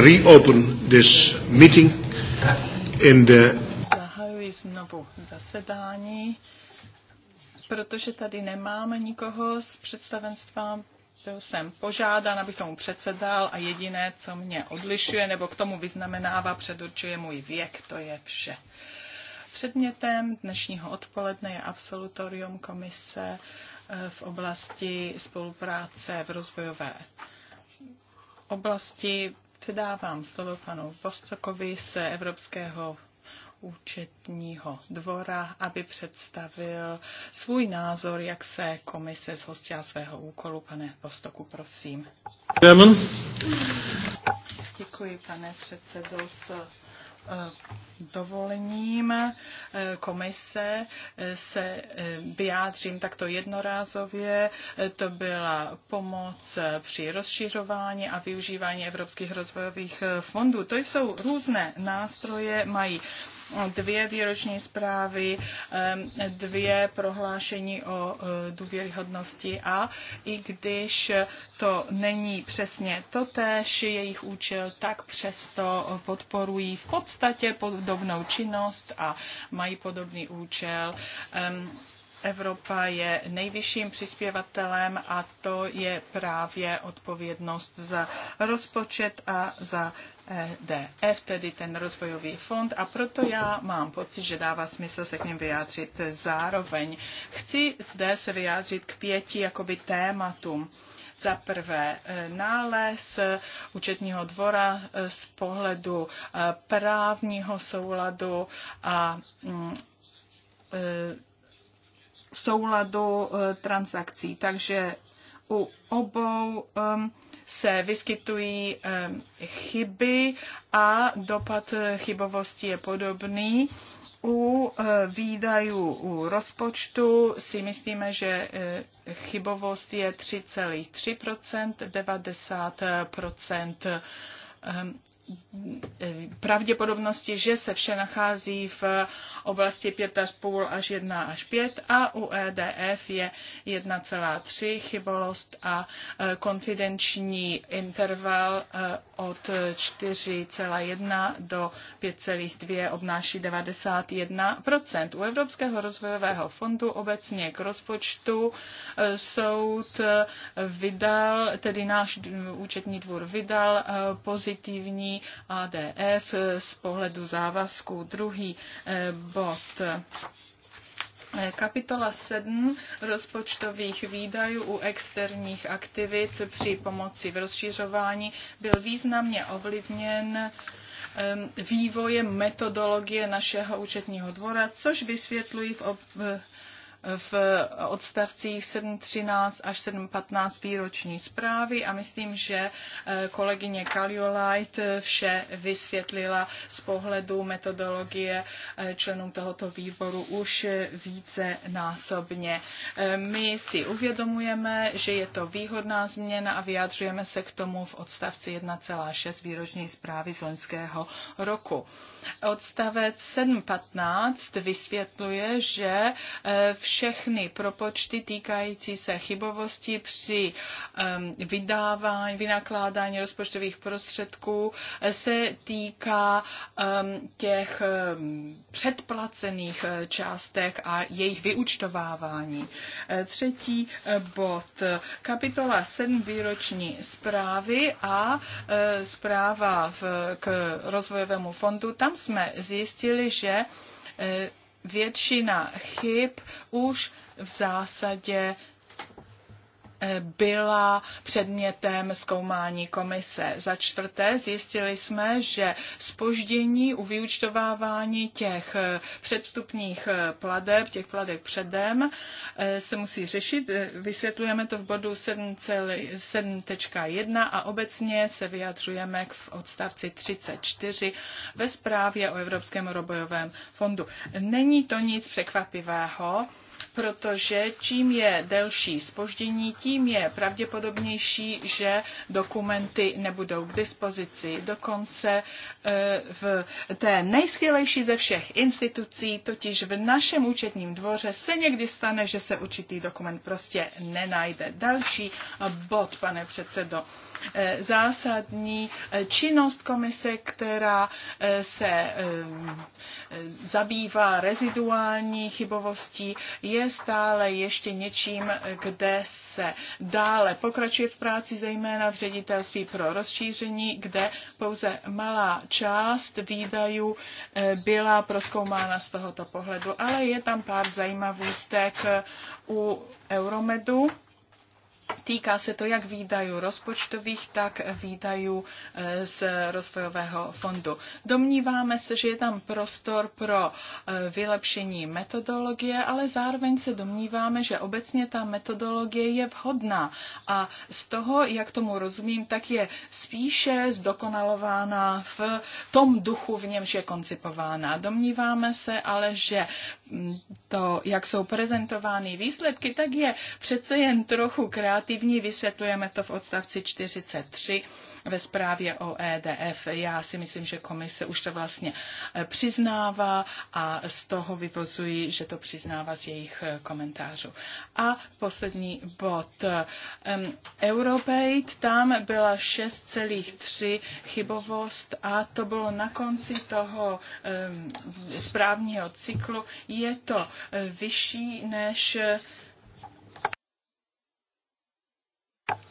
reopen this meeting in the Zahajuji znovu zasedání, protože tady nemáme nikoho z představenstva. Byl jsem požádán, abych tomu předsedal a jediné, co mě odlišuje nebo k tomu vyznamenává, předurčuje můj věk, to je vše. Předmětem dnešního odpoledne je absolutorium komise eh, v oblasti spolupráce v rozvojové oblasti Předávám slovo panu Vostokovi z Evropského účetního dvora, aby představil svůj názor, jak se komise zhostila svého úkolu. Pane Postoku, prosím. Děkuji, pane předsedo. S Eh, dovolením eh, komise eh, se vyjádřím takto jednorázově. To byla pomoc při rozšiřování a využívání evropských rozvojových fondů. To jsou různé nástroje, mají dvě výroční zprávy, dvě prohlášení o e, důvěryhodnosti a i když to není přesně totéž jejich účel, tak přesto podporují v podstatě podobnou činnost a mají podobný účel. Evropa je nejvyšším přispěvatelem a to je právě odpovědnost za rozpočet a za EDF, tedy ten rozvojový fond, a proto já mám pocit, že dává smysl se k něm vyjádřit zároveň. Chci zde se vyjádřit k pěti jakoby tématům. Za prvé e, nález účetního dvora e, z pohledu e, právního souladu a mm, souladu transakcí. Takže u obou um, se vyskytují chyby a dopad chybovosti je podobný. U e, výdajů u rozpočtu si myslíme, že e, chybovost je 3,3%, 90% pravděpodobnosti, že se vše nachází v oblasti 5,5 až 1 až 5 a u EDF je 1,3 chybolost a e, konfidenční interval e, od 4,1 do 5,2 obnáší 91%. U Evropského rozvojového fondu obecně k rozpočtu e, soud vydal, tedy náš účetní dvůr vydal pozitivní ADF eh, z pohledu závazku Druhý eh, bod. Eh, kapitola 7 rozpočtových výdajů u externích aktivit při pomoci v rozšířování byl významně ovlivněn ehm, vývojem metodologie našeho účetního dvora, což vysvětlují v ob v odstavcích 7.13 až 7.15 výroční zprávy a myslím, že eh, kolegyně Kaliolajt eh, vše vysvětlila z pohledu metodologie eh, členům tohoto výboru už více násobně. My si uvědomujeme, že je to výhodná změna a vyjadřujeme se k tomu v odstavci 1,6 výroční zprávy z loňského roku. Odstavec 7.15 vysvětluje, že vše všechny propočty týkající se chybovosti při um, vydávání, vynakládání rozpočtových prostředků se týká um, těch um, předplacených eh, částek a jejich vyučtovávání. Eh, třetí eh, bod. Kapitola 7 výroční zprávy a e, zpráva v, k rozvojovému fondu. Tam jsme zjistili, že většina chyb už v zásadě byla předmětem zkoumání komise. Za čtvrté zjistili jsme, že spoždění u vyučtovávání těch eh, předstupních eh, pladeb, těch pladeb předem, eh, se musí řešit. Vysvětlujeme to v bodu 7.1 a obecně se vyjadřujeme k odstavci 34 ve zprávě o Evropském robojovém fondu. Není to nic překvapivého, protože čím je delší spoždění, tím je pravděpodobnější, že dokumenty nebudou k dispozici. Dokonce e, v té nejskvělejší ze všech institucí, totiž v našem účetním dvoře, se někdy stane, že se určitý dokument prostě nenajde. Další bod, pane předsedo. E, zásadní e, činnost komise, která se zabývá reziduální chybovostí, je stále ještě něčím, kde se dále pokračuje v práci, zejména v ředitelství pro rozšíření, kde pouze malá část výdajů eh, byla proskoumána z tohoto pohledu. Ale je tam pár zajímavostek eh, u Euromedu Týká se to jak výdajů rozpočtových, tak výdajů e, z rozvojového fondu. Domníváme se, že je tam prostor pro e, vylepšení metodologie, ale zároveň se domníváme, že obecně ta metodologie je vhodná a z toho, jak tomu rozumím, tak je spíše zdokonalována v tom duchu, v němž je koncipována. Domníváme se ale, že mm, to, jak jsou prezentovány výsledky, tak je přece jen trochu krát negativní, vysvětlujeme to v odstavci 43 ve zprávě o EDF. Já si myslím, že komise už to vlastně eh, přiznává a z toho vyvozuji, že to přiznává z jejich eh, komentářů. A poslední bod. Ehm, Europaid, tam byla 6,3 chybovost a to bylo na konci toho ehm, správního cyklu. Je to eh, vyšší než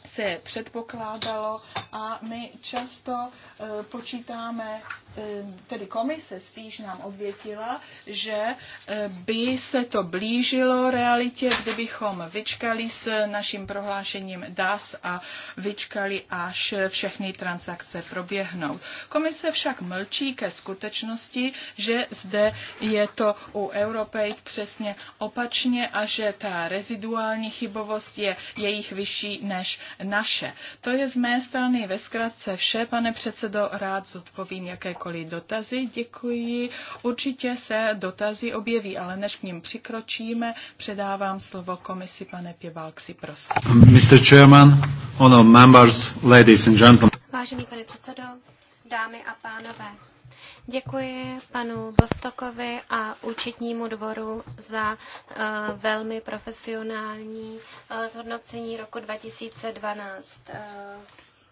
se předpokládalo a my často eh, počítáme, eh, tedy komise spíš nám odvětila, že eh, by se to blížilo realitě, kdybychom vyčkali s naším prohlášením DAS a vyčkali, až všechny transakce proběhnou. Komise však mlčí ke skutečnosti, že zde je to u Europejk přesně opačně a že ta reziduální chybovost je jejich vyšší než naše. To je z mé strany ve zkratce vše. Pane předsedo, rád zodpovím jakékoliv dotazy. Děkuji. Určitě se dotazy objeví, ale než k ním přikročíme, předávám slovo komisi. Pane Pěvalksi, prosím. Mr. Chairman, honor members, ladies and gentlemen. Vážený pane předsedo, dámy a pánové, Děkuji panu Bostokovi a účetnímu dvoru za eh, velmi profesionální eh, zhodnocení roku 2012. Eh,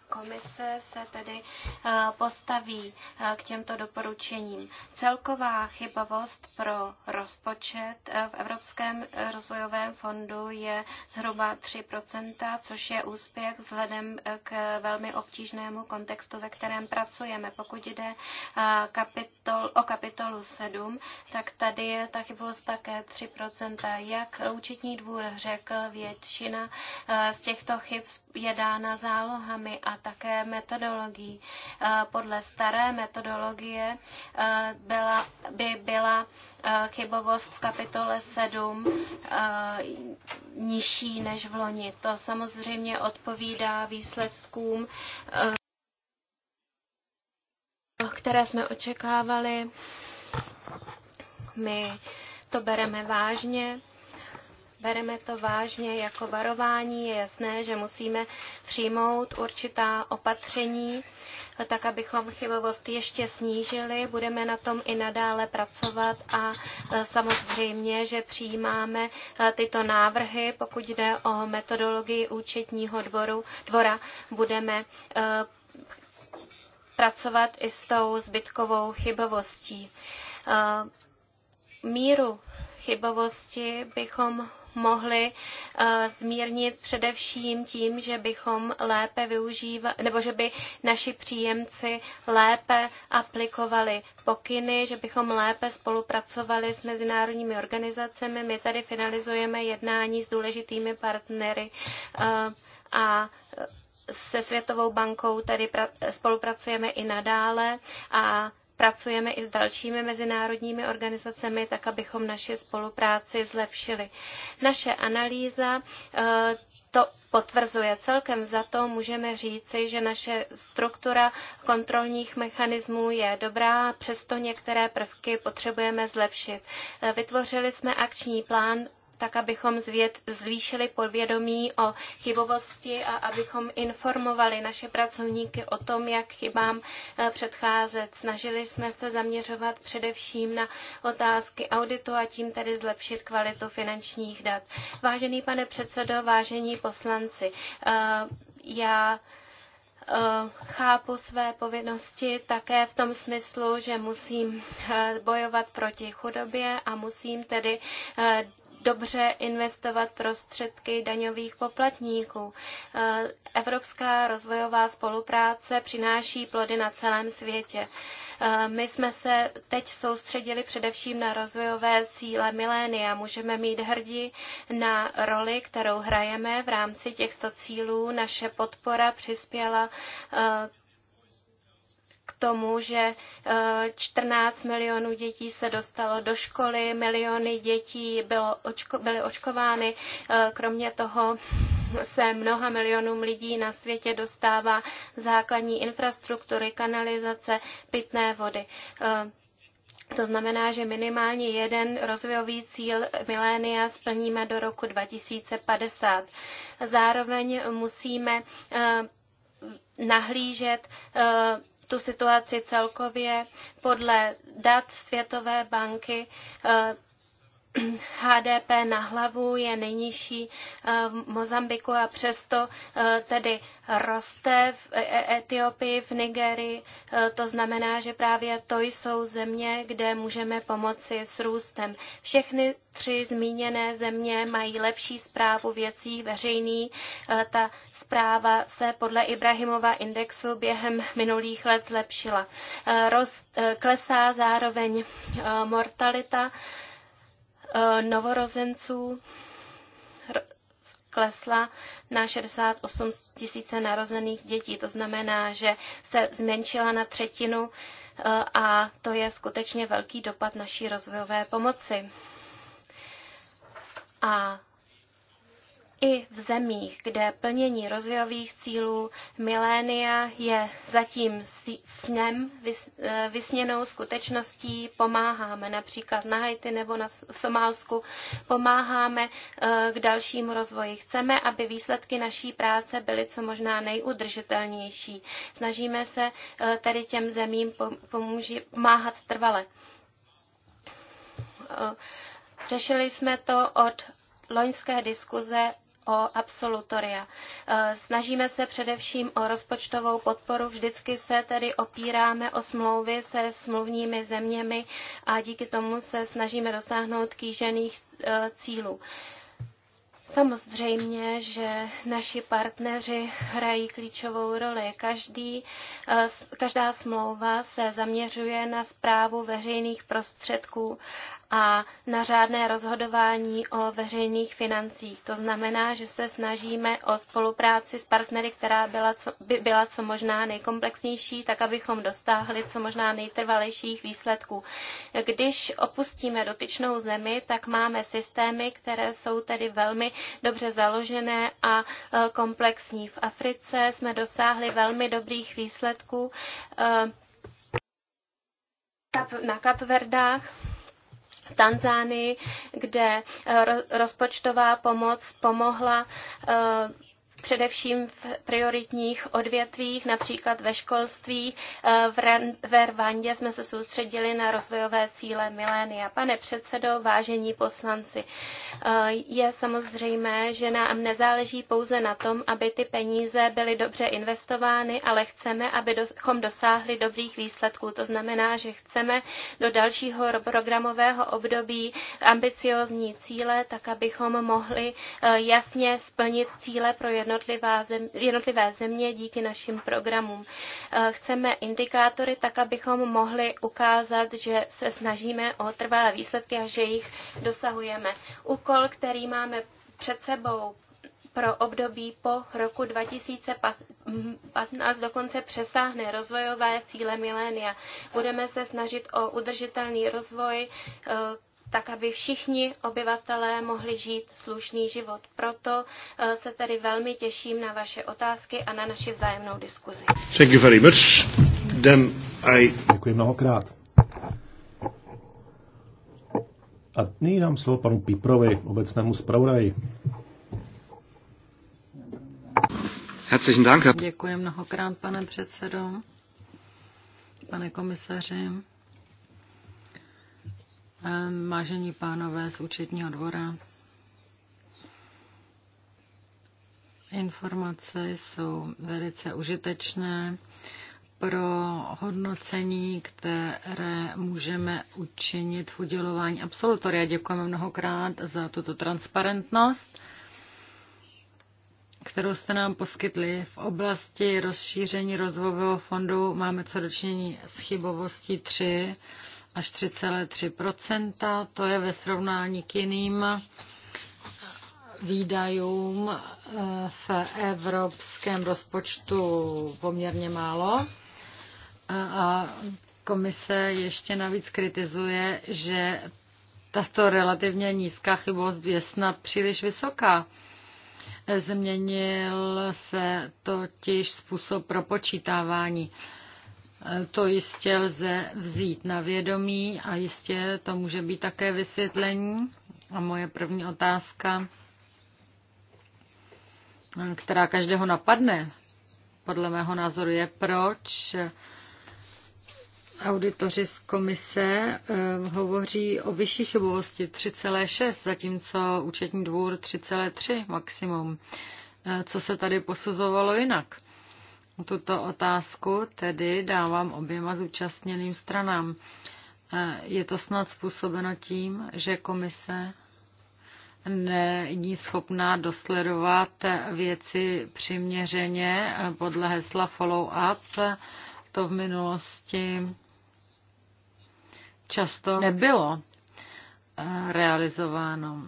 komise se tedy eh, postaví eh, k těmto doporučením. Celková chybovost pro rozpočet eh, v Evropském rozvojovém fondu je zhruba 3 což je úspěch vzhledem k velmi obtížnému kontextu, ve kterém pracujeme. Pokud jde kapitol, o kapitolu 7, tak tady je ta chybovost také 3 Jak účetní dvůr řekl, většina z těchto chyb je dána zálohami a také metodologií. Eh, podle staré metodologie eh, byla, by byla eh, chybovost v kapitole 7 nižší než v loni. To samozřejmě odpovídá výsledkům které jsme očekávali. My to bereme vážně bereme to vážně jako varování. Je jasné, že musíme přijmout určitá opatření, tak abychom chybovost ještě snížili. Budeme na tom i nadále pracovat a e, samozřejmě, že přijímáme e, tyto návrhy. Pokud jde o metodologii účetního dvoru, dvora, budeme e, pracovat i s tou zbytkovou chybovostí. Míru chybovosti bychom mohli eh, zmírnit především tím, že bychom lépe využívali, nebo že by naši příjemci lépe aplikovali pokyny, že bychom lépe spolupracovali s mezinárodními organizacemi. My tady finalizujeme jednání s důležitými partnery eh, a se Světovou bankou tady spolupracujeme i nadále a pracujeme i s dalšími mezinárodními organizacemi, tak abychom naši spolupráci zlepšili. Naše analýza eh, to potvrzuje. Celkem za to můžeme říci, že naše struktura kontrolních mechanismů je dobrá, přesto některé prvky potřebujeme zlepšit. Eh, vytvořili jsme akční plán tak abychom zvěd, zvýšili podvědomí o chybovosti a abychom informovali naše pracovníky o tom, jak chybám eh, předcházet. Snažili jsme se zaměřovat především na otázky auditu a tím tedy zlepšit kvalitu finančních dat. Vážený pane předsedo, vážení poslanci, eh, já eh, chápu své povinnosti také v tom smyslu, že musím bojovat proti chudobě a musím tedy dobře investovat prostředky daňových poplatníků. Eh, Evropská rozvojová spolupráce přináší plody na celém světě. Eh, my jsme se teď soustředili především na rozvojové cíle milénia. Můžeme mít hrdí na roli, kterou hrajeme v rámci těchto cílů. Naše podpora přispěla eh, k tomu, že 14 eh, milionů dětí se dostalo do školy, miliony dětí bylo očko, byly očkovány, eh, kromě toho se mnoha milionům lidí na světě dostává základní infrastruktury, kanalizace, pitné vody. Eh, to znamená, že minimálně jeden rozvojový cíl milénia splníme do roku 2050. Zároveň musíme nahlížet tu situaci celkově podle dat Světové banky eh, HDP na hlavu je nejnižší eh, v Mozambiku a přesto eh, tedy roste v e- e- Etiopii, v Nigerii. Eh, to znamená, že právě to jsou země, kde můžeme pomoci s růstem. Všechny tři zmíněné země mají lepší zprávu věcí veřejný. Ta zpráva se podle Ibrahimova indexu během minulých let zlepšila. Rost, klesá zároveň mortalita Eh, novorozenců klesla na 68 tisíce narozených dětí. To znamená, že se zmenšila na třetinu eh, a to je skutečně velký dopad naší rozvojové pomoci. A i v zemích, kde plnění rozvojových cílů milénia je zatím snem, eh, vysněnou skutečností, pomáháme například na Haiti nebo na, v Somálsku, pomáháme eh, k dalšímu rozvoji. Chceme, aby výsledky naší práce byly co možná nejudržitelnější. Snažíme se eh, tedy těm zemím pomáhat trvale. Řešili jsme to od loňské diskuze o absolutoria. Eh, snažíme se především o rozpočtovou podporu, vždycky se tedy opíráme o smlouvy se smluvními zeměmi a díky tomu se snažíme dosáhnout kýžených eh, cílů. Samozřejmě, že naši partneři hrají klíčovou roli. Každý, eh, každá smlouva se zaměřuje na zprávu veřejných prostředků a na řádné rozhodování o veřejných financích. To znamená, že se snažíme o spolupráci s partnery, která byla co, by byla co možná nejkomplexnější, tak abychom dostáhli co možná nejtrvalejších výsledků. Když opustíme dotyčnou zemi, tak máme systémy, které jsou tedy velmi dobře založené a e, komplexní. V Africe jsme dosáhli velmi dobrých výsledků e, na Kapverdách Tanzánii, kde eh, rozpočtová pomoc pomohla eh, především v prioritních odvětvích, například ve školství. Eh, v ve Rwandě jsme se soustředili na rozvojové cíle milénia. Pane předsedo, vážení poslanci, eh, je samozřejmé, že nám nezáleží pouze na tom, aby ty peníze byly dobře investovány, ale chceme, abychom dosáhli dobrých výsledků. To znamená, že chceme do dalšího programového období ambiciozní cíle, tak abychom mohli eh, jasně splnit cíle pro jednotlivá zem, jednotlivé země díky našim programům. Eh, chceme indikátory tak, abychom mohli ukázat, že se snažíme o trvalé výsledky a že jich dosahujeme. Úkol, který máme před sebou pro období po roku 2015 dokonce přesáhne rozvojové cíle milénia. Budeme se snažit o udržitelný rozvoj, eh, tak aby všichni obyvatelé mohli žít slušný život. Proto eh, se tedy velmi těším na vaše otázky a na naši vzájemnou diskuzi. Thank you very much. Then I... Děkuji mnohokrát. A nyní dám slovo panu Piprovi, obecnému zpravodaji. Herzlichen Dank. Děkuji mnohokrát, pane předsedo, pane komisaři. Vážení pánové z účetního dvora, informace jsou velice užitečné pro hodnocení, které můžeme učinit v udělování absolutoria. Děkujeme mnohokrát za tuto transparentnost, kterou jste nám poskytli. V oblasti rozšíření rozvojového fondu máme co dočinění s chybovostí 3 až 3,3 to je ve srovnání k jiným výdajům eh, v evropském rozpočtu poměrně málo. Eh, a komise ještě navíc kritizuje, že tato relativně nízká chybost je snad příliš vysoká. Změnil se totiž způsob propočítávání. To jistě lze vzít na vědomí a jistě to může být také vysvětlení. A moje první otázka, která každého napadne, podle mého názoru je, proč auditoři z komise eh, hovoří o vyšší chybovosti 3,6, zatímco účetní dvůr 3,3 maximum. Eh, co se tady posuzovalo jinak? tuto otázku, tedy dávám oběma zúčastněným stranám. E, je to snad způsobeno tím, že komise není schopná dosledovat věci přiměřeně podle hesla follow-up. To v minulosti často nebylo e, realizováno.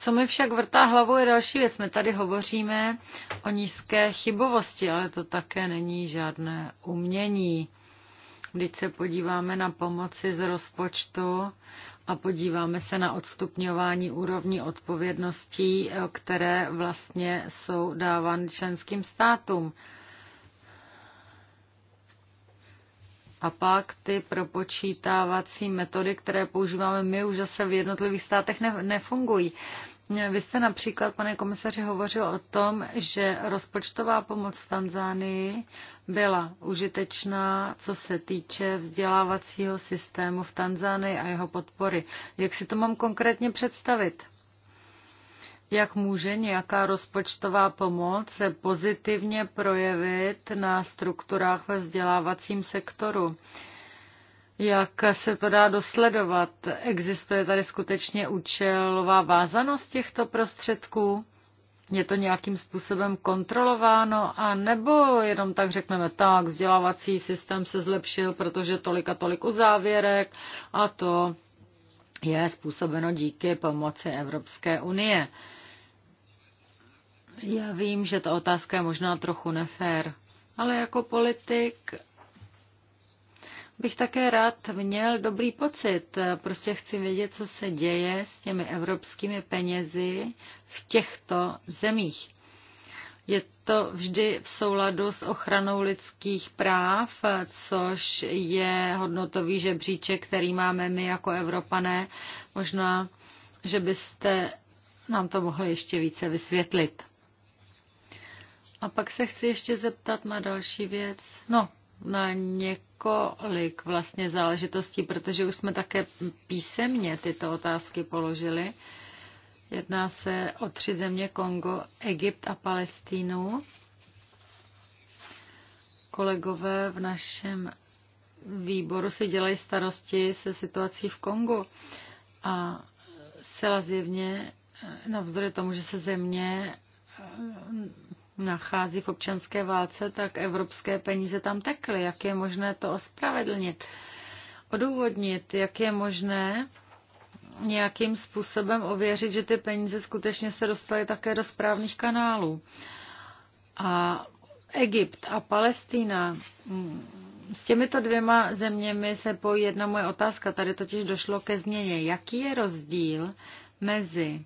Co mi však vrtá hlavou je další věc. My tady hovoříme o nízké chybovosti, ale to také není žádné umění. Když se podíváme na pomoci z rozpočtu a podíváme se na odstupňování úrovní odpovědností, které vlastně jsou dávány členským státům. A pak ty propočítávací metody, které používáme my, už zase v jednotlivých státech nefungují. Vy jste například, pane komisaři, hovořil o tom, že rozpočtová pomoc Tanzánii byla užitečná, co se týče vzdělávacího systému v Tanzánii a jeho podpory. Jak si to mám konkrétně představit? Jak může nějaká rozpočtová pomoc se pozitivně projevit na strukturách ve vzdělávacím sektoru? Jak se to dá dosledovat? Existuje tady skutečně účelová vázanost těchto prostředků? Je to nějakým způsobem kontrolováno a nebo jenom tak řekneme, tak vzdělávací systém se zlepšil, protože tolik a tolik uzávěrek a to je způsobeno díky pomoci Evropské unie. Já vím, že ta otázka je možná trochu nefér, ale jako politik bych také rád měl dobrý pocit. Prostě chci vědět, co se děje s těmi evropskými penězi v těchto zemích. Je to vždy v souladu s ochranou lidských práv, což je hodnotový žebříček, který máme my jako Evropané. Možná, že byste nám to mohli ještě více vysvětlit. A pak se chci ještě zeptat na další věc. No, na několik vlastně záležitostí, protože už jsme také písemně tyto otázky položili. Jedná se o tři země Kongo, Egypt a Palestínu. Kolegové v našem výboru si dělají starosti se situací v Kongu. A zcela zjevně, navzdory tomu, že se země nachází v občanské válce, tak evropské peníze tam tekly. Jak je možné to ospravedlnit? Odůvodnit, jak je možné nějakým způsobem ověřit, že ty peníze skutečně se dostaly také do správných kanálů. A Egypt a Palestína, mm, s těmito dvěma zeměmi se pojí jedna moje otázka. Tady totiž došlo ke změně. Jaký je rozdíl mezi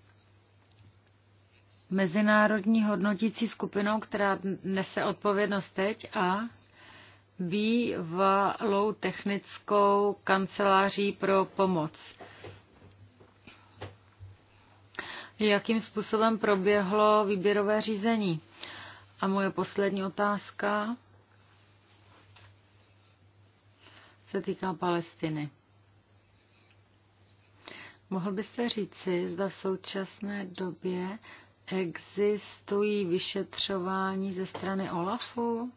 mezinárodní hodnotící skupinou, která nese odpovědnost teď a bývalou technickou kanceláří pro pomoc. Jakým způsobem proběhlo výběrové řízení? A moje poslední otázka se týká Palestiny. Mohl byste říci, zda v současné době Existují vyšetřování ze strany OLAFu?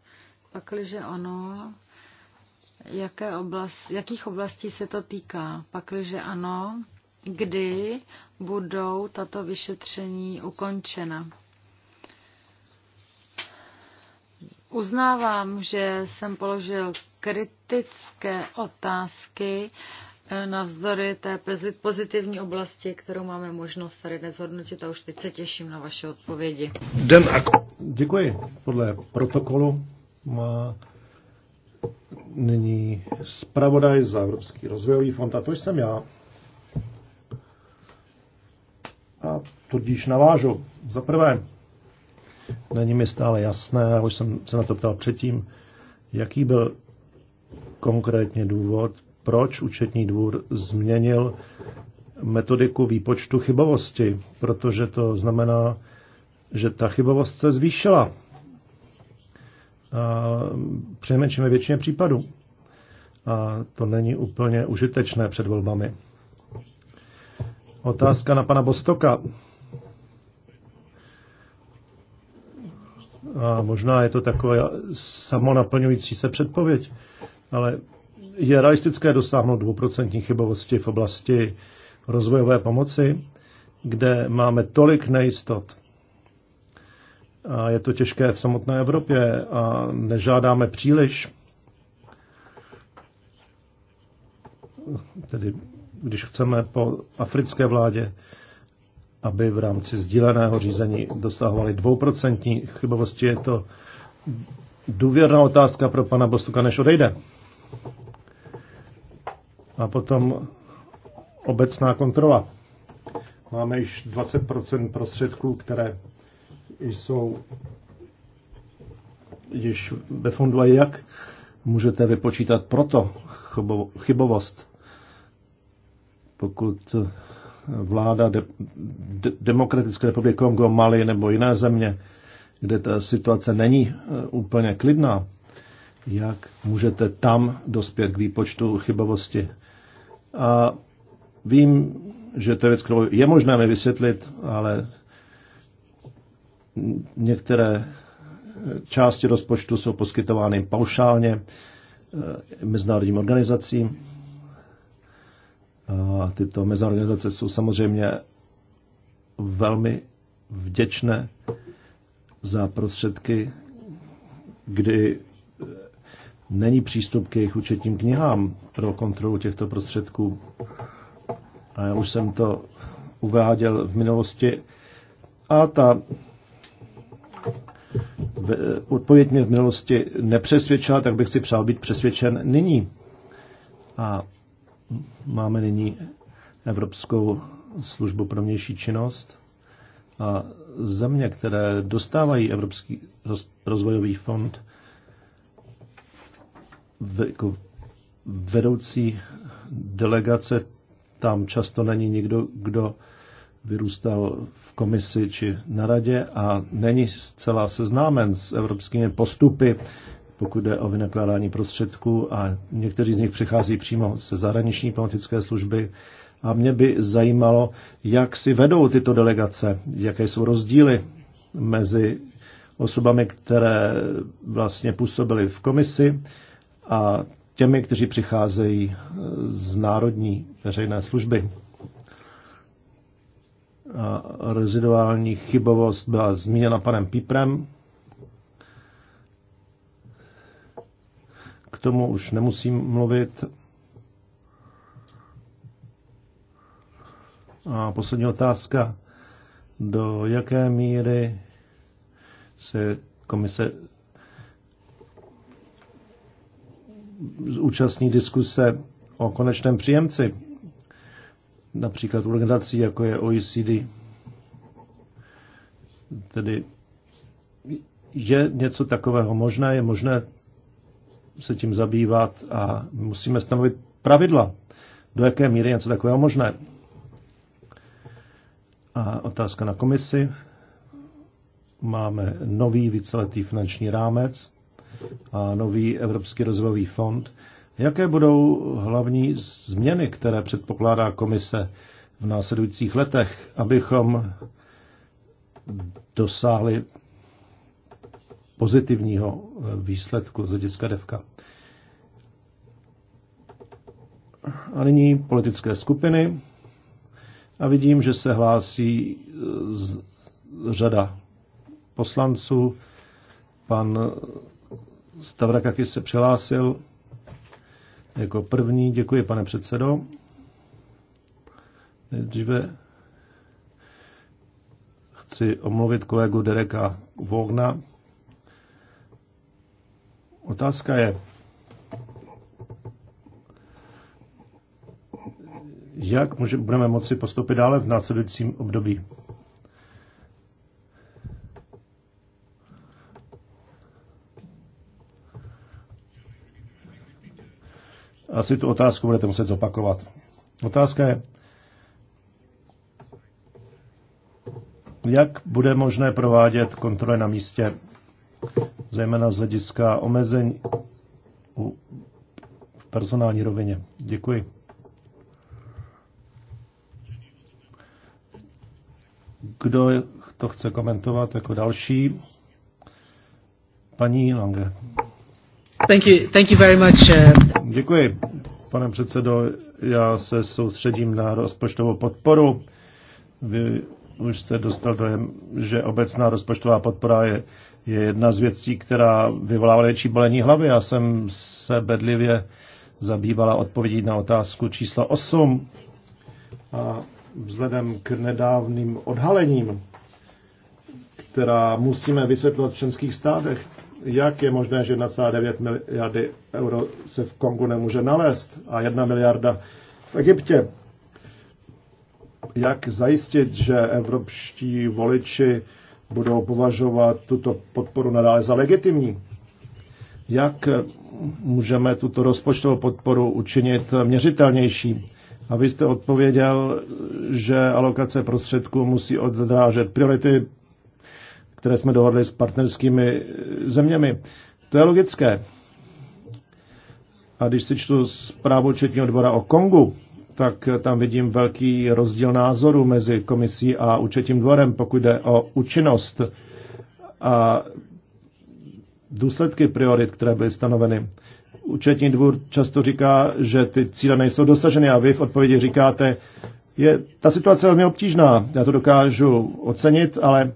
Pakliže ano, jaké oblast, jakých oblastí se to týká? Pakliže ano, kdy budou tato vyšetření ukončena? Uznávám, že jsem položil kritické otázky Eh, navzdory té pozitivní oblasti, kterou máme možnost tady dnes hodnotit a už teď se těším na vaše odpovědi. Děkuji. Podle protokolu má nyní zpravodaj za Evropský rozvojový fond a to jsem já. A tudíž navážu. Za prvé, není mi stále jasné, a už jsem se na to ptal předtím, jaký byl konkrétně důvod proč účetní dvůr změnil metodiku výpočtu chybovosti, protože to znamená, že ta chybovost se zvýšila. Přinejmenším ve většině případů. A to není úplně užitečné před volbami. Otázka na pana Bostoka. A možná je to taková samonaplňující se předpověď, ale je realistické dosáhnout dvouprocentní chybovosti v oblasti rozvojové pomoci, kde máme tolik nejistot. A je to těžké v samotné Evropě a nežádáme příliš. Tedy když chceme po africké vládě, aby v rámci sdíleného řízení dosahovali dvouprocentní chybovosti, je to důvěrná otázka pro pana Bostuka, než odejde. A potom obecná kontrola. Máme již 20 prostředků, které jsou již ve fondu a jak můžete vypočítat proto chybovost, pokud vláda de, de, Demokratické republiky Kongo, Mali nebo jiné země, kde ta situace není eh, úplně klidná, jak můžete tam dospět k výpočtu chybovosti. A vím, že to je věc, kterou je možné mi vysvětlit, ale některé eh, části rozpočtu jsou poskytovány paušálně eh, mezinárodním organizacím. A tyto mezinárodní organizace jsou samozřejmě velmi vděčné za prostředky, kdy není přístup k jejich účetním knihám pro kontrolu těchto prostředků. A já už jsem to uváděl v minulosti. A ta odpověď mě v minulosti nepřesvědčila, tak bych si přál být přesvědčen nyní. A máme nyní Evropskou službu pro vnější činnost a země, které dostávají Evropský rozvojový fond, jako vedoucí delegace tam často není někdo, kdo vyrůstal v komisi či na radě a není zcela seznámen s evropskými postupy, pokud jde o vynakládání prostředků a někteří z nich přichází přímo ze zahraniční politické služby. A mě by zajímalo, jak si vedou tyto delegace, jaké jsou rozdíly mezi osobami, které vlastně působily v komisi a těmi, kteří přicházejí eh, z národní veřejné služby. A reziduální chybovost byla zmíněna panem Píprem. K tomu už nemusím mluvit. A poslední otázka. Do jaké míry se komise účastní diskuse o konečném příjemci, například organizací, jako je OECD. Tedy je něco takového možné, je možné se tím zabývat a musíme stanovit pravidla, do jaké míry je něco takového možné. A otázka na komisi. Máme nový víceletý finanční rámec, a nový Evropský rozvojový fond. Jaké budou hlavní změny, které předpokládá komise v následujících letech, abychom dosáhli pozitivního eh, výsledku z hlediska devka? A nyní politické skupiny. A vidím, že se hlásí eh, z řada poslanců. Pan Stavrakakis se přihlásil jako první. Děkuji, pane předsedo. Nejdříve chci omluvit kolegu Dereka Vogna. Otázka je, jak může, budeme moci postupit dále v následujícím období. asi tu otázku budete muset zopakovat. Otázka je, jak bude možné provádět kontroly na místě, zejména z hlediska omezení v personální rovině. Děkuji. Kdo to chce komentovat jako další? Paní Lange. Thank you, thank you very much. Uh, Děkuji, pane předsedo. Já se soustředím na rozpočtovou podporu. Vy už jste dostal dojem, že obecná rozpočtová podpora je, je jedna z věcí, která vyvolává větší bolení hlavy. Já jsem se bedlivě zabývala odpovědí na otázku číslo 8 a vzhledem k nedávným odhalením, která musíme vysvětlit v členských státech, jak je možné, že 1,9 miliardy euro se v Kongu nemůže nalézt a 1 miliarda v Egyptě. Jak zajistit, že evropští voliči budou považovat tuto podporu nadále za legitimní? Jak můžeme tuto rozpočtovou podporu učinit měřitelnější? A vy jste odpověděl, že alokace prostředků musí odrážet priority které jsme dohodli s partnerskými eh, zeměmi. To je logické. A když si čtu zprávu Četního dvora o Kongu, tak eh, tam vidím velký rozdíl názoru mezi komisí a účetním dvorem, pokud jde o účinnost a důsledky priorit, které byly stanoveny. Účetní dvůr často říká, že ty cíle nejsou dosaženy a vy v odpovědi říkáte, je ta situace velmi obtížná, já to dokážu ocenit, ale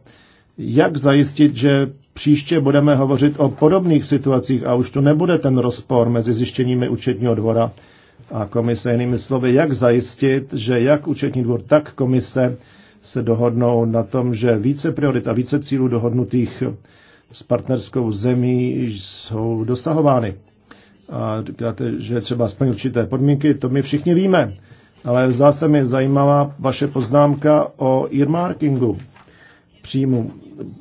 jak zajistit, že příště budeme hovořit o podobných situacích a už tu nebude ten rozpor mezi zjištěními účetního dvora a komise. Jinými slovy, jak zajistit, že jak účetní dvor, tak komise se dohodnou na tom, že více priorit a více cílů dohodnutých s partnerskou zemí jsou dosahovány. A říkáte, že třeba splnit určité podmínky, to my všichni víme. Ale zase mi zajímavá vaše poznámka o earmarkingu příjmu,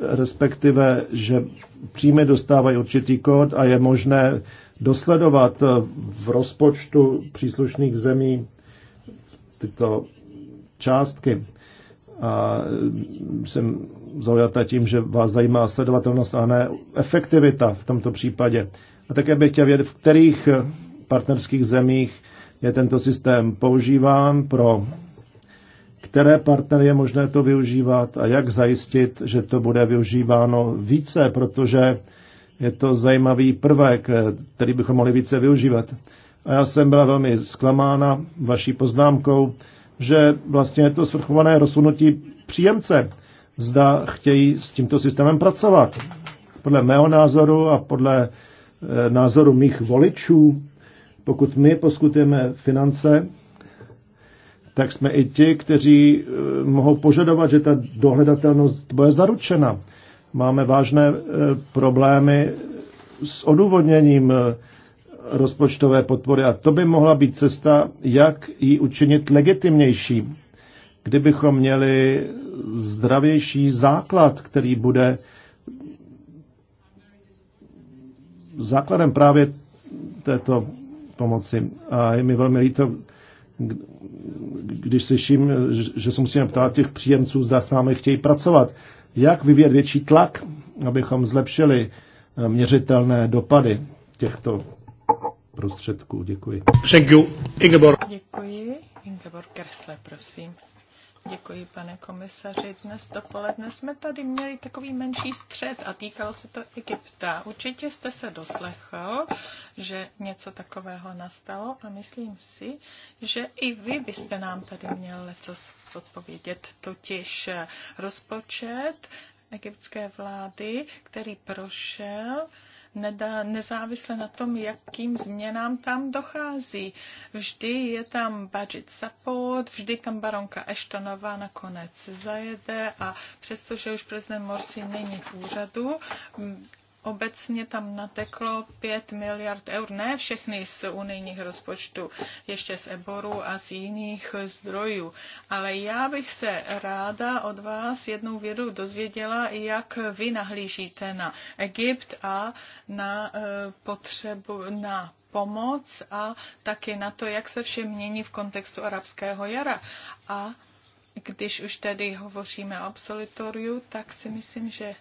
respektive, že příjmy dostávají určitý kód a je možné dosledovat v rozpočtu příslušných zemí tyto částky. A jsem zaujata tím, že vás zajímá sledovatelnost a ne efektivita v tomto případě. A také bych chtěl vědět, v kterých partnerských zemích je tento systém používán pro které partnery je možné to využívat a jak zajistit, že to bude využíváno více, protože je to zajímavý prvek, který bychom mohli více využívat. A já jsem byla velmi zklamána vaší poznámkou, že vlastně je to svrchované rozhodnutí příjemce, zda chtějí s tímto systémem pracovat. Podle mého názoru a podle eh, názoru mých voličů, pokud my poskutujeme finance tak jsme i ti, kteří eh, mohou požadovat, že ta dohledatelnost bude zaručena. Máme vážné eh, problémy s odůvodněním eh, rozpočtové podpory a to by mohla být cesta, jak ji učinit legitimnější. Kdybychom měli zdravější základ, který bude základem právě této pomoci. A je mi velmi líto, když slyším, že se musíme ptát těch příjemců, zda s námi chtějí pracovat, jak vyvíjet větší tlak, abychom zlepšili eh, měřitelné dopady těchto prostředků. Děkuji. Thank you. Ingeborg. Děkuji. Ingeborg Kersle, prosím. Děkuji, pane komisaři. Dnes dopoledne jsme tady měli takový menší střed a týkalo se to Egypta. Určitě jste se doslechl, že něco takového nastalo a myslím si, že i vy byste nám tady měl co odpovědět, totiž rozpočet egyptské vlády, který prošel nezávisle na tom, jakým změnám tam dochází. Vždy je tam budget support, vždy tam baronka Eštonová nakonec zajede a přestože už prezident Morsi není v úřadu, obecně tam nateklo 5 miliard eur, ne všechny z unijních rozpočtů, ještě z Eboru a z jiných zdrojů. Ale já bych se ráda od vás jednou vědu dozvěděla, jak vy nahlížíte na Egypt a na eh, potřebu, na pomoc a taky na to, jak se vše mění v kontextu arabského jara. A když už tedy hovoříme o absolutoriu, tak si myslím, že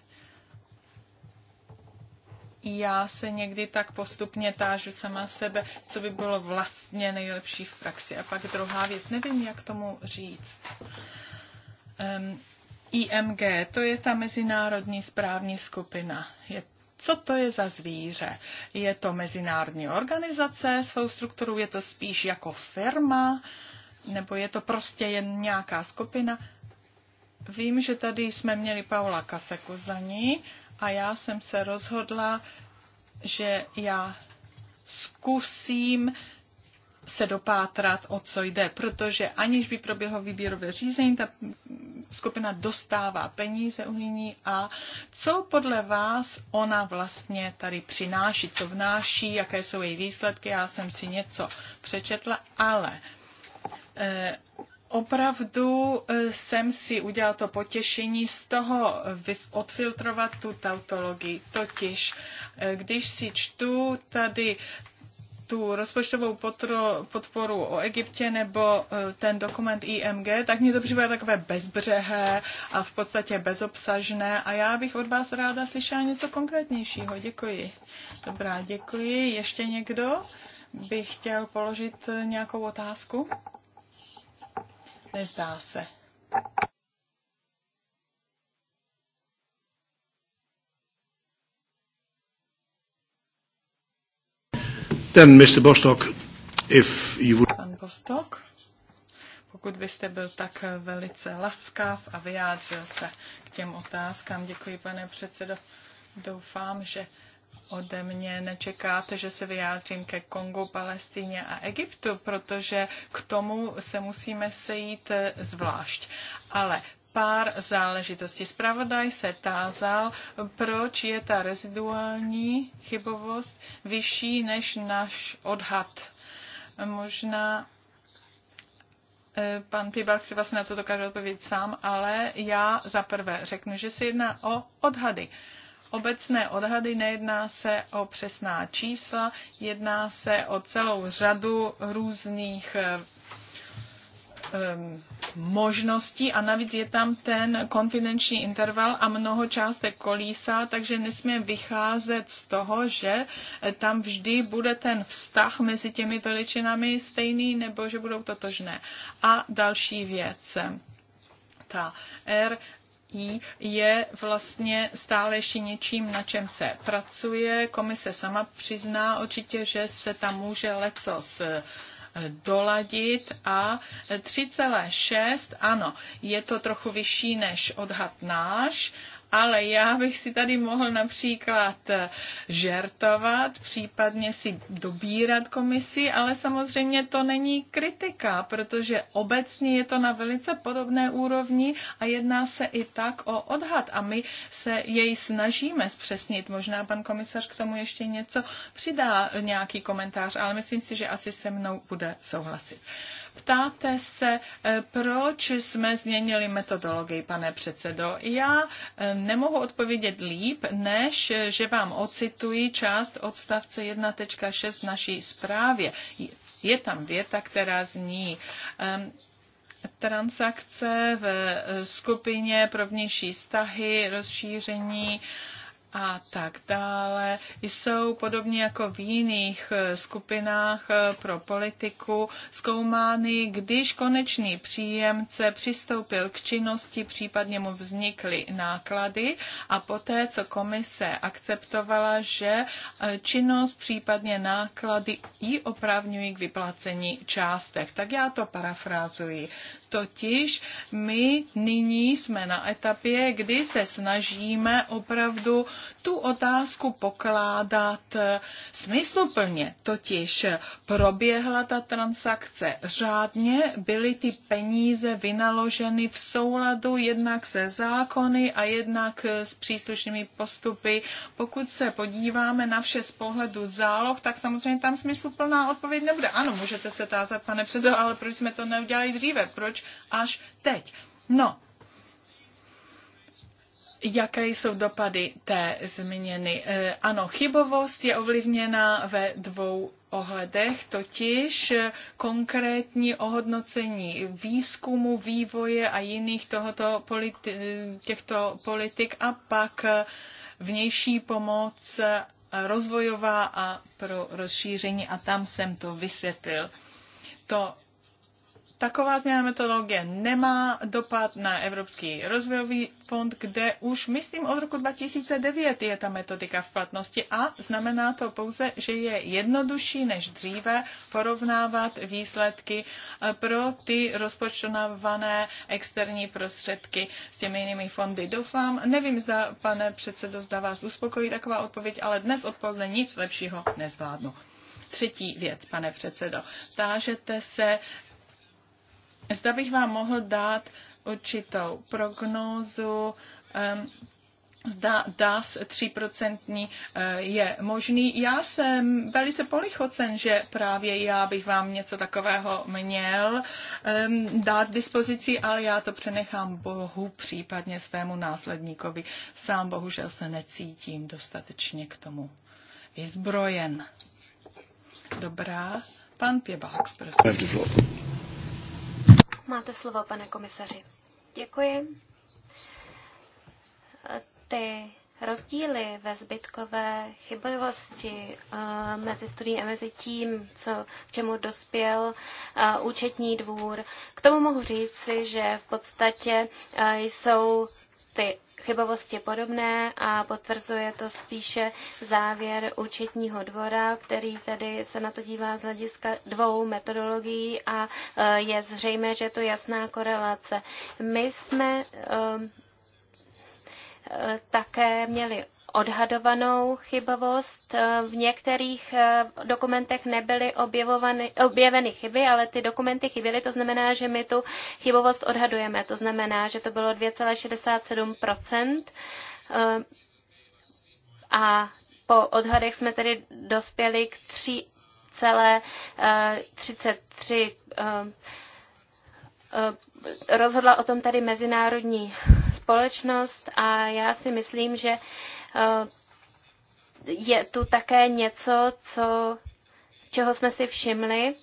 já se někdy tak postupně tážu sama sebe, co by bylo vlastně nejlepší v praxi. A pak druhá věc, nevím, jak tomu říct. Um, IMG, to je ta mezinárodní správní skupina. Je co to je za zvíře? Je to mezinárodní organizace, svou strukturu je to spíš jako firma, nebo je to prostě jen nějaká skupina? Vím, že tady jsme měli Paula Kaseku za ní a já jsem se rozhodla, že já zkusím se dopátrat, o co jde, protože aniž by proběhlo výběrové řízení, ta skupina dostává peníze unijní a co podle vás ona vlastně tady přináší, co vnáší, jaké jsou její výsledky, já jsem si něco přečetla, ale eh, Opravdu e, jsem si udělal to potěšení z toho odfiltrovat tu tautologii. Totiž, e, když si čtu tady tu rozpočtovou podporu o Egyptě nebo e, ten dokument IMG, tak mě to připadá takové bezbřehé a v podstatě bezobsažné a já bych od vás ráda slyšela něco konkrétnějšího. Děkuji. Dobrá, děkuji. Ještě někdo by chtěl položit nějakou otázku? nezdá se. Then, Mr. Bostock, if you would... Pan Bostock, pokud byste byl tak velice laskav a vyjádřil se k těm otázkám. Děkuji, pane předsedo. Doufám, že ode mě nečekáte, že se vyjádřím ke Kongu, Palestíně a Egyptu, protože k tomu se musíme sejít eh, zvlášť. Ale pár záležitostí. Spravodaj se tázal, proč je ta reziduální chybovost vyšší než náš odhad. Možná eh, pan Pibak si vlastně na to dokáže odpovědět sám, ale já za prvé řeknu, že se jedná o odhady. Uh, obecné odhady, nejedná se o přesná čísla, jedná se o celou řadu různých um, možností a navíc je tam ten konfidenční interval a mnoho částek kolísa, takže nesmíme vycházet z toho, že eh, tam vždy bude ten vztah mezi těmi veličinami stejný nebo že budou totožné. A další věc. Ta R i je vlastně stále ještě něčím, na čem se pracuje. Komise sama přizná určitě, že se tam může lecos eh, doladit a 3,6, ano, je to trochu vyšší než odhad náš, ale já bych si tady mohl například eh, žertovat, případně si dobírat komisi, ale samozřejmě to není kritika, protože obecně je to na velice podobné úrovni a jedná se i tak o odhad a my se jej snažíme zpřesnit. Možná pan komisař k tomu ještě něco přidá, nějaký komentář, ale myslím si, že asi se mnou bude souhlasit. Ptáte se, eh, proč jsme změnili metodologii, pane předsedo. Já eh, nemohu odpovědět líp, než eh, že vám ocituji část odstavce 1.6 v naší zprávě. Je tam věta, která zní ehm, transakce v skupině pro vnější vztahy, rozšíření a tak dále, jsou podobně jako v jiných eh, skupinách eh, pro politiku zkoumány, když konečný příjemce přistoupil k činnosti, případně mu vznikly náklady a poté, co komise akceptovala, že eh, činnost, případně náklady ji opravňují k vyplacení částek. Tak já to parafrázuji. Totiž my nyní jsme na etapě, kdy se snažíme opravdu tu otázku pokládat eh, smysluplně. Totiž proběhla ta transakce řádně, byly ty peníze vynaloženy v souladu jednak se zákony a jednak eh, s příslušnými postupy. Pokud se podíváme na vše z pohledu záloh, tak samozřejmě tam smysluplná odpověď nebude. Ano, můžete se tázat, pane předsedo, ale proč jsme to neudělali dříve? Proč proč až teď. No, jaké jsou dopady té změny. Eh, ano, chybovost je ovlivněna ve dvou ohledech, totiž konkrétní ohodnocení výzkumu, vývoje a jiných tohoto politi- těchto politik a pak vnější pomoc rozvojová a pro rozšíření a tam jsem to vysvětlil. To Taková změna metodologie nemá dopad na Evropský rozvojový fond, kde už, myslím, od roku 2009 je ta metodika v platnosti a znamená to pouze, že je jednodušší než dříve porovnávat výsledky eh, pro ty rozpočtované externí prostředky s těmi jinými fondy. Doufám, nevím, zda, pane předsedo, zda vás uspokojí taková odpověď, ale dnes odpoledne nic lepšího nezvládnu. Třetí věc, pane předsedo. Tážete se Zda bych vám mohl dát určitou prognózu, zda DAS 3% eh, je možný. Já jsem velice polichocen, že právě já bych vám něco takového měl dát dispozici, ale já to přenechám Bohu, případně svému následníkovi. Sám bohužel se necítím dostatečně k tomu vyzbrojen. Dobrá. Pan Pěbáks, prosím. Máte slovo, pane komisaři. Děkuji. Ty rozdíly ve zbytkové chybovosti eh, mezi studií a mezi tím, co, k čemu dospěl eh, účetní dvůr. K tomu mohu říci, že v podstatě eh, jsou ty chybovosti podobné a potvrzuje to spíše závěr účetního dvora, který tedy se na to dívá z hlediska dvou metodologií a e, je zřejmé, že je to jasná korelace. My jsme e, e, také měli odhadovanou chybovost. Eh, v některých eh, dokumentech nebyly objeveny chyby, ale ty dokumenty chyběly, to znamená, že my tu chybovost odhadujeme. To znamená, že to bylo 2,67 eh, a po odhadech jsme tedy dospěli k 3,33 Rozhodla o tom tady mezinárodní společnost a já si myslím, že Eh, je tu také něco, co, čeho jsme si všimli.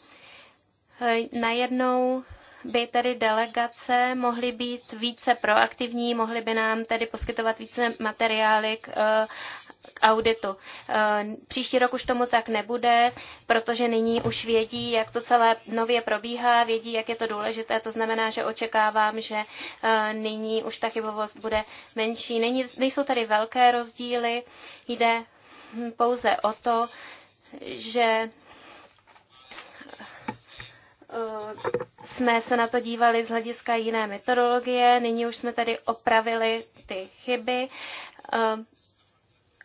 Eh, najednou by tedy delegace mohly být více proaktivní, mohly by nám tedy poskytovat více materiály k, eh, k auditu. Eh, příští rok už tomu tak nebude, protože nyní už vědí, jak to celé nově probíhá, vědí, jak je to důležité. To znamená, že očekávám, že eh, nyní už ta chybovost bude menší. Není, nejsou tady velké rozdíly, jde pouze o to, že jsme se na to dívali z hlediska jiné metodologie, nyní už jsme tady opravili ty chyby. Eh,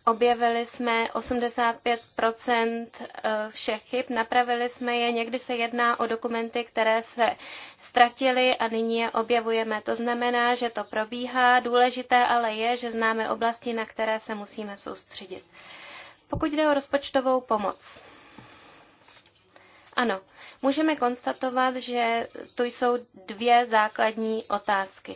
objevili jsme 85 eh, všech chyb, napravili jsme je. Někdy se jedná o dokumenty, které se ztratily a nyní je objevujeme. To znamená, že to probíhá. Důležité ale je, že známe oblasti, na které se musíme soustředit. Pokud jde o rozpočtovou pomoc, ano, můžeme konstatovat, že to jsou dvě základní otázky.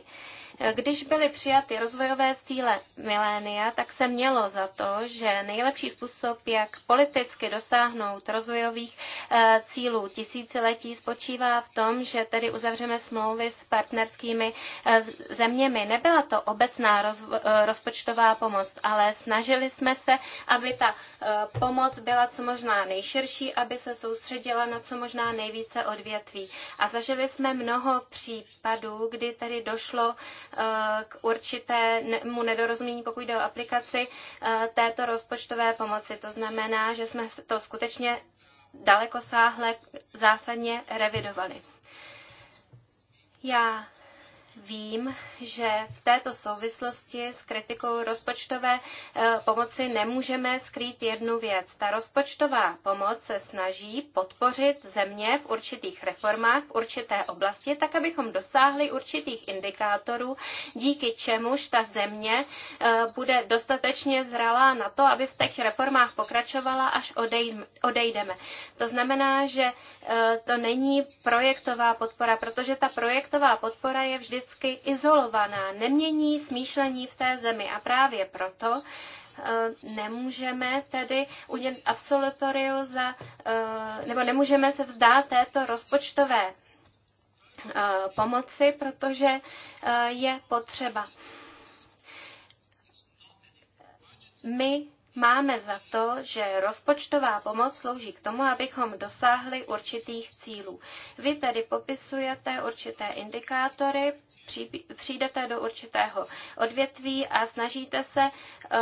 Když byly přijaty rozvojové cíle milénia, tak se mělo za to, že nejlepší způsob, jak politicky dosáhnout rozvojových eh, cílů tisíciletí, spočívá v tom, že tedy uzavřeme smlouvy s partnerskými eh, zeměmi. Nebyla to obecná eh, rozpočtová pomoc, ale snažili jsme se, aby ta pomoc byla co možná nejširší, aby se soustředila na co možná nejvíce odvětví. A zažili jsme mnoho případů, kdy tedy došlo k určitému nedorozumění, pokud jde o aplikaci eh, této rozpočtové pomoci. To znamená, že jsme to skutečně daleko sáhle zásadně revidovali. Já Vím, že v této souvislosti s kritikou rozpočtové eh, pomoci nemůžeme skrýt jednu věc. Ta rozpočtová pomoc se snaží podpořit země v určitých reformách, v určité oblasti, tak abychom dosáhli určitých indikátorů, díky čemuž ta země eh, bude dostatečně zralá na to, aby v těch reformách pokračovala, až odejdeme. To znamená, že eh, to není projektová podpora, protože ta projektová podpora je vždy politicky izolovaná, nemění smýšlení v té zemi a právě proto eh, nemůžeme tedy udělat absolutoriu za, eh, nebo nemůžeme se vzdát této rozpočtové eh, pomoci, protože je potřeba. My máme za to, že rozpočtová pomoc slouží k tomu, abychom dosáhli určitých cílů. Vy tedy popisujete určité indikátory přijdete do určitého odvětví a snažíte se eh,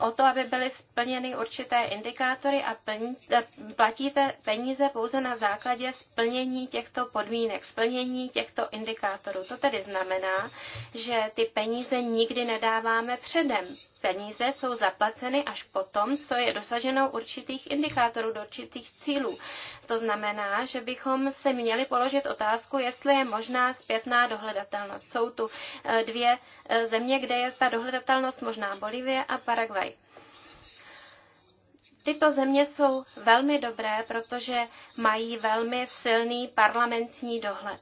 o to, aby byly splněny určité indikátory a eh, platíte peníze pouze na základě splnění těchto podmínek, splnění těchto indikátorů. To tedy znamená, že ty peníze nikdy nedáváme předem peníze jsou zaplaceny až potom, co je dosaženo určitých indikátorů do určitých cílů. To znamená, že bychom se měli položit otázku, jestli je možná zpětná dohledatelnost. Jsou tu eh, dvě eh, země, kde je ta dohledatelnost možná Bolívie a Paraguay. Tyto země jsou velmi dobré, protože mají velmi silný parlamentní dohled.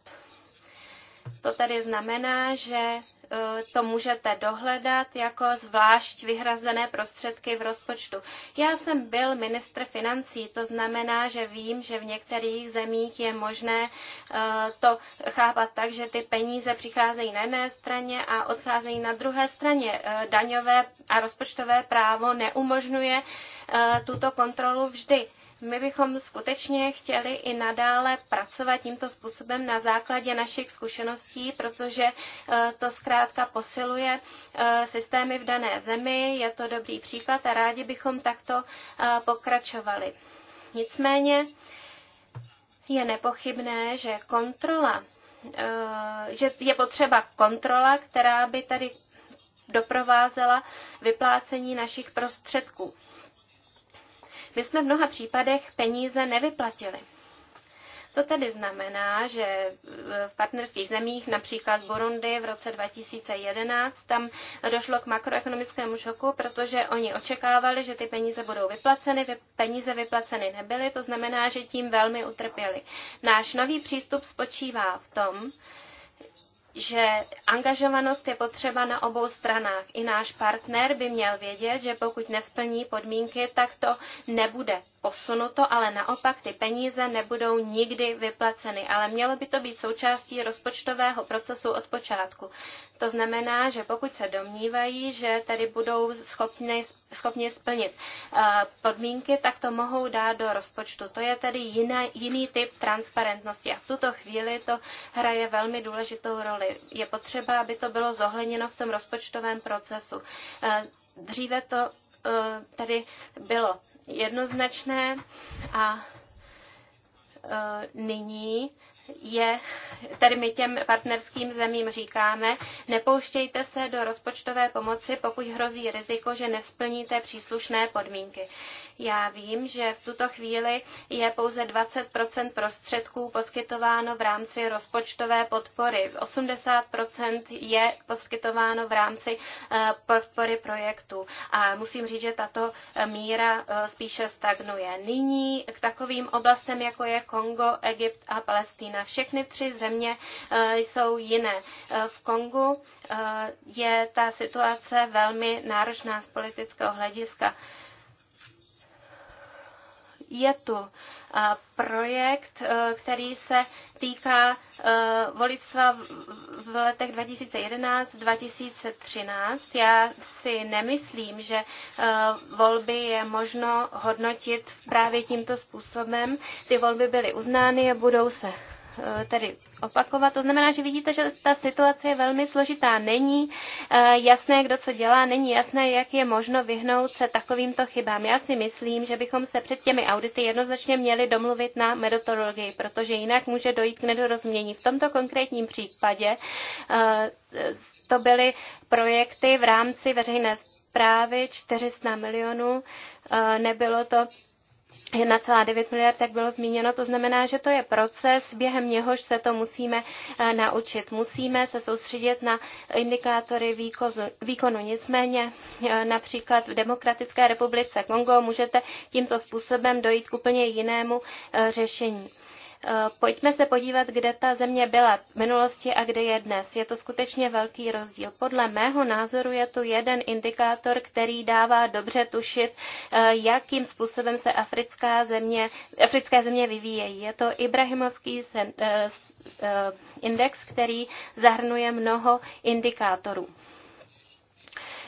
To tedy znamená, že Eh, to můžete dohledat jako zvlášť vyhrazené prostředky v rozpočtu. Já jsem byl ministr financí, to znamená, že vím, že v některých zemích je možné eh, to chápat tak, že ty peníze přicházejí na jedné straně a odcházejí na druhé straně. Eh, daňové a rozpočtové právo neumožňuje tuto kontrolu vždy. My bychom skutečně chtěli i nadále pracovat tímto způsobem na základě našich zkušeností, protože eh, to zkrátka posiluje eh, systémy v dané zemi, je to dobrý příklad a rádi bychom takto eh, pokračovali. Nicméně je nepochybné, že kontrola, že je potřeba kontrola, která by tady doprovázela vyplácení našich prostředků. My jsme v mnoha případech peníze nevyplatili. To tedy znamená, že v partnerských zemích, například Burundi v roce 2011, tam došlo k makroekonomickému šoku, protože oni očekávali, že ty peníze budou vyplaceny, peníze vyplaceny nebyly, to znamená, že tím velmi utrpěli. Náš nový přístup spočívá v tom, že angažovanost je potřeba na obou stranách. I náš partner by měl vědět, že pokud nesplní podmínky, tak to nebude posunuto, ale naopak ty peníze nebudou nikdy vyplaceny. Ale mělo by to být součástí rozpočtového procesu od počátku. To znamená, že pokud se domnívají, že tady budou schopni, schopni splnit eh, podmínky, tak to mohou dát do rozpočtu. To je tedy jiný, jiný typ transparentnosti. A v tuto chvíli to hraje velmi důležitou roli. Je potřeba, aby to bylo zohledněno v tom rozpočtovém procesu. Eh, dříve to Eh, tady bylo jednoznačné a eh, nyní je, tady my těm partnerským zemím říkáme, nepouštějte se do rozpočtové pomoci, pokud hrozí riziko, že nesplníte příslušné podmínky. Já vím, že v tuto chvíli je pouze 20 prostředků poskytováno v rámci rozpočtové podpory. 80 je poskytováno v rámci eh, podpory projektu. A musím říct, že tato eh, míra eh, spíše stagnuje. Nyní k takovým oblastem, jako je Kongo, Egypt a Palestína. Všechny tři země jsou jiné. V Kongu je ta situace velmi náročná z politického hlediska je tu eh, projekt, eh, který se týká eh, voličstva v letech 2011-2013. Já si nemyslím, že volby je možno hodnotit právě tímto způsobem. Ty volby byly uznány a budou se Eh, tedy opakovat. To znamená, že vidíte, že ta situace je velmi složitá. Není eh, jasné, kdo co dělá, není jasné, jak je možno vyhnout se takovýmto chybám. Já si myslím, že bychom se před těmi audity jednoznačně měli domluvit na metodologii, protože jinak může dojít k nedorozumění. V tomto konkrétním případě eh, to byly projekty v rámci veřejné zprávy 400 milionů. Nebylo to 1,9 miliard, jak bylo zmíněno, to znamená, že to je proces, během něhož se to musíme eh, naučit. Musíme se soustředit na indikátory výkonu, výkonu. Nicméně eh, například v Demokratické republice Kongo můžete tímto způsobem dojít k úplně jinému eh, řešení. Eh, pojďme se podívat, kde ta země byla v minulosti a kde je dnes. Je to skutečně velký rozdíl. Podle mého názoru je tu jeden indikátor, který dává dobře tušit, eh, jakým způsobem se africká země, africké země vyvíjejí. Je to Ibrahimovský eh, index, který zahrnuje mnoho indikátorů.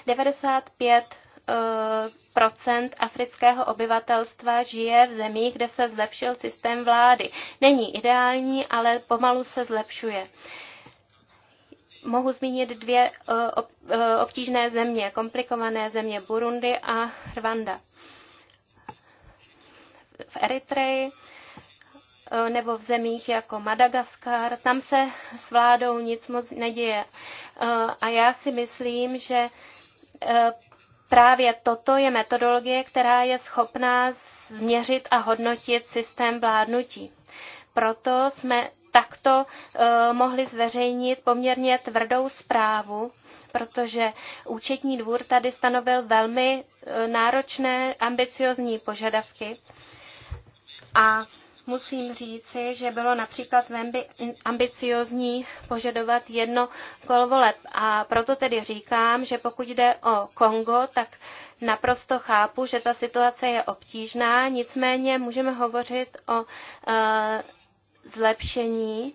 95 procent afrického obyvatelstva žije v zemích, kde se zlepšil systém vlády. Není ideální, ale pomalu se zlepšuje. Mohu zmínit dvě eh, eh, obtížné země, komplikované země Burundi a Rwanda. V Eritreji eh, nebo v zemích jako Madagaskar, tam se s vládou nic moc neděje. A já si myslím, že právě toto je metodologie, která je schopná změřit a hodnotit systém vládnutí. Proto jsme takto e, mohli zveřejnit poměrně tvrdou zprávu, protože účetní dvůr tady stanovil velmi e, náročné, ambiciozní požadavky. A musím říci, že bylo například velmi ambiciozní požadovat jedno kolo voleb. A proto tedy říkám, že pokud jde o Kongo, tak naprosto chápu, že ta situace je obtížná, nicméně můžeme hovořit o e, zlepšení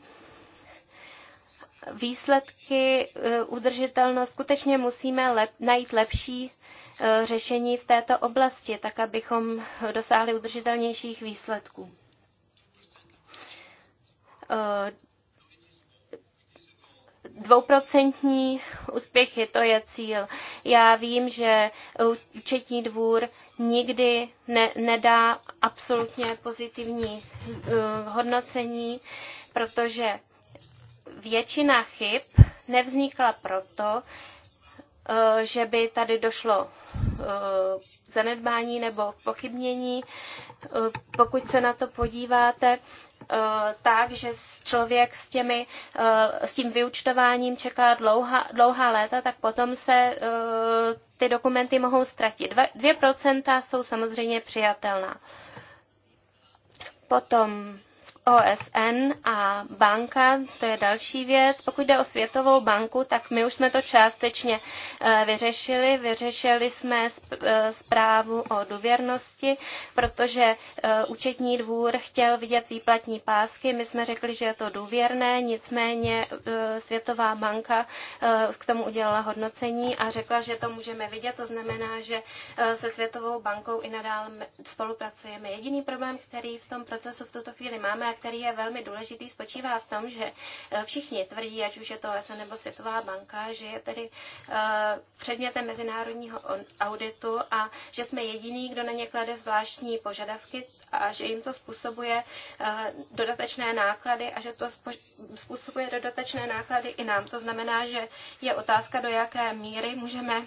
výsledky e, udržitelnost skutečně musíme lep, najít lepší e, řešení v této oblasti, tak abychom dosáhli udržitelnějších výsledků. Eh, dvouprocentní úspěchy, to je cíl. Já vím, že účetní dvůr nikdy ne, nedá absolutně pozitivní uh, hodnocení, protože většina chyb nevznikla proto, uh, že by tady došlo uh, zanedbání nebo pochybnění. Uh, pokud se na to podíváte, Eh, tak, že člověk s, těmi, eh, s tím vyučtováním čeká dlouhá, dlouhá léta, tak potom se eh, ty dokumenty mohou ztratit. 2% jsou samozřejmě přijatelná. Potom OSN a banka, to je další věc. Pokud jde o Světovou banku, tak my už jsme to částečně eh, vyřešili. Vyřešili jsme eh, zprávu o důvěrnosti, protože eh, účetní dvůr chtěl vidět výplatní pásky. My jsme řekli, že je to důvěrné, nicméně Světová banka k tomu udělala hodnocení a řekla, že to můžeme vidět. To znamená, že se Světovou bankou i nadále spolupracujeme. Jediný problém, který v tom procesu v tuto chvíli máme, který je velmi důležitý, spočívá v tom, že eh, všichni tvrdí, ať už je to OSN nebo Světová banka, že je tedy eh, předmětem mezinárodního auditu a že jsme jediný, kdo na ně klade zvláštní požadavky a že jim to způsobuje eh, dodatečné náklady a že to způsobuje dodatečné náklady i nám. To znamená, že je otázka, do jaké míry můžeme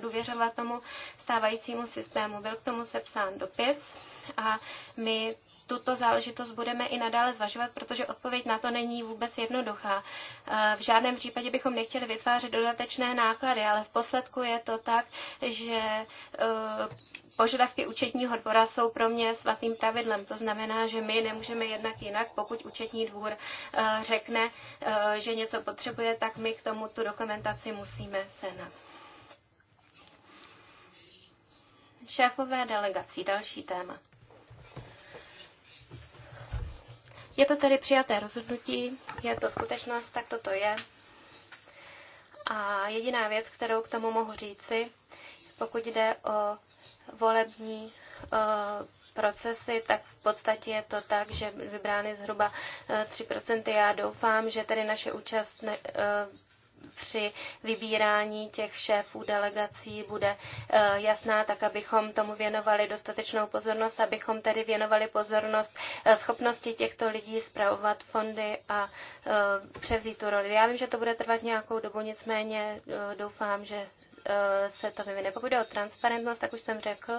důvěřovat tomu stávajícímu systému. Byl k tomu sepsán dopis a my tuto záležitost budeme i nadále zvažovat, protože odpověď na to není vůbec jednoduchá. Eh, v žádném případě bychom nechtěli vytvářet dodatečné náklady, ale v posledku je to tak, že eh, požadavky účetního dvora jsou pro mě svatým pravidlem. To znamená, že my nemůžeme jednak jinak, pokud účetní dvůr eh, řekne, že něco potřebuje, tak my k tomu tu dokumentaci musíme sehnat. Šéfové delegací, další téma. Je to tedy přijaté rozhodnutí, je to skutečnost, tak toto je. A jediná věc, kterou k tomu mohu říci, pokud jde o volební eh, procesy, tak v podstatě je to tak, že vybrány zhruba 3%. Eh, Já doufám, že tedy naše účast eh, při vybírání těch šéfů delegací bude eh, jasná, tak abychom tomu věnovali dostatečnou pozornost, abychom tedy věnovali pozornost eh, schopnosti těchto lidí zpravovat fondy a eh, převzít tu roli. Já vím, že to bude trvat nějakou dobu, nicméně doufám, že se to vyvine. Pokud jde o transparentnost, tak už jsem řekl,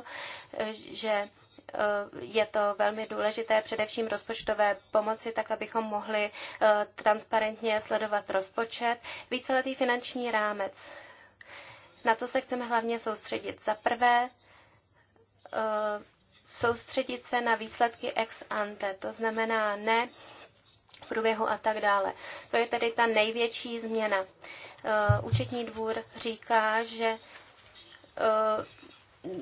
že Eh, je to velmi důležité, především rozpočtové pomoci, tak abychom mohli eh, transparentně sledovat rozpočet. Víceletý finanční rámec. Na co se chceme hlavně soustředit? Za prvé, eh, soustředit se na výsledky ex ante, to znamená ne v průběhu a tak dále. To je tedy ta největší změna. Účetní dvůr říká, že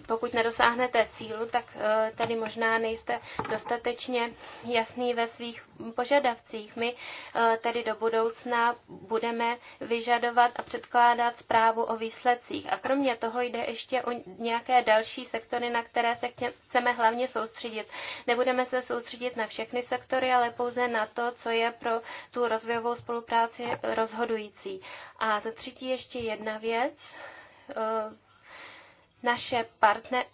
pokud nedosáhnete cílu, tak eh, tady možná nejste dostatečně jasný ve svých požadavcích. My eh, tedy do budoucna budeme vyžadovat a předkládat zprávu o výsledcích. A kromě toho jde ještě o nějaké další sektory, na které se chceme hlavně soustředit. Nebudeme se soustředit na všechny sektory, ale pouze na to, co je pro tu rozvojovou spolupráci rozhodující. A za třetí ještě jedna věc eh, naše, partner,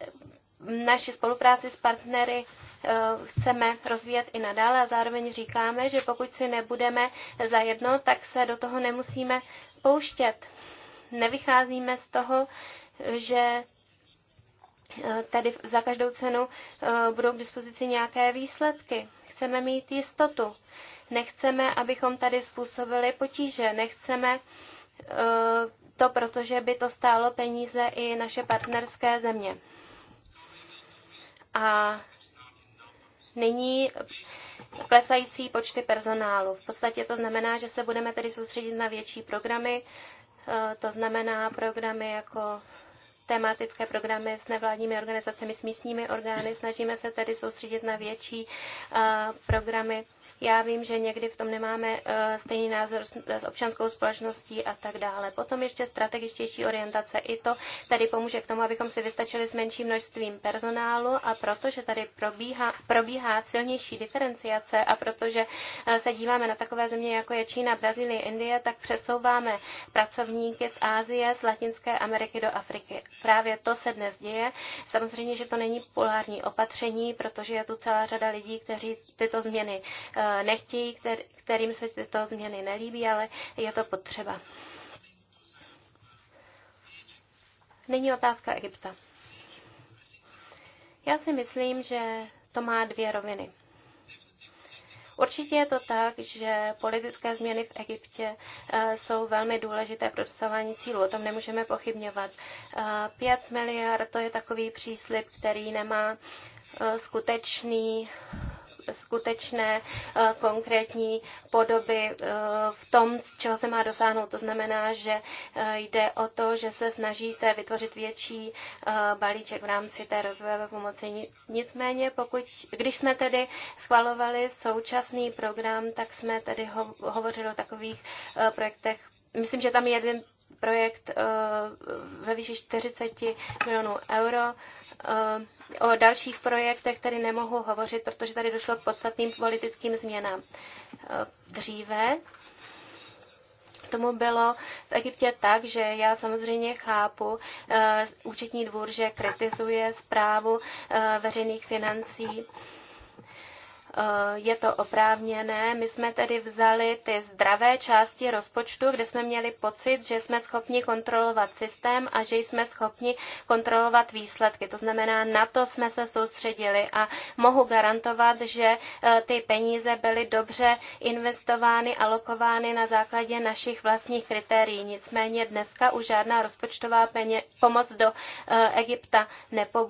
naše spolupráci s partnery eh, chceme rozvíjet i nadále a zároveň říkáme, že pokud si nebudeme zajedno, tak se do toho nemusíme pouštět. Nevycházíme z toho, že eh, tady za každou cenu eh, budou k dispozici nějaké výsledky. Chceme mít jistotu. Nechceme, abychom tady způsobili potíže. Nechceme, to proto, že by to stálo peníze i naše partnerské země. A nyní klesající počty personálu. V podstatě to znamená, že se budeme tedy soustředit na větší programy, eh, to znamená programy jako tematické programy s nevládními organizacemi, s místními orgány. Snažíme se tedy soustředit na větší eh, programy. Já vím, že někdy v tom nemáme eh, stejný názor s občanskou společností a tak dále. Potom ještě strategičtější orientace. I to tady pomůže k tomu, abychom si vystačili s menším množstvím personálu a protože tady probíhá, probíhá silnější diferenciace a protože eh, se díváme na takové země, jako je Čína, Brazílie, Indie, tak přesouváme pracovníky z Ázie, z Latinské Ameriky do Afriky. Právě to se dnes děje. Samozřejmě, že to není polární opatření, protože je tu celá řada lidí, kteří tyto změny eh, nechtějí, kterým se tyto změny nelíbí, ale je to potřeba. Není otázka Egypta. Já si myslím, že to má dvě roviny. Určitě je to tak, že politické změny v Egyptě eh, jsou velmi důležité pro dosahování cílu, o tom nemůžeme pochybňovat. 5 eh, miliard to je takový příslip, který nemá eh, skutečný skutečné eh, konkrétní podoby eh, v tom, čeho se má dosáhnout. To znamená, že eh, jde o to, že se snažíte vytvořit větší balíček v rámci té rozvojové pomoci. Nicméně, pokud, když jsme tedy schvalovali současný program, tak jsme tedy hovořili o takových projektech. Myslím, že tam je jeden projekt ve výši 40 milionů euro. Eh, o dalších projektech tady nemohu hovořit, protože tady došlo k podstatným politickým změnám. Eh, dříve tomu bylo v Egyptě tak, že já samozřejmě chápu uh, účetní dvůr, že kritizuje zprávu uh, veřejných financí. Eh, je to oprávněné. My jsme tedy vzali ty zdravé části rozpočtu, kde jsme měli pocit, že jsme schopni kontrolovat systém a že jsme schopni kontrolovat výsledky. To znamená, na to jsme se soustředili a mohu garantovat, že eh, ty peníze byly dobře investovány, alokovány na základě našich vlastních kritérií. Nicméně dneska už žádná rozpočtová peně, pomoc do eh, Egypta nepo,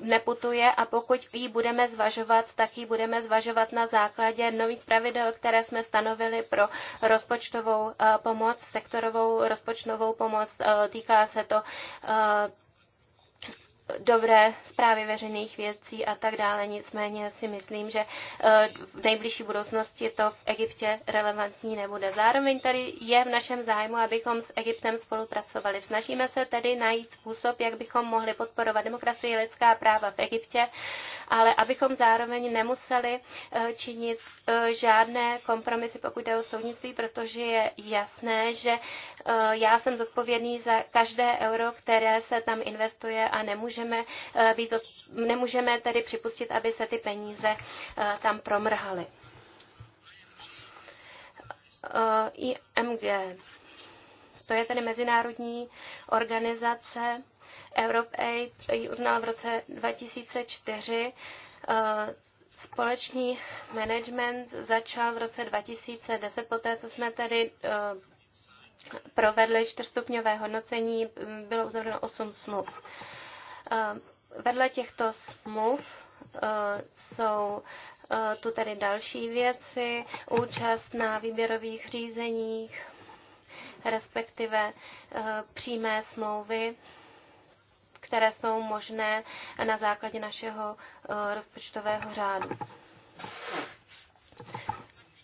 neputuje a pokud ji budeme zvažovat, tak ji budeme zvažovat na základě nových pravidel, které jsme stanovili pro rozpočtovou eh, pomoc, sektorovou rozpočtovou pomoc. Eh, týká se to eh, dobré zprávy veřejných věcí a tak dále. Nicméně si myslím, že eh, v nejbližší budoucnosti to v Egyptě relevantní nebude. Zároveň tady je v našem zájmu, abychom s Egyptem spolupracovali. Snažíme se tedy najít způsob, jak bychom mohli podporovat demokracii a lidská práva v Egyptě, ale abychom zároveň nemuseli eh, činit eh, žádné kompromisy, pokud jde o soudnictví, protože je jasné, že já jsem zodpovědný za každé euro, které se tam investuje a nemůže nemůžeme, eh, být, nemůžeme tedy připustit, aby se ty peníze eh, tam promrhaly. Eh, IMG, to je tedy mezinárodní organizace, Europe ji uznal v roce 2004, společný management začal v roce 2010, poté co jsme tedy provedli čtyřstupňové hodnocení, bylo uzavřeno 8 smluv. Eh, vedle těchto smluv eh, jsou eh, tu tedy další věci, účast na výběrových řízeních, respektive přímé smlouvy, které jsou možné na základě našeho rozpočtového řádu.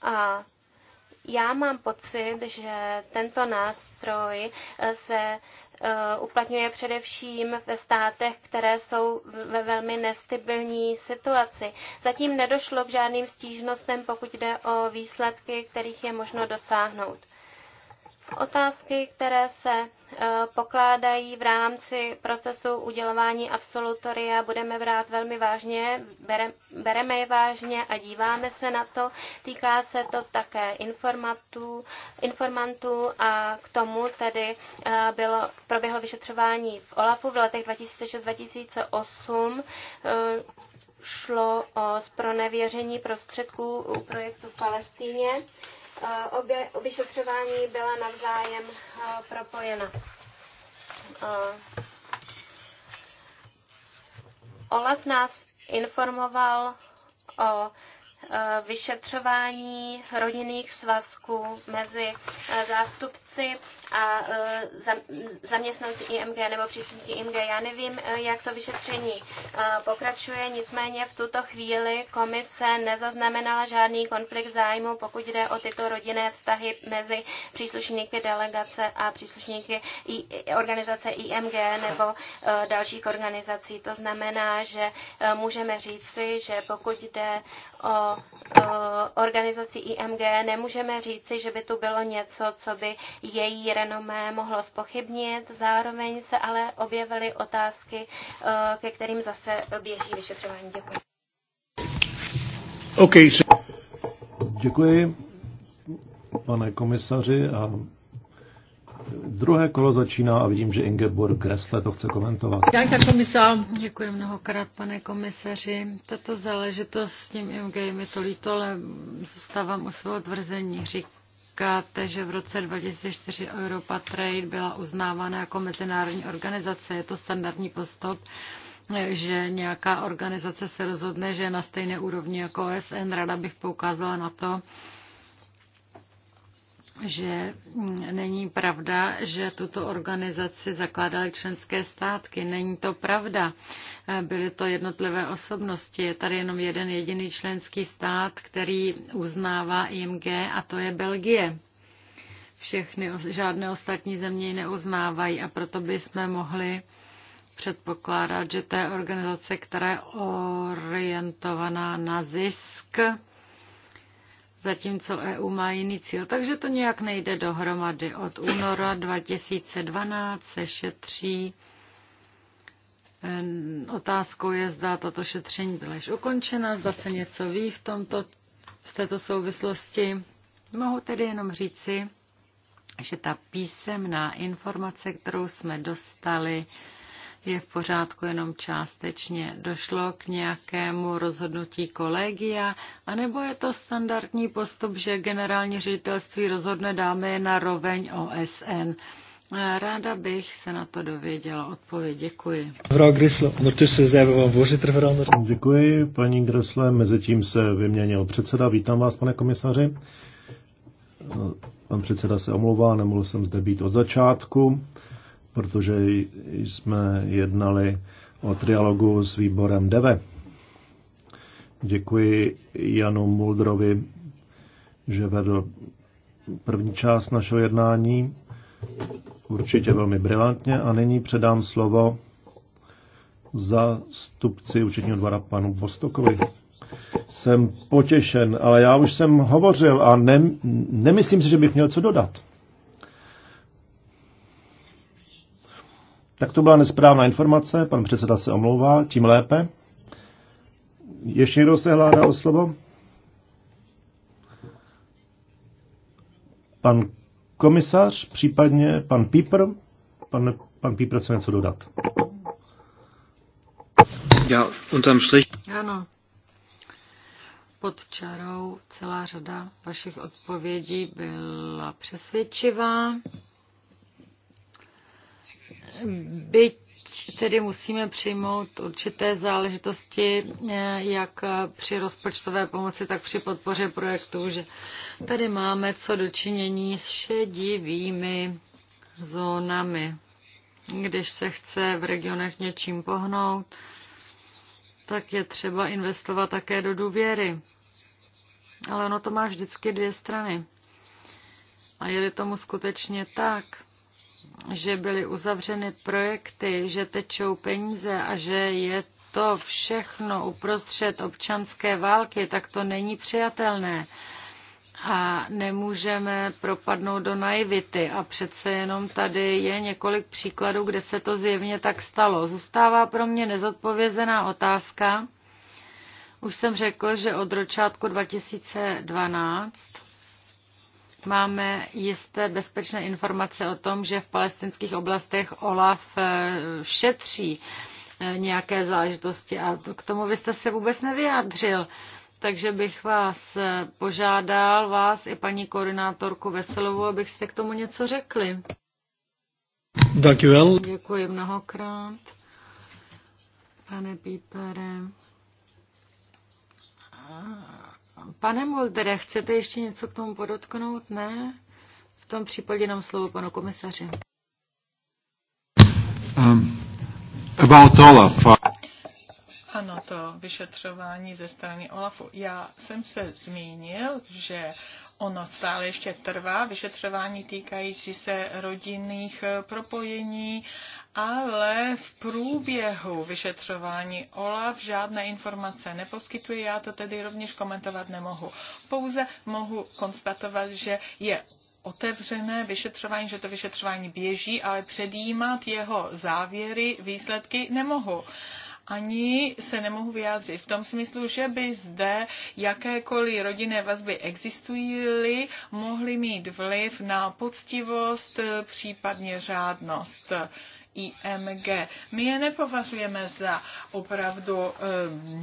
A já mám pocit, že tento nástroj se Eh, uplatňuje především ve státech, které jsou ve velmi nestabilní situaci. Zatím nedošlo k žádným stížnostem, pokud jde o výsledky, kterých je možno dosáhnout. Otázky, které se eh, pokládají v rámci procesu udělování absolutoria, budeme brát velmi vážně, bereme je vážně a díváme se na to. Týká se to také informatů, informantů a k tomu tedy eh, bylo, proběhlo vyšetřování v OLAPu v letech 2006-2008 eh, šlo o spronevěření prostředků u projektu v Palestíně. Eh, obě vyšetřování byla navzájem eh, propojena. Eh, Olaf nás informoval o vyšetřování rodinných svazků mezi zástupci E, zaměstnanci a zaměstnanci IMG nebo příslušníci IMG. Já nevím, e, jak to vyšetření e, pokračuje, nicméně v tuto chvíli komise nezaznamenala žádný konflikt zájmu, pokud jde o tyto rodinné vztahy mezi příslušníky delegace a příslušníky organizace IMG nebo dalších organizací. To znamená, že můžeme říci, že pokud jde o organizaci IMG, nemůžeme říci, že by tu bylo něco, co by její renomé mohlo spochybnit. Zároveň se ale objevily otázky, eh, ke kterým zase běží vyšetřování. Děkuji. Okay. Děkuji, pane komisaři. A druhé kolo začíná a vidím, že Ingeborg Gressle to chce komentovat. Děkuji mnohokrát, pane komisaři. Tato záležitost s tím MGM mi to líto, ale zůstávám u svého tvrzení. Řík, říkáte, že v roce 2004 Europa Trade byla uznávána jako mezinárodní organizace. Je to standardní postup, že nějaká organizace se rozhodne, že je na stejné úrovni jako OSN. Rada bych poukázala na to, že není pravda, že tuto organizaci zakládaly členské státky. Není to pravda. Byly to jednotlivé osobnosti. Je tady jenom jeden jediný členský stát, který uznává IMG a to je Belgie. Všechny, žádné ostatní země ji neuznávají a proto bychom mohli předpokládat, že to je organizace, která je orientovaná na zisk zatímco EU má jiný cíl. Takže to nějak nejde dohromady. Od února 2012 se šetří. Eh, otázkou je, zda tato šetření byla již ukončena, zda se něco ví v, tomto, v této souvislosti. Mohu tedy jenom říci, že ta písemná informace, kterou jsme dostali, je v pořádku jenom částečně. Došlo k nějakému rozhodnutí kolegia, anebo je to standardní postup, že generální ředitelství rozhodne dáme na roveň OSN. Ráda bych se na to dověděla. Odpověď děkuji. Děkuji, paní Gresle. Mezitím se vyměnil předseda. Vítám vás, pane komisaři. Pan předseda se omlouvá, nemohl jsem zde být od začátku protože jsme jednali o trialogu s výborem DEVE. Děkuji Janu Muldrovi, že vedl první část našeho jednání, určitě velmi brilantně, a nyní předám slovo zastupci účetního dvora panu Bostokovi. Jsem potěšen, ale já už jsem hovořil a ne, nemyslím si, že bych měl co dodat. Tak to byla nesprávná informace, pan předseda se omlouvá, tím lépe. Ještě někdo se hládá o slovo? Pan komisař, případně pan Pípr. Pan, pan Pípr chce něco dodat. Já, tam šli. Ano. Pod čarou celá řada vašich odpovědí byla přesvědčivá byť tedy musíme přijmout určité záležitosti, eh, jak při rozpočtové pomoci, tak při podpoře projektů, že tady máme co dočinění s šedivými zónami. Když se chce v regionech něčím pohnout, tak je třeba investovat také do důvěry. Ale ono to má vždycky dvě strany. A je-li tomu skutečně tak, že byly uzavřeny projekty, že tečou peníze a že je to všechno uprostřed občanské války, tak to není přijatelné. A nemůžeme propadnout do naivity. A přece jenom tady je několik příkladů, kde se to zjevně tak stalo. Zůstává pro mě nezodpovězená otázka. Už jsem řekl, že od ročátku 2012 Máme jisté bezpečné informace o tom, že v palestinských oblastech OLAF eh, šetří eh, nějaké záležitosti a k tomu vy jste se vůbec nevyjádřil. Takže bych vás eh, požádal, vás i paní koordinátorku Veselovou, abyste k tomu něco řekli. Děkuji. Děkuji mnohokrát, pane Pípere. Pane Muldere, chcete ještě něco k tomu podotknout? Ne? V tom případě nám slovo panu komisaři. Um, about Olaf. Uh, ano, to vyšetřování ze strany Olafu. Já jsem se zmínil, že ono stále ještě trvá, vyšetřování týkající se rodinných eh, propojení ale v průběhu vyšetřování OLAF žádné informace neposkytuje, já to tedy rovněž komentovat nemohu. Pouze mohu konstatovat, že je otevřené vyšetřování, že to vyšetřování běží, ale předjímat jeho závěry, výsledky nemohu ani se nemohu vyjádřit. V tom smyslu, že by zde jakékoliv rodinné vazby existují, mohly mít vliv na poctivost, případně řádnost IMG. My je nepovažujeme za opravdu eh,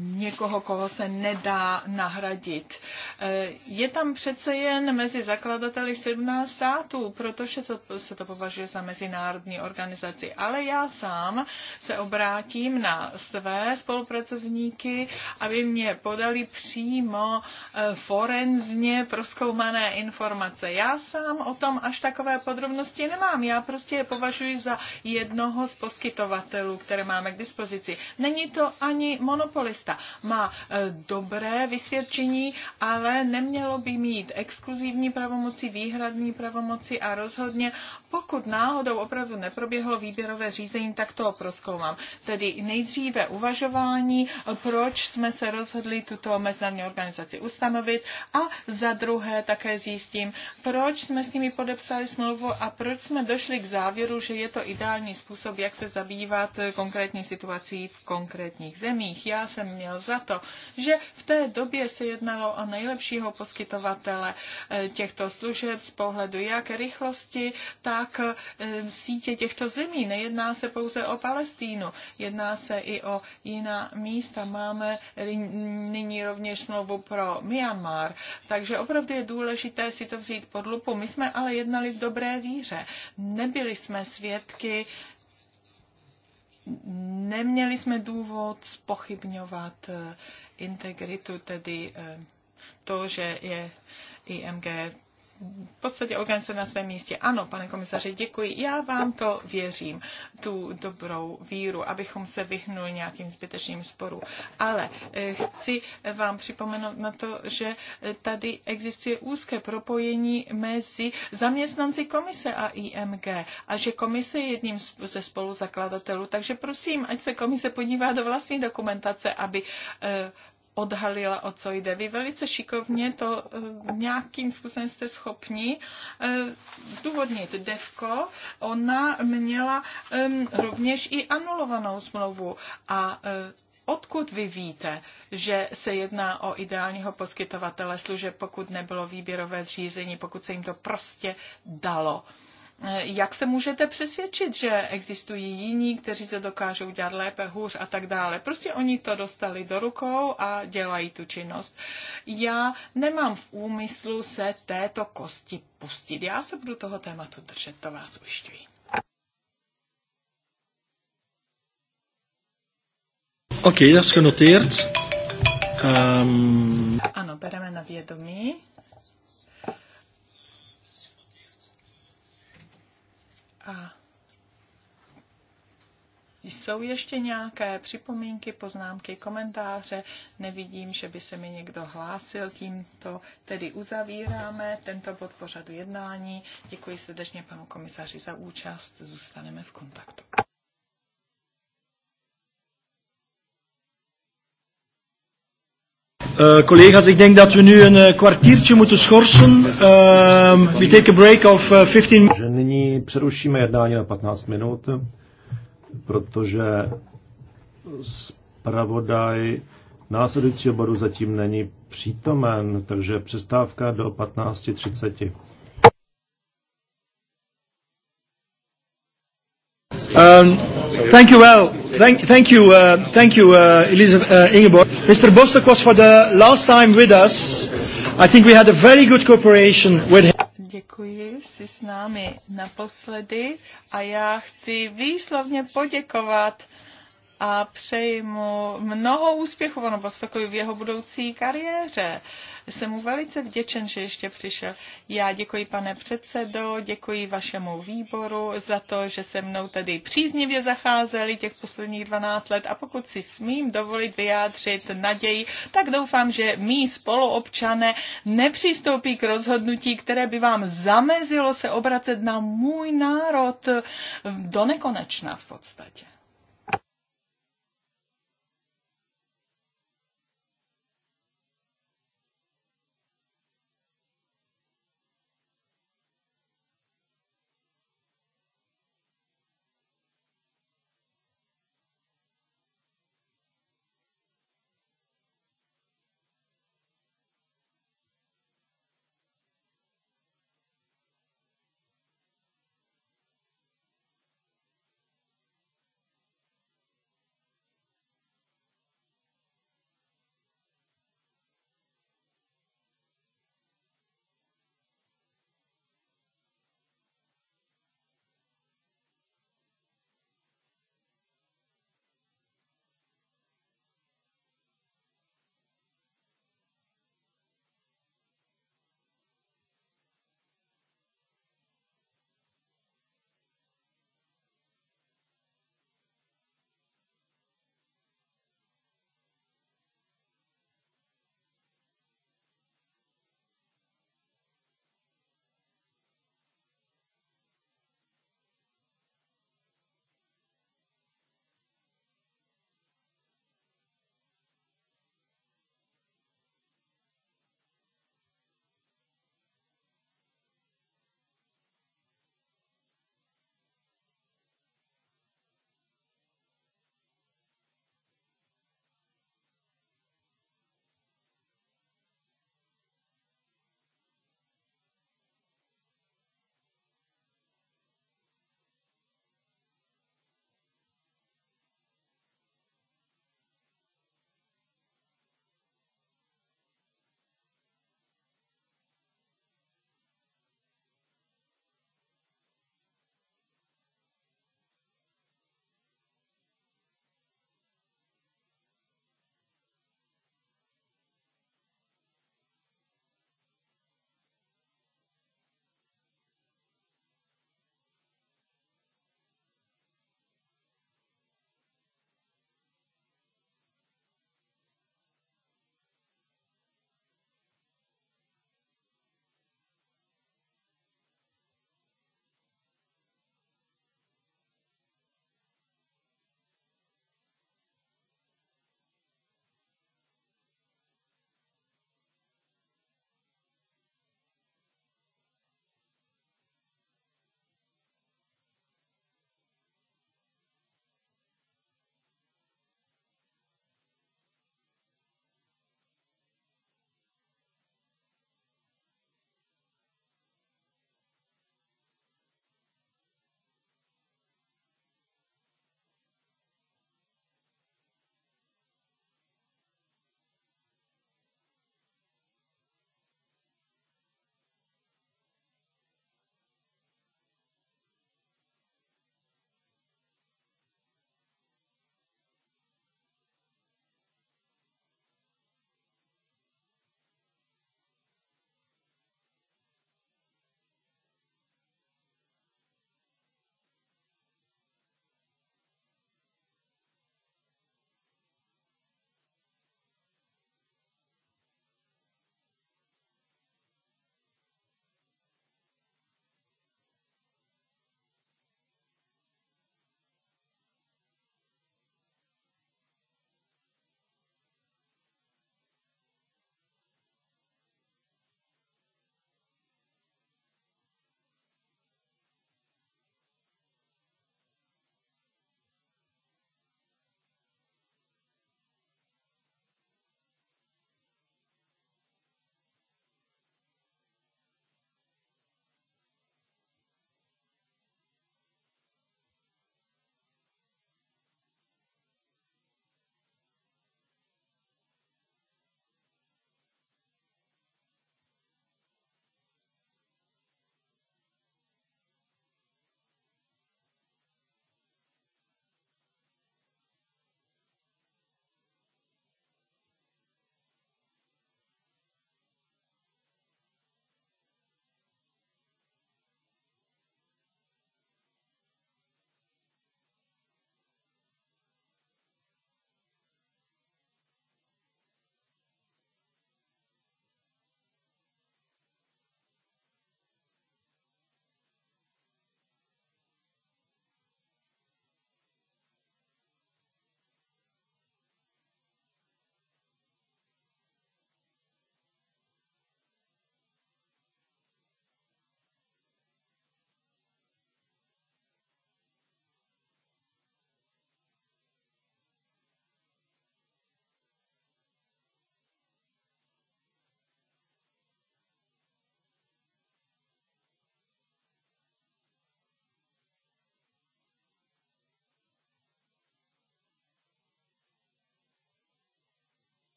někoho, koho se nedá nahradit. Eh, je tam přece jen mezi zakladateli 17 států, protože se to považuje za mezinárodní organizaci. Ale já sám se obrátím na své spolupracovníky, aby mě podali přímo eh, forenzně proskoumané informace. Já sám o tom až takové podrobnosti nemám. Já prostě je považuji za jedno jednoho z poskytovatelů, které máme k dispozici. Není to ani monopolista. Má e, dobré vysvědčení, ale nemělo by mít exkluzivní pravomoci, výhradní pravomoci a rozhodně, pokud náhodou opravdu neproběhlo výběrové řízení, tak to proskoumám. Tedy nejdříve uvažování, proč jsme se rozhodli tuto mezinárodní organizaci ustanovit a za druhé také zjistím, proč jsme s nimi podepsali smlouvu a proč jsme došli k závěru, že je to ideální způsob, jak se zabývat konkrétní situací v konkrétních zemích. Já jsem měl za to, že v té době se jednalo o nejlepšího poskytovatele eh, těchto služeb z pohledu jak rychlosti, tak eh, sítě těchto zemí. Nejedná se pouze o Palestínu, jedná se i o jiná místa. Máme nyní rovněž smlouvu pro Myanmar, takže opravdu je důležité si to vzít pod lupu. My jsme ale jednali v dobré víře. Nebyli jsme svědky neměli jsme důvod spochybňovat eh, integritu, tedy eh, to, že je IMG v podstatě organizace na svém místě. Ano, pane komisaři, děkuji. Já vám to věřím, tu dobrou víru, abychom se vyhnuli nějakým zbytečným sporům. Ale eh, chci vám připomenout na to, že eh, tady existuje úzké propojení mezi zaměstnanci komise a IMG a že komise je jedním ze spoluzakladatelů. Takže prosím, ať se komise podívá do vlastní dokumentace, aby eh, odhalila, o co jde. Vy velice šikovně to eh, nějakým způsobem jste schopni eh, důvodnit. Devko, ona měla ehm, rovněž i anulovanou smlouvu a eh, Odkud vy víte, že se jedná o ideálního poskytovatele služeb, pokud nebylo výběrové řízení, pokud se jim to prostě dalo? Uh, jak se můžete přesvědčit, že existují jiní, kteří to dokážou dělat lépe, hůř a tak dále. Prostě oni to dostali do rukou a dělají tu činnost. Já nemám v úmyslu se této kosti pustit. Já se budu toho tématu držet, to vás ujišťuji. Oké, okay, dat is genoteerd. Um... Ano, bereme na vědomí. A jsou ještě nějaké připomínky, poznámky, komentáře? Nevidím, že by se mi někdo hlásil. Tímto tedy uzavíráme tento bod pořadu jednání. Děkuji srdečně panu komisaři za účast. Zůstaneme v kontaktu. Eh, collega's, ik denk dat we nu een eh, kwartiertje moeten schorsen. Uh, we take a break of uh, 15 minutes. Nyní přerušíme jednání na 15 minut, protože zpravodaj následujícího bodu zatím není přítomen, takže přestávka do 15.30. Um, thank you well. Thank, thank you, uh, thank you, uh, Elizabeth uh, Ingeborg. Mr. Bostock was for the last time with us. I think we had a very good cooperation with him. Děkuji, jsi s námi naposledy a já chci výslovně poděkovat a přeji mu mnoho úspěchů ono v jeho budoucí kariéře. Uh, jsem mu velice vděčen, že ještě přišel. Já děkuji, pane předsedo, děkuji vašemu výboru za to, že se mnou tady příznivě zacházeli těch posledních 12 let a pokud si smím dovolit vyjádřit naději, tak doufám, že mý spoluobčané nepřistoupí k rozhodnutí, které by vám zamezilo se obracet na můj národ do nekonečna v podstatě.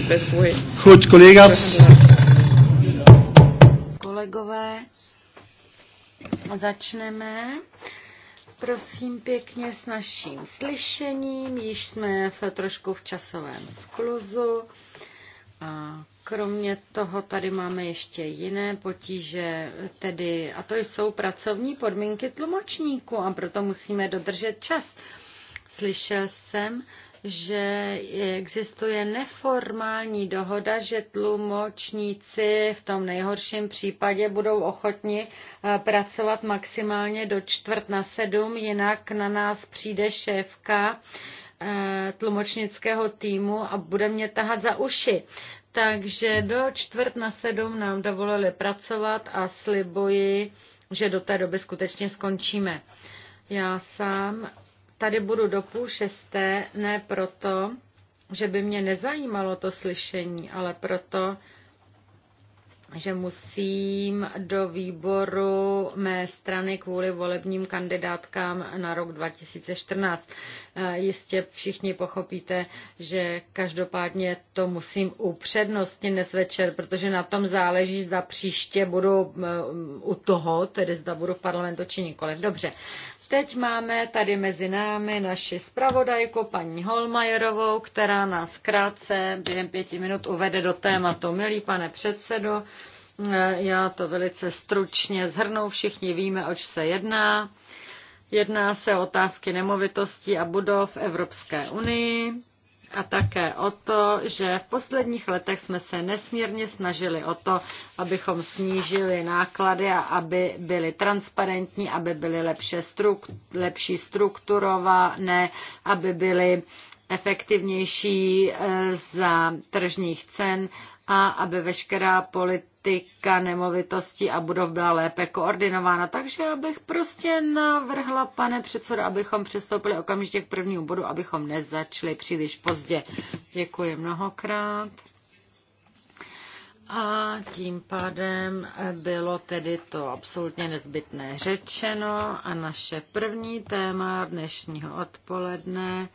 the best Goed, collega's. Kolegové, začneme. Prosím pěkně s naším slyšením, již jsme v, trošku v časovém skluzu. A kromě toho tady máme ještě jiné potíže, tedy, a to jsou pracovní podmínky tlumočníků a proto musíme dodržet čas. Slyšel jsem, že existuje neformální dohoda, že tlumočníci v tom nejhorším případě budou ochotni eh, pracovat maximálně do čtvrt na sedm, jinak na nás přijde šéfka eh, tlumočnického týmu a bude mě tahat za uši. Takže do čtvrt na sedm nám dovolili pracovat a slibuji, že do té doby skutečně skončíme. Já sám Tady budu do půl šesté, ne proto, že by mě nezajímalo to slyšení, ale proto, že musím do výboru mé strany kvůli volebním kandidátkám na rok 2014. Eh, jistě všichni pochopíte, že každopádně to musím upřednostnit dnes večer, protože na tom záleží, zda příště budu eh, u toho, tedy zda budu v parlamentu či nikoliv. Dobře, Teď máme tady mezi námi naši zpravodajku, paní Holmajerovou, která nás krátce během pěti minut uvede do tématu. Milý pane předsedo, eh, já to velice stručně zhrnou, všichni víme, oč se jedná. Jedná se o otázky nemovitostí a budov Evropské unii a také o to, že v posledních letech jsme se nesmírně snažili o to, abychom snížili náklady a aby byly transparentní, aby byly lepší, struktu, lepší strukturované, aby byly efektivnější eh, za tržních cen a aby veškerá politika politika nemovitostí a budov byla lépe koordinována. Takže abych prostě navrhla, pane předsedo, abychom přistoupili okamžitě k prvnímu bodu, abychom nezačali příliš pozdě. Děkuji mnohokrát. A tím pádem bylo tedy to absolutně nezbytné řečeno a naše první téma dnešního odpoledne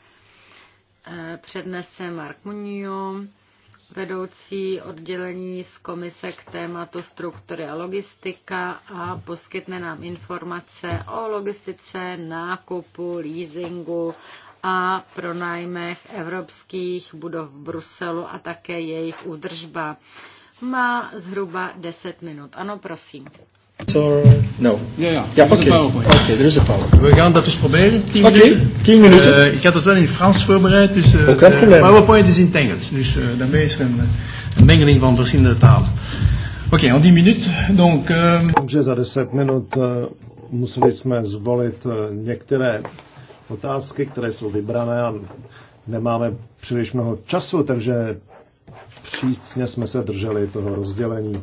eh, přednese Mark Munio vedoucí oddělení z komise k tématu struktury a logistika a poskytne nám informace o logistice, nákupu, leasingu a pronájmech evropských budov v Bruselu a také jejich údržba. Má zhruba 10 minut. Ano, prosím. Or, no. Ja, ja. oké. Okay. Oké, okay, is een PowerPoint. We gaan dat dus proberen, Oké, okay. minuten. Oké, minuten. Uh, ik had het wel in Frans voorbereid, dus uh, Ook de PowerPoint is in het Engels. Dus uh, daarmee is er een, een mengeling van verschillende talen. Oké, okay, on die minuut. Donc, um... Ehm, takže za 10 minut uh, museli jsme zvolit uh, některé otázky, které jsou vybrané a nemáme příliš mnoho času, takže přísně jsme se drželi toho rozdělení.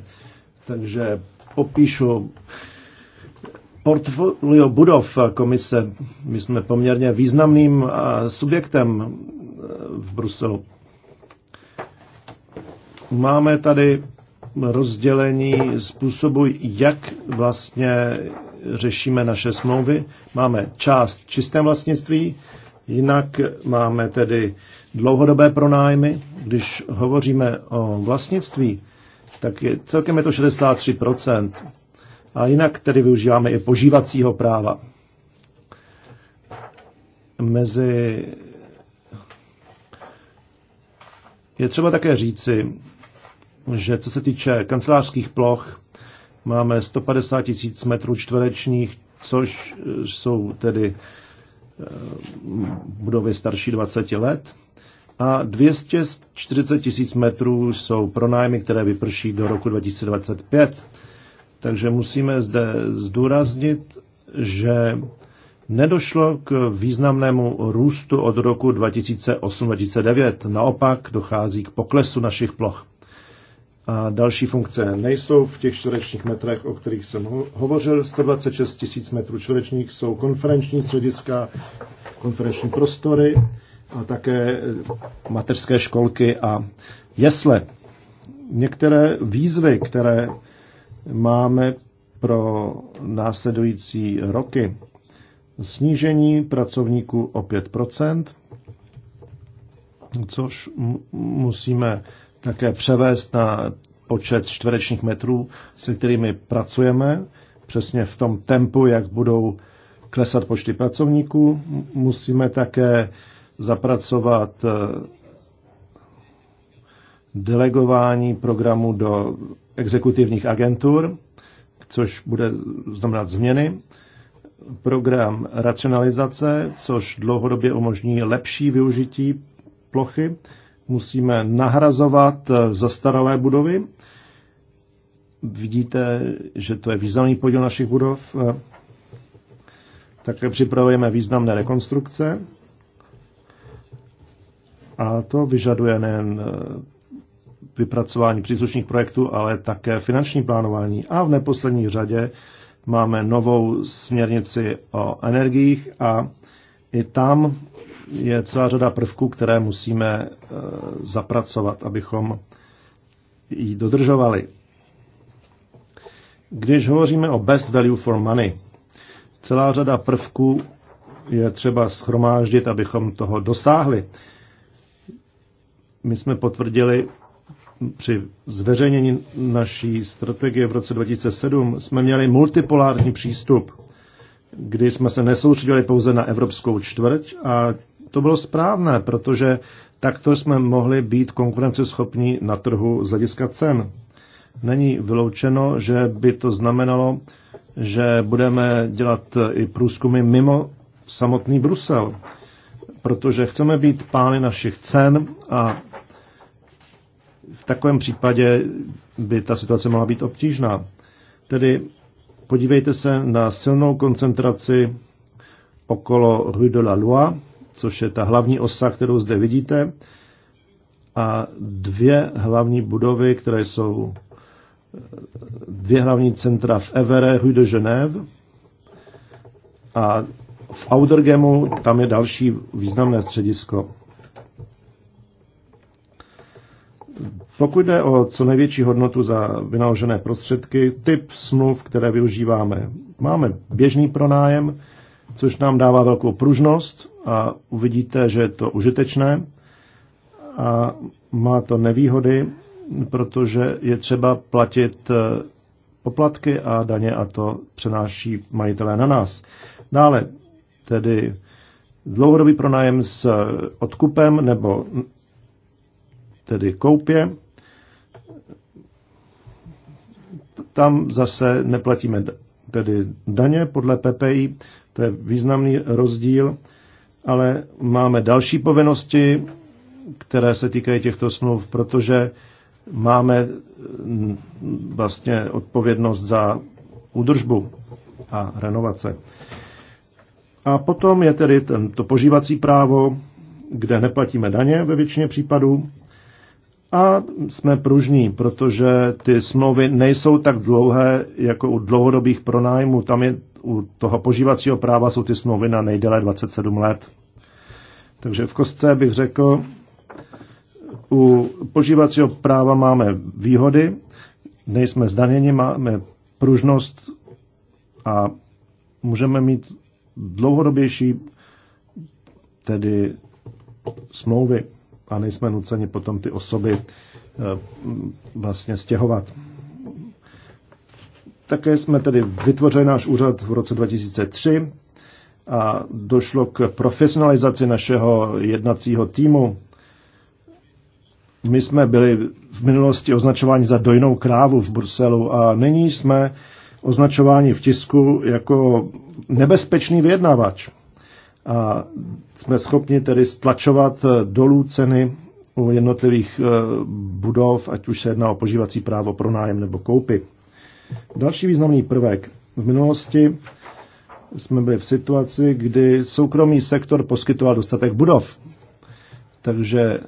Takže opíšu portfolio budov komise. My jsme poměrně významným eh, subjektem eh, v Bruselu. Máme tady rozdělení způsobu, jak vlastně řešíme naše smlouvy. Máme část čisté vlastnictví, jinak máme tedy dlouhodobé pronájmy. Když hovoříme o vlastnictví, tak je, celkem je to 63%. A jinak tedy využíváme i požívacího práva. Mezi je třeba také říci, že co se týče kancelářských ploch, máme 150 tisíc metrů čtverečních, což jsou tedy eh, budovy starší 20 let a 240 tisíc metrů jsou pronájmy, které vyprší do roku 2025. Takže musíme zde zdůraznit, že nedošlo k významnému růstu od roku 2008-2009. Naopak dochází k poklesu našich ploch. A další funkce nejsou v těch čtverečních metrech, o kterých jsem hovořil. 126 tisíc metrů čtverečních jsou konferenční střediska, konferenční prostory, a také mateřské školky a jesle. Některé výzvy, které máme pro následující roky, snížení pracovníků o 5 což musíme také převést na počet čtverečních metrů, se kterými pracujeme, přesně v tom tempu, jak budou klesat počty pracovníků. Musíme také zapracovat eh, delegování programu do exekutivních agentur, což bude znamenat změny, program racionalizace, což dlouhodobě umožní lepší využití plochy. Musíme nahrazovat eh, zastaralé budovy. Vidíte, že to je významný podíl našich budov. Eh, Také připravujeme významné rekonstrukce a to vyžaduje nejen e, vypracování příslušných projektů, ale také finanční plánování. A v neposlední řadě máme novou směrnici o energiích a i tam je celá řada prvků, které musíme e, zapracovat, abychom ji dodržovali. Když hovoříme o best value for money, celá řada prvků je třeba schromáždit, abychom toho dosáhli. My jsme potvrdili při zveřejnění naší strategie v roce 2007, jsme měli multipolární přístup, kdy jsme se nesoustředili pouze na evropskou čtvrť a to bylo správné, protože takto jsme mohli být konkurenceschopní na trhu z hlediska cen. Není vyloučeno, že by to znamenalo, že budeme dělat i průzkumy mimo samotný Brusel, protože chceme být pány našich cen a v takovém případě by ta situace mohla být obtížná. Tedy podívejte se na silnou koncentraci okolo Rue de la Loi, což je ta hlavní osa, kterou zde vidíte, a dvě hlavní budovy, které jsou dvě hlavní centra v Evere, Rue de Genève a v Audergemu tam je další významné středisko. Pokud jde o co největší hodnotu za vynaložené prostředky, typ smluv, které využíváme, máme běžný pronájem, což nám dává velkou pružnost a uvidíte, že je to užitečné a má to nevýhody, protože je třeba platit eh, poplatky a daně a to přenáší majitelé na nás. Dále tedy dlouhodobý pronájem s odkupem nebo tedy koupě Tam zase neplatíme tedy daně podle PPI, to je významný rozdíl, ale máme další povinnosti, které se týkají těchto smluv, protože máme mm, vlastně odpovědnost za údržbu a renovace. A potom je tedy to požívací právo, kde neplatíme daně ve většině případů, a jsme pružní, protože ty smlouvy nejsou tak dlouhé jako u dlouhodobých pronájmů. Tam je u toho požívacího práva jsou ty smlouvy na nejdéle 27 let. Takže v kostce bych řekl, u požívacího práva máme výhody, nejsme zdaněni, máme pružnost a můžeme mít dlouhodobější tedy smlouvy a nejsme nuceni potom ty osoby eh, vlastně stěhovat. Také jsme tedy vytvořili náš úřad v roce 2003 a došlo k profesionalizaci našeho jednacího týmu. My jsme byli v minulosti označováni za dojnou krávu v Bruselu a nyní jsme označováni v tisku jako nebezpečný vyjednavač a jsme schopni tedy stlačovat eh, dolů ceny u jednotlivých eh, budov, ať už se jedná o požívací právo pro nájem nebo koupy. Další významný prvek. V minulosti jsme byli v situaci, kdy soukromý sektor poskytoval dostatek budov. Takže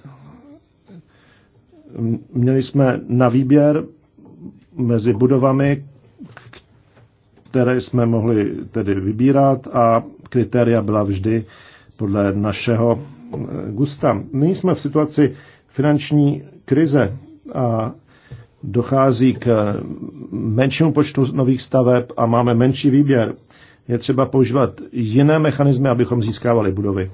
měli jsme na výběr mezi budovami, které jsme mohli tedy vybírat a kritéria byla vždy podle našeho eh, gusta. My jsme v situaci finanční krize a dochází k eh, menšímu počtu nových staveb a máme menší výběr. Je třeba používat jiné mechanismy, abychom získávali budovy.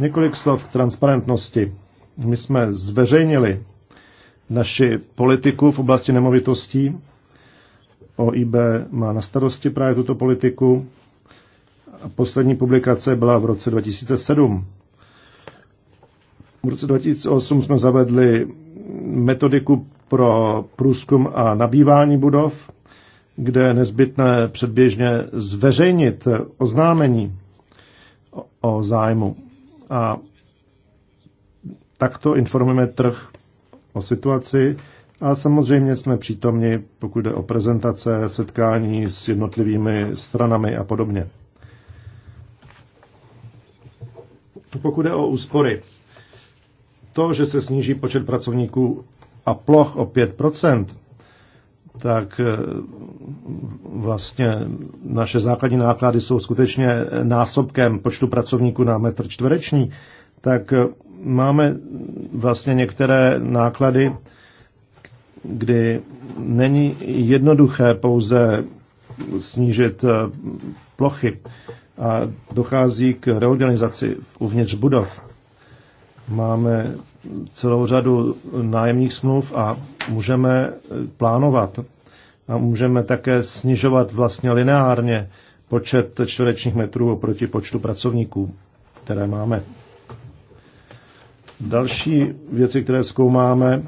Několik slov k transparentnosti. My jsme zveřejnili naši politiku v oblasti nemovitostí. OIB má na starosti právě tuto politiku poslední publikace byla v roce 2007. V roce 2008 jsme zavedli metodiku pro průzkum a nabývání budov, kde je nezbytné předběžně zveřejnit oznámení o zájmu. A takto informujeme trh o situaci a samozřejmě jsme přítomni, pokud jde o prezentace, setkání s jednotlivými stranami a podobně. Pokud jde o úspory, to, že se sníží počet pracovníků a ploch o 5%, tak e, vlastně naše základní náklady jsou skutečně násobkem počtu pracovníků na metr čtvereční, tak e, máme vlastně některé náklady, kdy není jednoduché pouze snížit e, plochy a dochází k reorganizaci uvnitř budov. Máme celou řadu nájemních smluv a můžeme plánovat a můžeme také snižovat vlastně lineárně počet čtverečních metrů oproti počtu pracovníků, které máme. Další věci, které zkoumáme,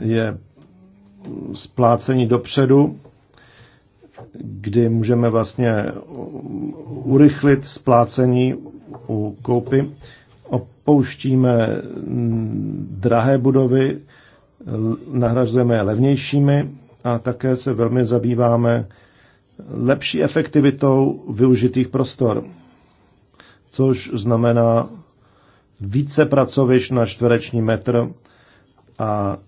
je splácení dopředu kdy můžeme vlastně urychlit splácení u koupy. Opouštíme drahé budovy, nahrazujeme je levnějšími a také se velmi zabýváme lepší efektivitou využitých prostor, což znamená více pracoviš na čtvereční metr a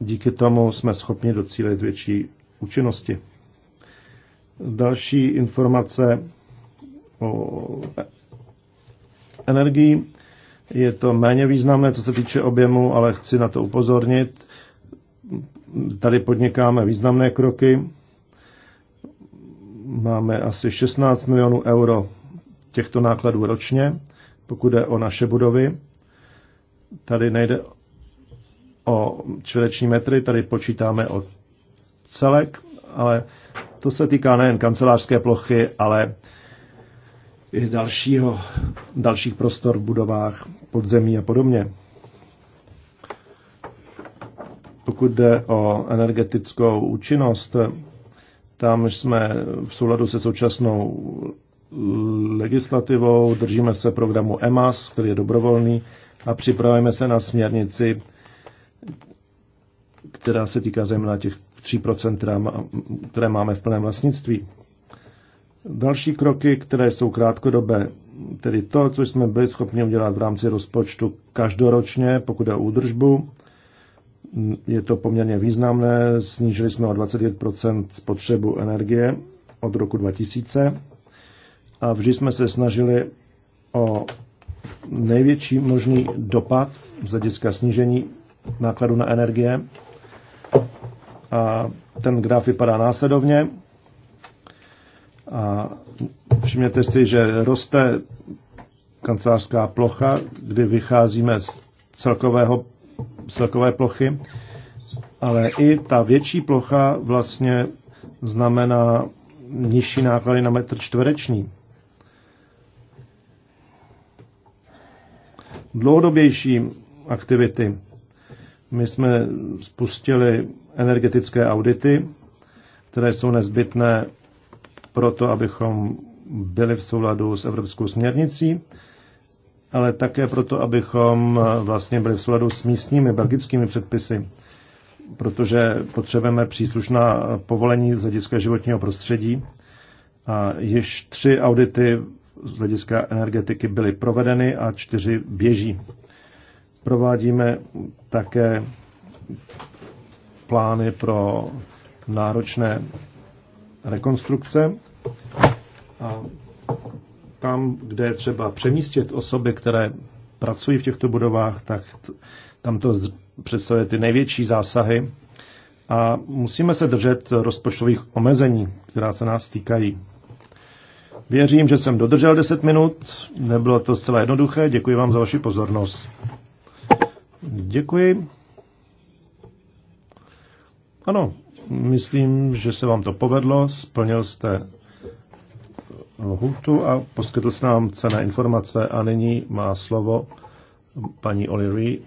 díky tomu jsme schopni docílit větší účinnosti další informace o energii. Je to méně významné, co se týče objemu, ale chci na to upozornit. Tady podnikáme významné kroky. Máme asi 16 milionů euro těchto nákladů ročně, pokud jde o naše budovy. Tady nejde o čtvereční metry, tady počítáme o celek, ale to se týká nejen kancelářské plochy, ale i dalšího, dalších prostor v budovách, podzemí a podobně. Pokud jde o energetickou účinnost, tam jsme v souladu se současnou legislativou, držíme se programu EMAS, který je dobrovolný, a připravujeme se na směrnici, která se týká zejména těch 3%, které máme v plném vlastnictví. Další kroky, které jsou krátkodobé, tedy to, co jsme byli schopni udělat v rámci rozpočtu každoročně, pokud je o údržbu, je to poměrně významné, snížili jsme o 25% spotřebu energie od roku 2000 a vždy jsme se snažili o největší možný dopad z hlediska snížení nákladu na energie a ten graf vypadá následovně. A všimněte si, že roste kancelářská plocha, kdy vycházíme z celkového, celkové plochy, ale i ta větší plocha vlastně znamená nižší náklady na metr čtvereční. Dlouhodobější aktivity. My jsme spustili energetické audity, které jsou nezbytné pro to, abychom byli v souladu s evropskou směrnicí, ale také proto, abychom vlastně byli v souladu s místními belgickými předpisy, protože potřebujeme příslušná povolení z hlediska životního prostředí. A již tři audity z hlediska energetiky byly provedeny a čtyři běží. Provádíme také plány pro náročné rekonstrukce. A tam, kde je třeba přemístit osoby, které pracují v těchto budovách, tak tam to představuje ty největší zásahy. A musíme se držet rozpočtových omezení, která se nás týkají. Věřím, že jsem dodržel 10 minut. Nebylo to zcela jednoduché. Děkuji vám za vaši pozornost. Děkuji. Ano, myslím, že se vám to povedlo, splnil jste lhutu a poskytl jste nám cené informace a nyní má slovo paní O'Leary,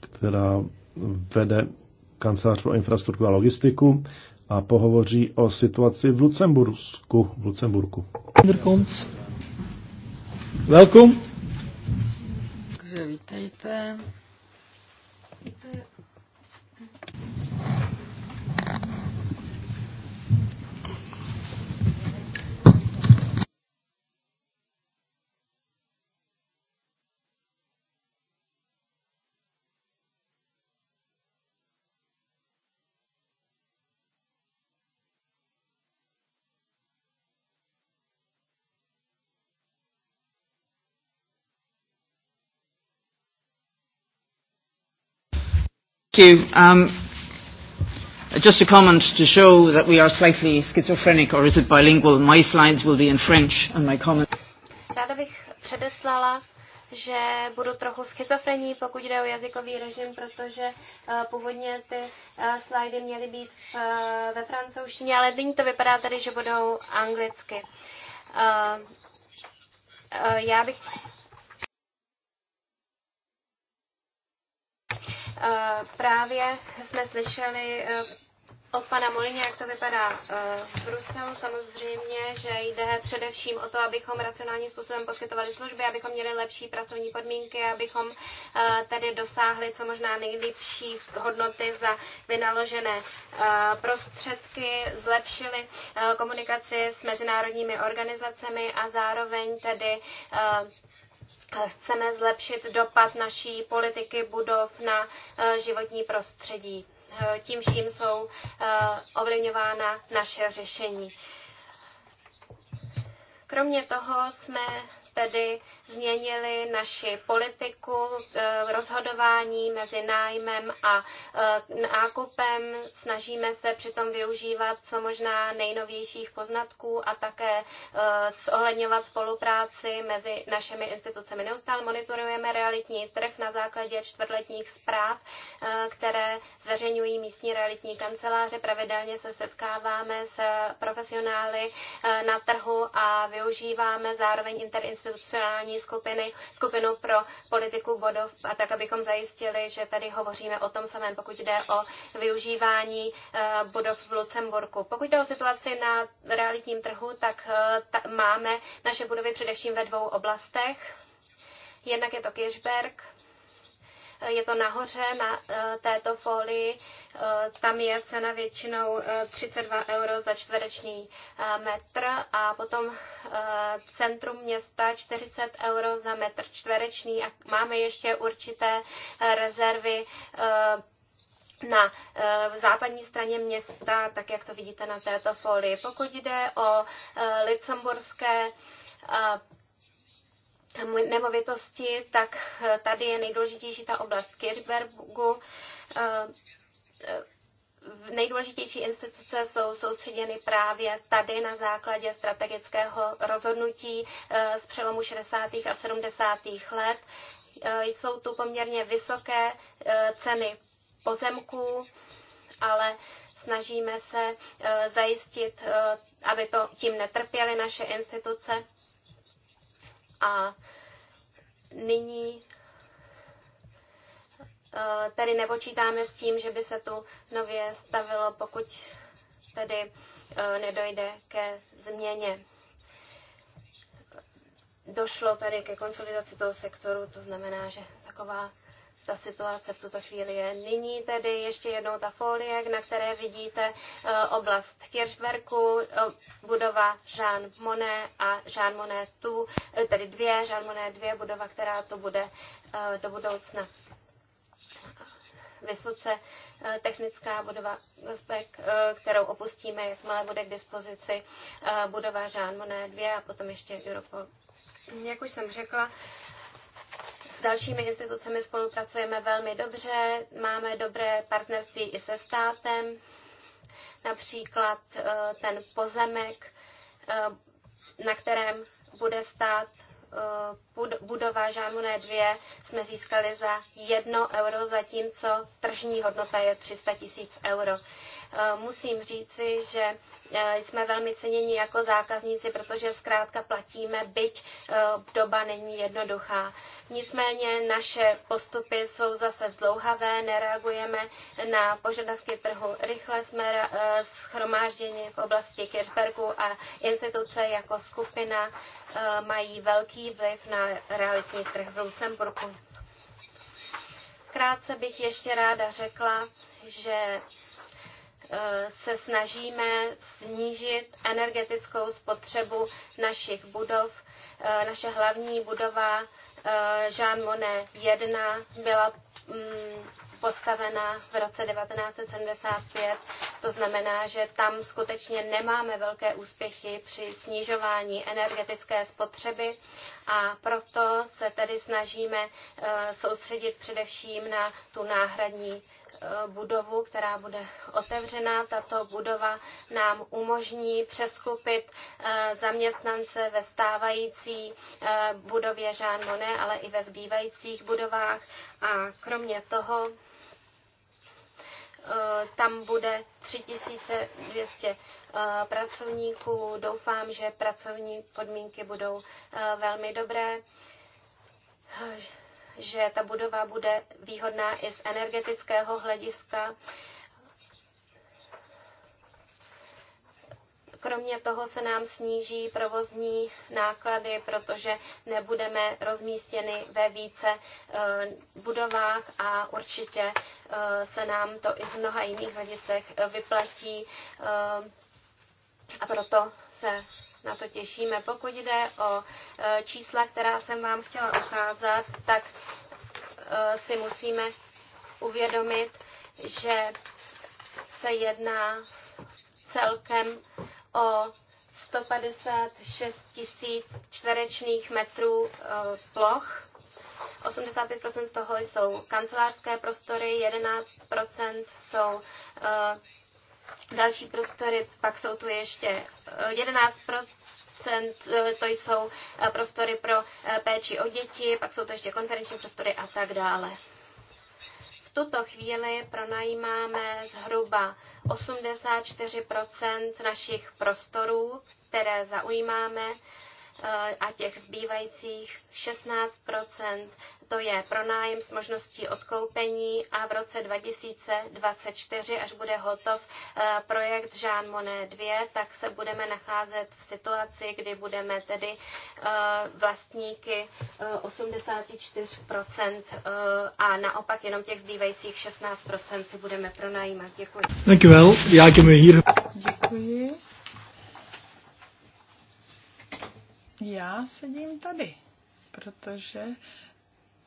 která vede kancelář pro infrastrukturu a logistiku a pohovoří o situaci v Lucembursku. V Lucemburku. Welcome. Takže vítejte. Thank you. Um, just a comment to show that we are slightly schizophrenic, or is it bilingual? My slides will be in French, and my comments. Ráda bych předeslala, že budu trochu schizofrení, pokud jde o jazykový režim, protože uh, původně ty uh, slidy měly být v, uh, eh, ve francouzštině, ale nyní to vypadá tady, že budou anglicky. Uh, uh, já bych Eh, právě jsme slyšeli eh, od pana Molině, jak to vypadá eh, v Bruselu. Samozřejmě, že jde především o to, abychom racionálním způsobem poskytovali služby, abychom měli lepší pracovní podmínky, abychom tedy dosáhli co možná nejlepší hodnoty za vynaložené prostředky, zlepšili komunikaci s mezinárodními organizacemi a zároveň tedy chceme zlepšit dopad naší politiky budov na eh, životní prostředí. Eh, tím vším jsou eh, ovlivňována naše řešení. Kromě toho jsme tedy změnili naši politiku eh, rozhodování mezi nájmem a eh, nákupem. Snažíme se přitom využívat co možná nejnovějších poznatků a také eh, zohledňovat spolupráci mezi našimi institucemi. Neustále monitorujeme realitní trh na základě čtvrtletních zpráv, které zveřejňují místní realitní kanceláře. Pravidelně se setkáváme s profesionály na trhu a využíváme zároveň interinstitucionální pracovní skupiny, skupinu pro politiku bodov, a tak, abychom zajistili, že tady hovoříme o tom samém, pokud jde o využívání eh, budov v Lucemburku. Pokud jde o situaci na realitním trhu, tak eh, máme naše budovy především ve dvou oblastech. Jednak je to Kirchberg, je to nahoře na eh, této folii, eh, tam je cena většinou 32 eh, euro za čtvereční metr a potom centrum města 40 euro za metr čtvereční a máme ještě určité rezervy na v západní straně města, tak jak to vidíte na této folii. Pokud jde o Licemburské nemovitosti, tak eh, tady je nejdůležitější ta oblast Kirchbergu. Eh, eh, nejdůležitější instituce jsou soustředěny právě tady na základě strategického rozhodnutí z přelomu 60. a 70. let. Jsou tu poměrně vysoké ceny pozemků, ale snažíme se zajistit, aby to tím netrpěly naše instituce a nyní e, tady nepočítáme s tím, že by se tu nově stavilo, pokud tedy e, nedojde ke změně. Došlo tady ke konsolidaci toho sektoru, to znamená, že taková ta situace v tuto chvíli je. Nyní tedy ještě jednou ta folie, na které vidíte eh, oblast Kirchberku, eh, budova Jean Monnet a Jean Monnet tu, eh, tedy dvě, Jean Monnet dvě budova, která to bude do budoucna vysoce technická budova Spek, kterou opustíme, jakmile bude k dispozici budova Jean Monnet 2 a potom ještě Europol. Jak už jsem řekla, dalšími institucemi spolupracujeme velmi dobře, máme dobré partnerství i se státem, například eh, ten pozemek, eh, na kterém bude stát eh, budova Žámuné 2 jsme získali za jedno euro, zatímco tržní hodnota je 300 tisíc euro. Eh, musím říci, že eh, jsme velmi ceněni jako zákazníci, protože zkrátka platíme, byť eh, doba není jednoduchá. Nicméně naše postupy jsou zase zdlouhavé, nereagujeme na požadavky trhu. Rychle jsme schromážděni v oblasti Kirchbergu a instituce jako skupina mají velký vliv na realitní trh v Lucemburku. Krátce bych ještě ráda řekla, že Eh, se snažíme snížit energetickou spotřebu našich budov. Eh, naše hlavní budova Jean Monnet 1 byla mm, postavena v roce 1975. To znamená, že tam skutečně nemáme velké úspěchy při snižování energetické spotřeby a proto se tedy snažíme eh, soustředit především na tu náhradní eh, budovu, která bude otevřená. Tato budova nám umožní přeskupit eh, zaměstnance ve stávající budově Jean Monnet, ale i ve zbývajících budovách. A kromě toho Eh, tam bude 3200 eh, pracovníků. Doufám, že pracovní podmínky budou eh, velmi dobré, že ta budova bude výhodná i z energetického hlediska. Kromě toho se nám sníží provozní náklady, protože nebudeme rozmístěni ve více eh, budovách a určitě eh, se nám to i z mnoha jiných hledisek eh, vyplatí a proto se na to těšíme. Pokud jde o čísla, která jsem vám chtěla ukázat, tak si musíme uvědomit, že se jedná celkem o 156 tisíc čtverečných metrů e, ploch. 85% z toho jsou kancelářské prostory, 11% jsou e, další prostory, pak jsou tu ještě 11% e, to jsou prostory pro péči o děti, pak jsou to ještě konferenční prostory a tak dále tuto chvíli pronajímáme zhruba 84 našich prostorů, které zaujímáme. Eh, a těch zbývajících 16 to je pronájem s možností odkoupení a v roce 2024, až bude hotov eh, projekt Jean Monnet 2, tak se budeme nacházet v situaci, kdy budeme tedy eh, vlastníky 84% a naopak jenom těch zbývajících 16% si budeme pronajímat. Děkuji. Děkuji. Já sedím tady, protože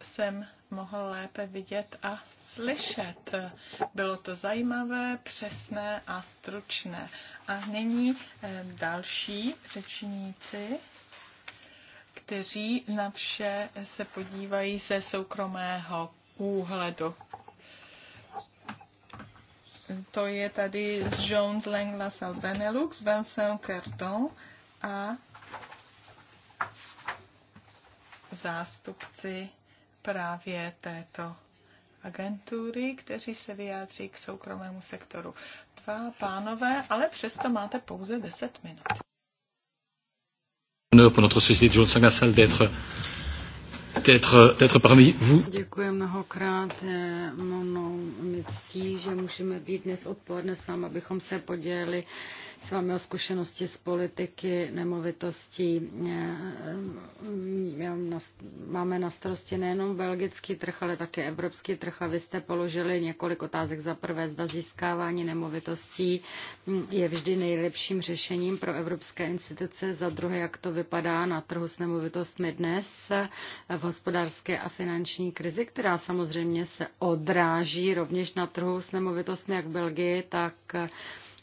jsem mohl lépe vidět a slyšet. Bylo to zajímavé, přesné a stručné. A nyní eh, další řečníci, kteří na vše se podívají ze soukromého úhledu. To je tady z Jones Langlas Albenelux, Vincent Carton a zástupci právě této agentury, kteří se vyjádří k soukromému sektoru. Dva pánové, ale přesto máte pouze 10 minut. Pour notre société Jules Sangassal d'être d'être parmi vous. Děkuji mnohokrát, mnou mi ctí, že můžeme být dnes odpoledne s vámi, abychom se podělili s vámi o zkušenosti z politiky nemovitostí. Eh, eh, máme na starosti nejenom belgický trh, ale také evropský trh a vy jste položili několik otázek. Za prvé, zda získávání nemovitostí hm, je vždy nejlepším řešením pro evropské instituce. Za druhé, jak to vypadá na trhu s nemovitostmi dnes eh, v hospodářské a finanční krizi, která samozřejmě se odráží rovněž na trhu s nemovitostmi jak v Belgii, tak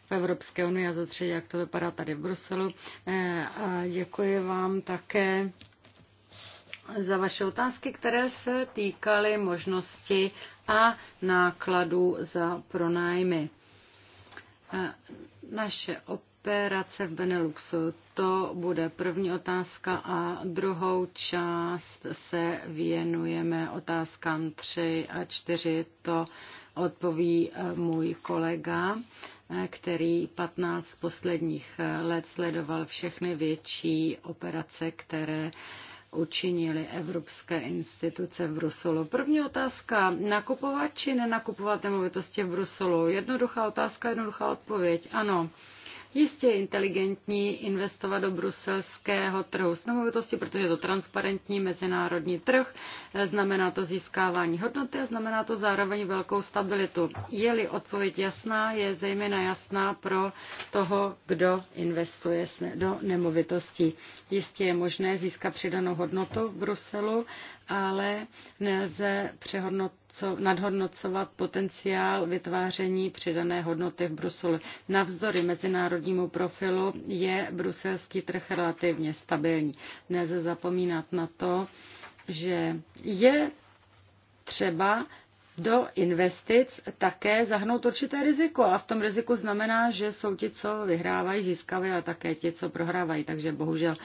v Evropské unii a za třetí, jak to vypadá tady v Bruselu. Eh, a děkuji vám také za vaše otázky, které se týkaly možnosti a nákladů za pronájmy. Eh, naše operace v Beneluxu, to bude první otázka a druhou část se věnujeme otázkám 3 a 4, to odpoví eh, můj kolega který 15 posledních eh, let sledoval všechny větší operace, které učinili evropské instituce v Bruselu. První otázka, nakupovat či nenakupovat nemovitosti v Bruselu? Jednoduchá otázka, jednoduchá odpověď. Ano, Jistě je inteligentní investovat do bruselského trhu s nemovitostí, protože je to transparentní mezinárodní trh, eh, znamená to získávání hodnoty a znamená to zároveň velkou stabilitu. Je-li odpověď jasná, je zejména jasná pro toho, kdo investuje do nemovitostí. Jistě je možné získat přidanou hodnotu v Bruselu, ale nelze přehodnotit nadhodnocovat potenciál vytváření přidané hodnoty v Bruselu. Navzdory mezinárodnímu profilu je bruselský trh relativně stabilní. Nelze zapomínat na to, že je třeba do investic také zahnout určité riziko. A v tom riziku znamená, že jsou ti, co vyhrávají, získaví a také ti, co prohrávají. Takže bohužel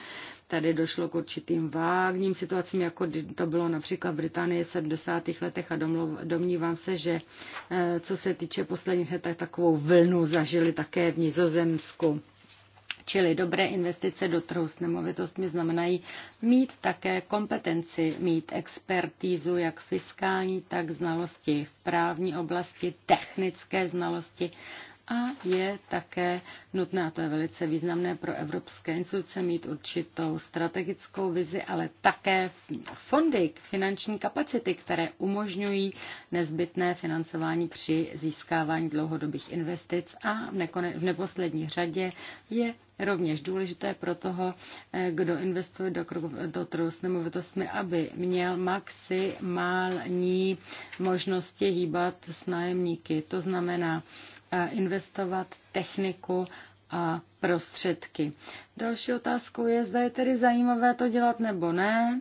tady došlo k určitým vágním situacím, jako to bylo například v Británii v 70. letech a domnívám se, že eh, co se týče posledních let, tak takovou vlnu zažili také v Nizozemsku. Čili dobré investice do trhu s nemovitostmi znamenají mít také kompetenci, mít expertízu jak fiskální, tak znalosti v právní oblasti, technické znalosti a je také nutné, a to je velice významné pro evropské instituce, mít určitou strategickou vizi, ale také fondy, finanční kapacity, které umožňují nezbytné financování při získávání dlouhodobých investic a v, neposlední řadě je rovněž důležité pro toho, eh, kdo investuje do, do trhu s nemovitostmi, aby měl maximální možnosti hýbat s nájemníky. To znamená, investovat techniku a prostředky. Další otázkou je, zda je tedy zajímavé to dělat nebo ne.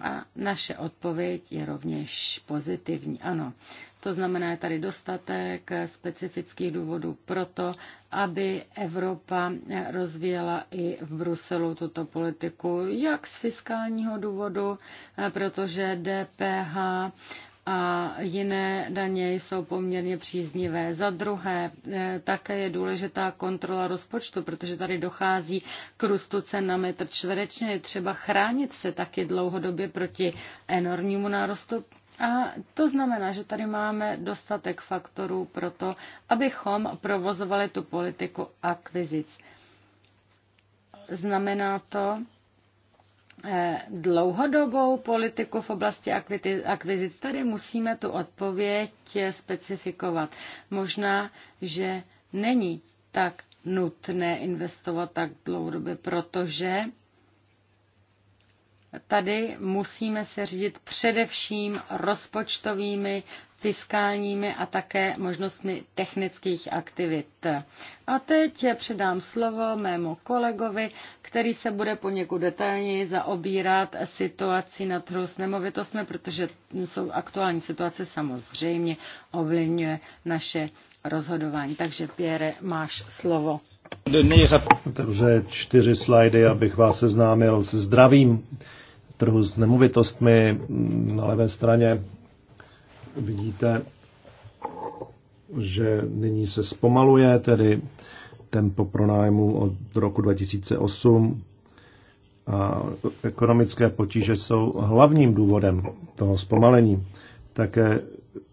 A naše odpověď je rovněž pozitivní. Ano, to znamená, je tady dostatek specifických důvodů pro to, aby Evropa rozvíjela i v Bruselu tuto politiku, jak z fiskálního důvodu, protože DPH a jiné daně jsou poměrně příznivé. Za druhé, eh, také je důležitá kontrola rozpočtu, protože tady dochází k růstu cen na metr čtverečně. Je třeba chránit se taky dlouhodobě proti enormnímu nárostu a to znamená, že tady máme dostatek faktorů pro to, abychom provozovali tu politiku akvizic. Znamená to, Eh, dlouhodobou politiku v oblasti akvizic. Tady musíme tu odpověď eh, specifikovat. Možná, že není tak nutné investovat tak dlouhodobě, protože tady musíme se řídit především rozpočtovými fiskálními a také možnostmi technických aktivit. A teď předám slovo mému kolegovi, který se bude poněkud detailněji zaobírat situací na trhu s nemovitostmi, protože jsou aktuální situace samozřejmě ovlivňuje naše rozhodování. Takže Pierre, máš slovo. Takže čtyři slajdy, abych vás seznámil se zdravím trhu s nemovitostmi na levé straně Vidíte, že nyní se zpomaluje, tedy tempo pronájmu od roku 2008 a ekonomické potíže jsou hlavním důvodem toho zpomalení. Také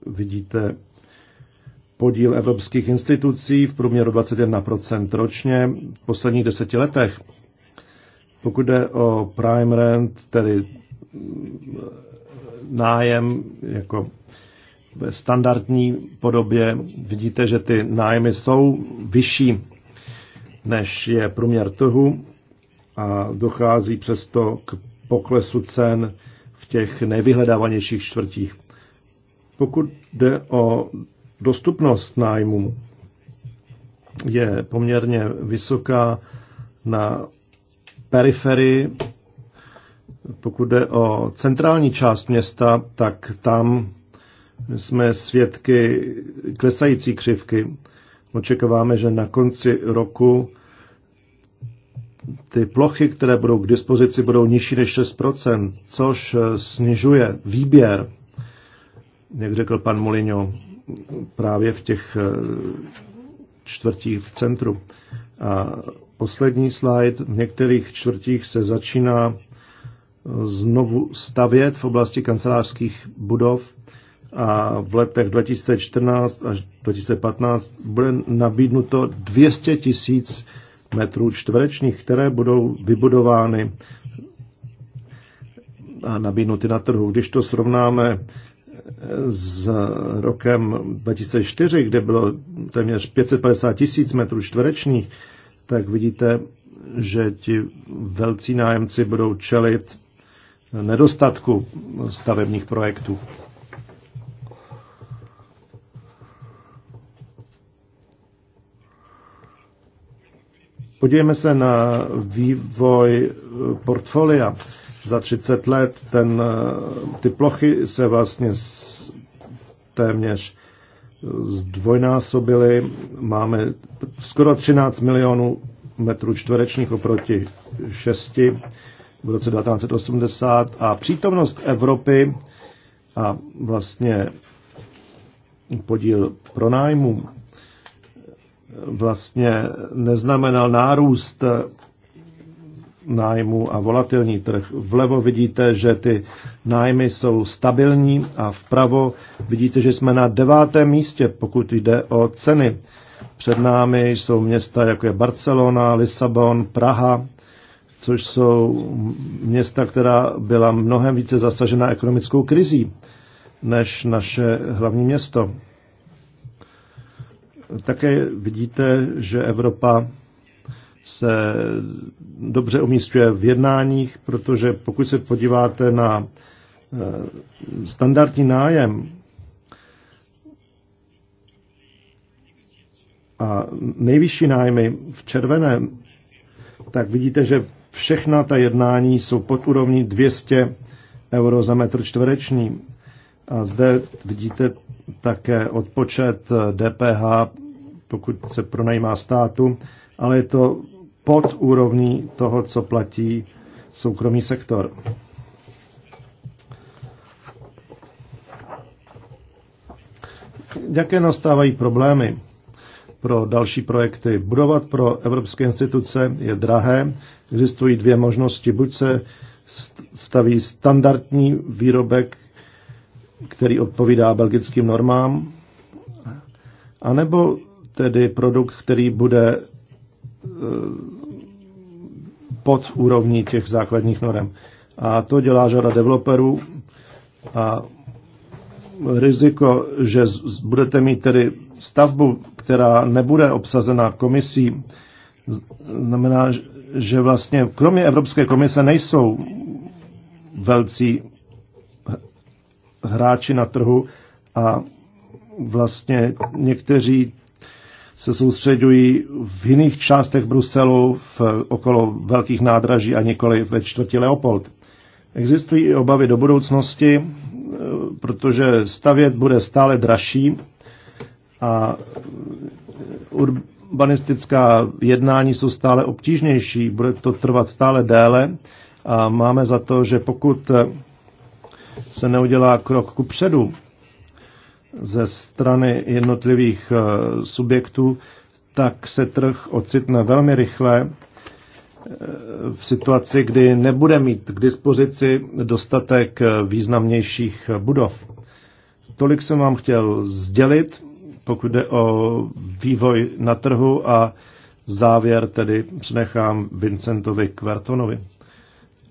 vidíte podíl evropských institucí v průměru 21% ročně v posledních deseti letech. Pokud jde o prime rent, tedy nájem jako ve standardní podobě vidíte, že ty nájmy jsou vyšší, než je průměr trhu a dochází přesto k poklesu cen v těch nejvyhledávanějších čtvrtích. Pokud jde o dostupnost nájmu, je poměrně vysoká na periferii. Pokud jde o centrální část města, tak tam jsme svědky klesající křivky. Očekáváme, že na konci roku ty plochy, které budou k dispozici, budou nižší než 6%, což snižuje výběr, jak řekl pan Molino, právě v těch eh, čtvrtích v centru. A poslední slide, v některých čtvrtích se začíná znovu stavět v oblasti kancelářských budov a v letech 2014 až 2015 bude nabídnuto 200 tisíc metrů čtverečních, které budou vybudovány a nabídnuty na trhu. Když to srovnáme s rokem 2004, kde bylo téměř 550 tisíc metrů čtverečních, tak vidíte, že ti velcí nájemci budou čelit nedostatku stavebních projektů. Podívejme se na vývoj eh, portfolia. Za 30 let ten, eh, ty plochy se vlastně téměř eh, zdvojnásobily. Máme skoro 13 milionů metrů čtverečních oproti 6 v roce 1980 a přítomnost Evropy a vlastně podíl pronájmu vlastně neznamenal nárůst nájmu a volatilní trh. Vlevo vidíte, že ty nájmy jsou stabilní a vpravo vidíte, že jsme na devátém místě, pokud jde o ceny. Před námi jsou města, jako je Barcelona, Lisabon, Praha, což jsou města, která byla mnohem více zasažena ekonomickou krizí než naše hlavní město. Také vidíte, že Evropa se dobře umístuje v jednáních, protože pokud se podíváte na eh, standardní nájem a nejvyšší nájmy v červeném, tak vidíte, že všechna ta jednání jsou pod úrovní 200 euro za metr čtvereční. A zde vidíte také odpočet DPH eh, pokud se pronajímá státu, ale je to pod úrovní toho, co platí soukromý sektor. Jaké nastávají problémy pro další projekty? Budovat pro evropské instituce je drahé. Existují dvě možnosti. Buď se staví standardní výrobek, který odpovídá belgickým normám, anebo tedy produkt, který bude eh, pod úrovní těch základních norem. A to dělá řada developerů a riziko, že budete mít tedy stavbu, která nebude obsazena komisí, znamená, že vlastně kromě Evropské komise nejsou velcí hráči na trhu a vlastně někteří se soustředují v jiných částech Bruselu, v, okolo velkých nádraží a nikoli ve čtvrti Leopold. Existují i obavy do budoucnosti, e, protože stavět bude stále dražší a urbanistická jednání jsou stále obtížnější, bude to trvat stále déle a máme za to, že pokud se neudělá krok ku předu, ze strany jednotlivých eh, subjektů, tak se trh ocitne velmi rychle eh, v situaci, kdy nebude mít k dispozici dostatek eh, významnějších budov. Tolik jsem vám chtěl sdělit, pokud jde o vývoj na trhu a závěr tedy přenechám Vincentovi Kvertonovi.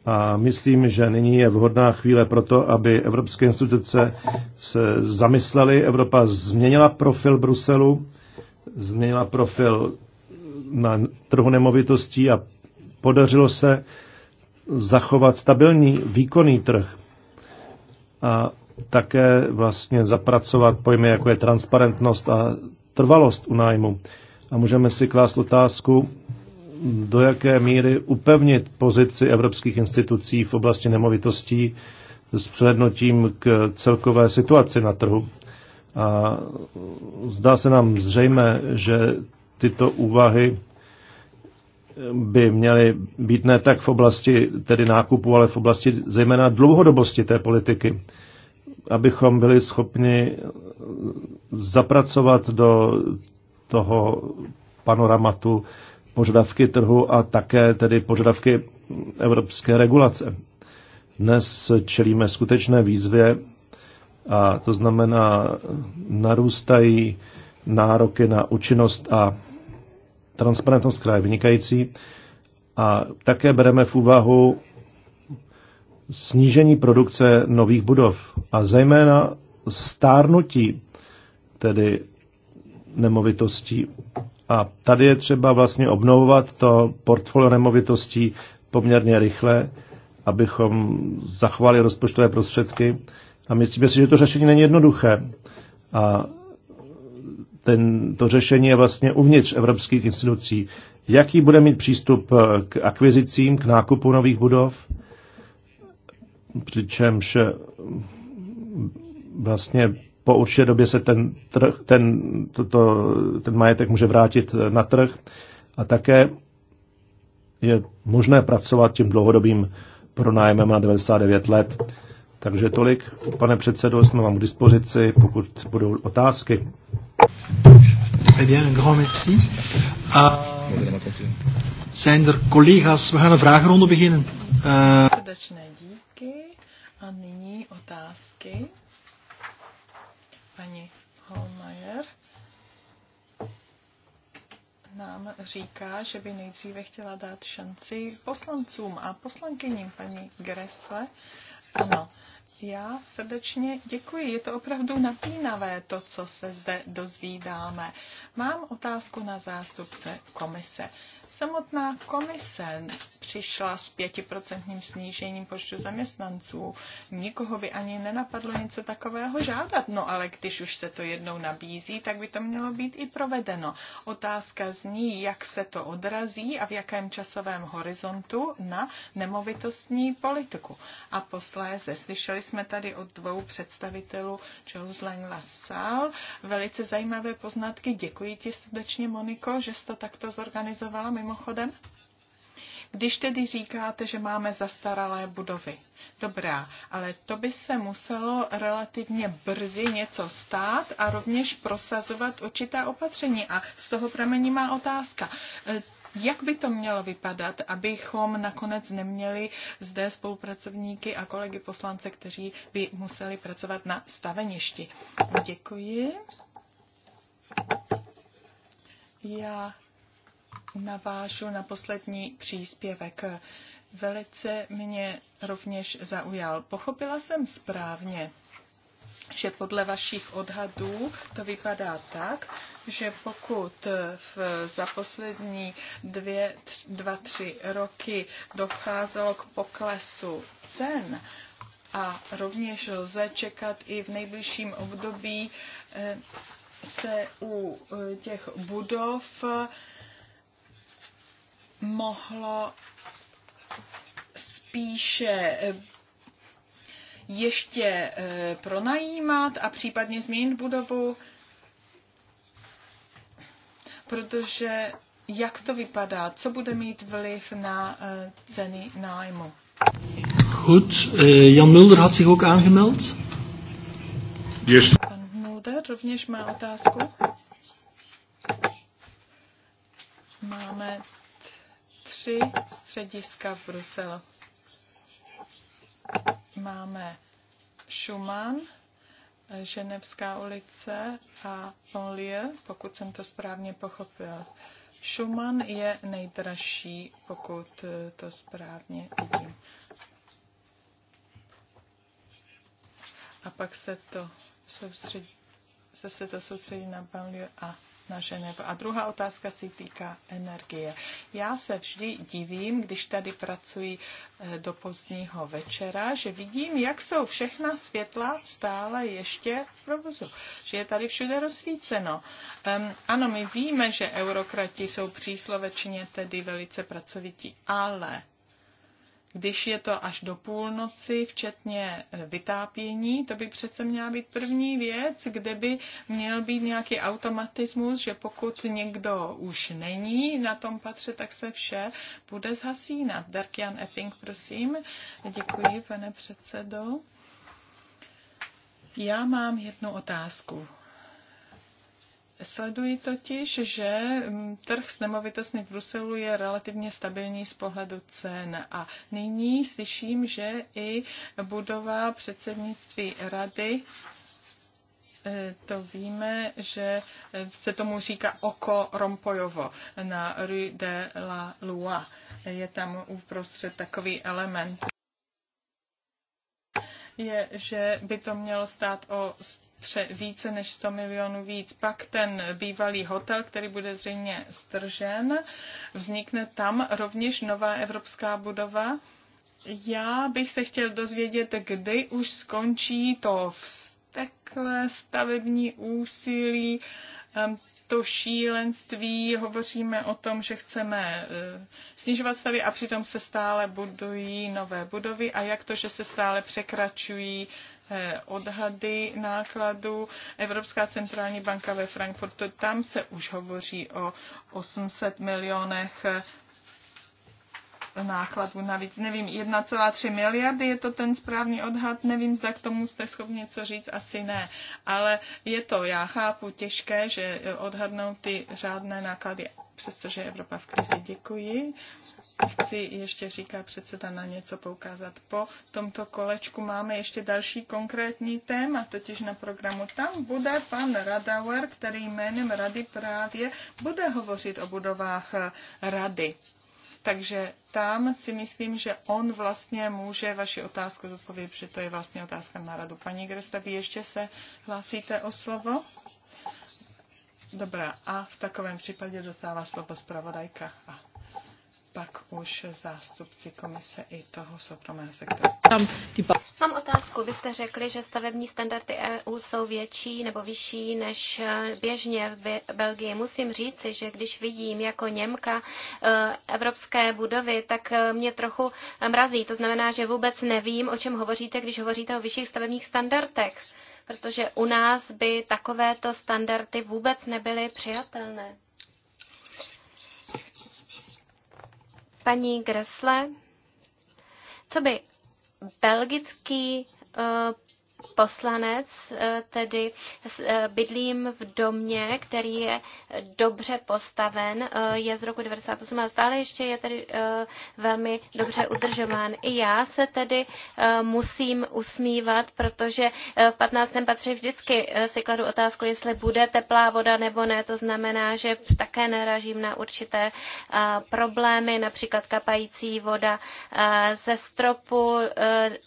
A myslím, že nyní je vhodná chvíle pro to, aby evropské instituce se zamyslely. Evropa změnila profil Bruselu, změnila profil na trhu nemovitostí a podařilo se zachovat stabilní výkonný trh a také vlastně zapracovat pojmy, jako je transparentnost a trvalost u nájmu. A můžeme si klást otázku, do jaké míry upevnit pozici evropských institucí v oblasti nemovitostí s přihlednutím k celkové situaci na trhu. A zdá se nám zřejmé, že tyto úvahy by měly být ne tak v oblasti tedy nákupu, ale v oblasti zejména dlouhodobosti té politiky, abychom byli schopni zapracovat do toho panoramatu požadavky trhu a také tedy požadavky evropské regulace. Dnes čelíme skutečné výzvě a to znamená, narůstají nároky na účinnost a transparentnost je vynikající. A také bereme v úvahu snížení produkce nových budov a zejména stárnutí, tedy nemovitostí a tady je třeba vlastně obnovovat to portfolio nemovitostí poměrně rychle, abychom zachovali rozpočtové prostředky. A myslíme si, že to řešení není jednoduché. A ten, to řešení je vlastně uvnitř evropských institucí. Jaký bude mít přístup k akvizicím, k nákupu nových budov? Přičemž vlastně po určité době se ten, trh, ten, to, to, ten majetek může vrátit eh, na trh a také je možné pracovat tím dlouhodobým pronájmem na 99 let. Takže tolik, pane předsedo, jsme vám k dispozici, pokud budou otázky. Très eh bien, grand merci. Uh, zijn er collega's? We gaan een vragenronde beginnen. Uh... Srdečné díky. A nyní otázky. nám říká, že by nejdříve chtěla dát šanci poslancům a poslankyním paní Gresle. Ano, já srdečně děkuji. Je to opravdu napínavé to, co se zde dozvídáme. Mám otázku na zástupce komise. Samotná komise přišla s pětiprocentním snížením počtu zaměstnanců. Nikoho by ani nenapadlo něco takového žádat. No ale když už se to jednou nabízí, tak by to mělo být i provedeno. Otázka zní, jak se to odrazí a v jakém časovém horizontu na nemovitostní politiku. A posléze slyšeli jsme tady od dvou představitelů Jules Lang LaSalle velice zajímavé poznatky. Děkuji ti srdečně, Moniko, že jsi to takto zorganizovala. My mimochodem? Když tedy říkáte, že máme zastaralé budovy, dobrá, ale to by se muselo relativně brzy něco stát a rovněž prosazovat určitá opatření. A z toho pramení má otázka. E, jak by to mělo vypadat, abychom nakonec neměli zde spolupracovníky a kolegy poslance, kteří by museli pracovat na staveništi? Děkuji. Já navážu na poslední příspěvek. Velice mě rovněž zaujal. Pochopila jsem správně, že podle vašich odhadů to vypadá tak, že pokud v, za poslední dvě, tři, dva, tři roky docházelo k poklesu cen, a rovněž lze čekat i v nejbližším období eh, se u eh, těch budov mohlo spíše eh, ještě eh, pronajímat a případně změnit budovu, protože jak to vypadá, co bude mít vliv na eh, ceny nájmu. Goed, Jan Mulder had zich ook aangemeld. Yes. Pan Mulder rovněž má otázku. Máme tři střediska v Bruselu. Máme Schumann, Ženevská ulice a Bonlieu, pokud jsem to správně pochopil. Schumann je nejdražší, pokud eh, to správně vidím. A pak se to soustředí, se, se to soustředí na Banlieue a naše nebo. A druhá otázka se týká energie. Já se vždy divím, když tady pracuji eh, do pozdního večera, že vidím, jak jsou všechna světla stále ještě v provozu. Že je tady všude rozsvíceno. Um, ano, my víme, že eurokrati jsou příslovečně tedy velice pracovití, ale když je to až do půlnoci, včetně e, vytápění, to by přece měla být první věc, kde by měl být nějaký automatismus, že pokud někdo už není na tom patře, tak se vše bude zhasínat. Darkian Epping, prosím. Děkuji, pane předsedo. Já mám jednu otázku Sledují totiž, že mm, trh s nemovitostmi v Bruselu je relativně stabilní z pohledu cen a nyní slyším, že i budova předsednictví rady e, to víme, že e, se tomu říká oko Rompojovo na Rue de la Lua. Je tam uprostřed takový element je, že by to mělo stát o tře, více než 100 milionů víc. Pak ten bývalý hotel, který bude zřejmě stržen, vznikne tam rovněž nová evropská budova. Já bych se chtěl dozvědět, kdy už skončí to vsteklé stavební úsilí, to šílenství, hovoříme o tom, že chceme e, snižovat stavy a přitom se stále budují nové budovy a jak to, že se stále překračují e, odhady nákladů. Evropská centrální banka ve Frankfurtu, tam se už hovoří o 800 milionech nákladů navíc. Nevím, 1,3 miliardy je to ten správný odhad, nevím, zda k tomu jste schopni něco říct, asi ne. Ale je to, já chápu, těžké, že e, odhadnou ty řádné náklady, přestože Evropa v krizi. Děkuji. Chci ještě, říká předseda, na něco poukázat. Po tomto kolečku máme ještě další konkrétní téma, totiž na programu. Tam bude pan Radauer, který jménem Rady právě bude hovořit o budovách e, Rady. Takže tam si myslím, že on vlastně může vaši otázku zodpovědět, protože to je vlastně otázka na radu. Paní Gresta, vy ještě se hlásíte o slovo? Dobrá, a v takovém případě dostává slovo zpravodajka. A pak už zástupci komise i toho soukromého sektoru. Mám otázku. Vy jste řekli, že stavební standardy EU jsou větší nebo vyšší než eh, běžně v Belgii. Musím říci, že když vidím jako Němka eh, evropské budovy, tak eh, mě trochu mrazí. To znamená, že vůbec nevím, o čem hovoříte, když hovoříte o vyšších stavebních standardech, protože u nás by takovéto standardy vůbec nebyly přijatelné. paní Gressle, co by belgický eh, poslanec, eh, tedy eh, bydlím v domě, který je dobře postaven, eh, je z roku 98 a stále ještě je tedy velmi dobře udržován. I já se tedy musím usmívat, protože v 15. patře vždycky si kladu otázku, jestli bude teplá voda nebo ne. To znamená, že také narážím na určité problémy, například kapající voda ze stropu,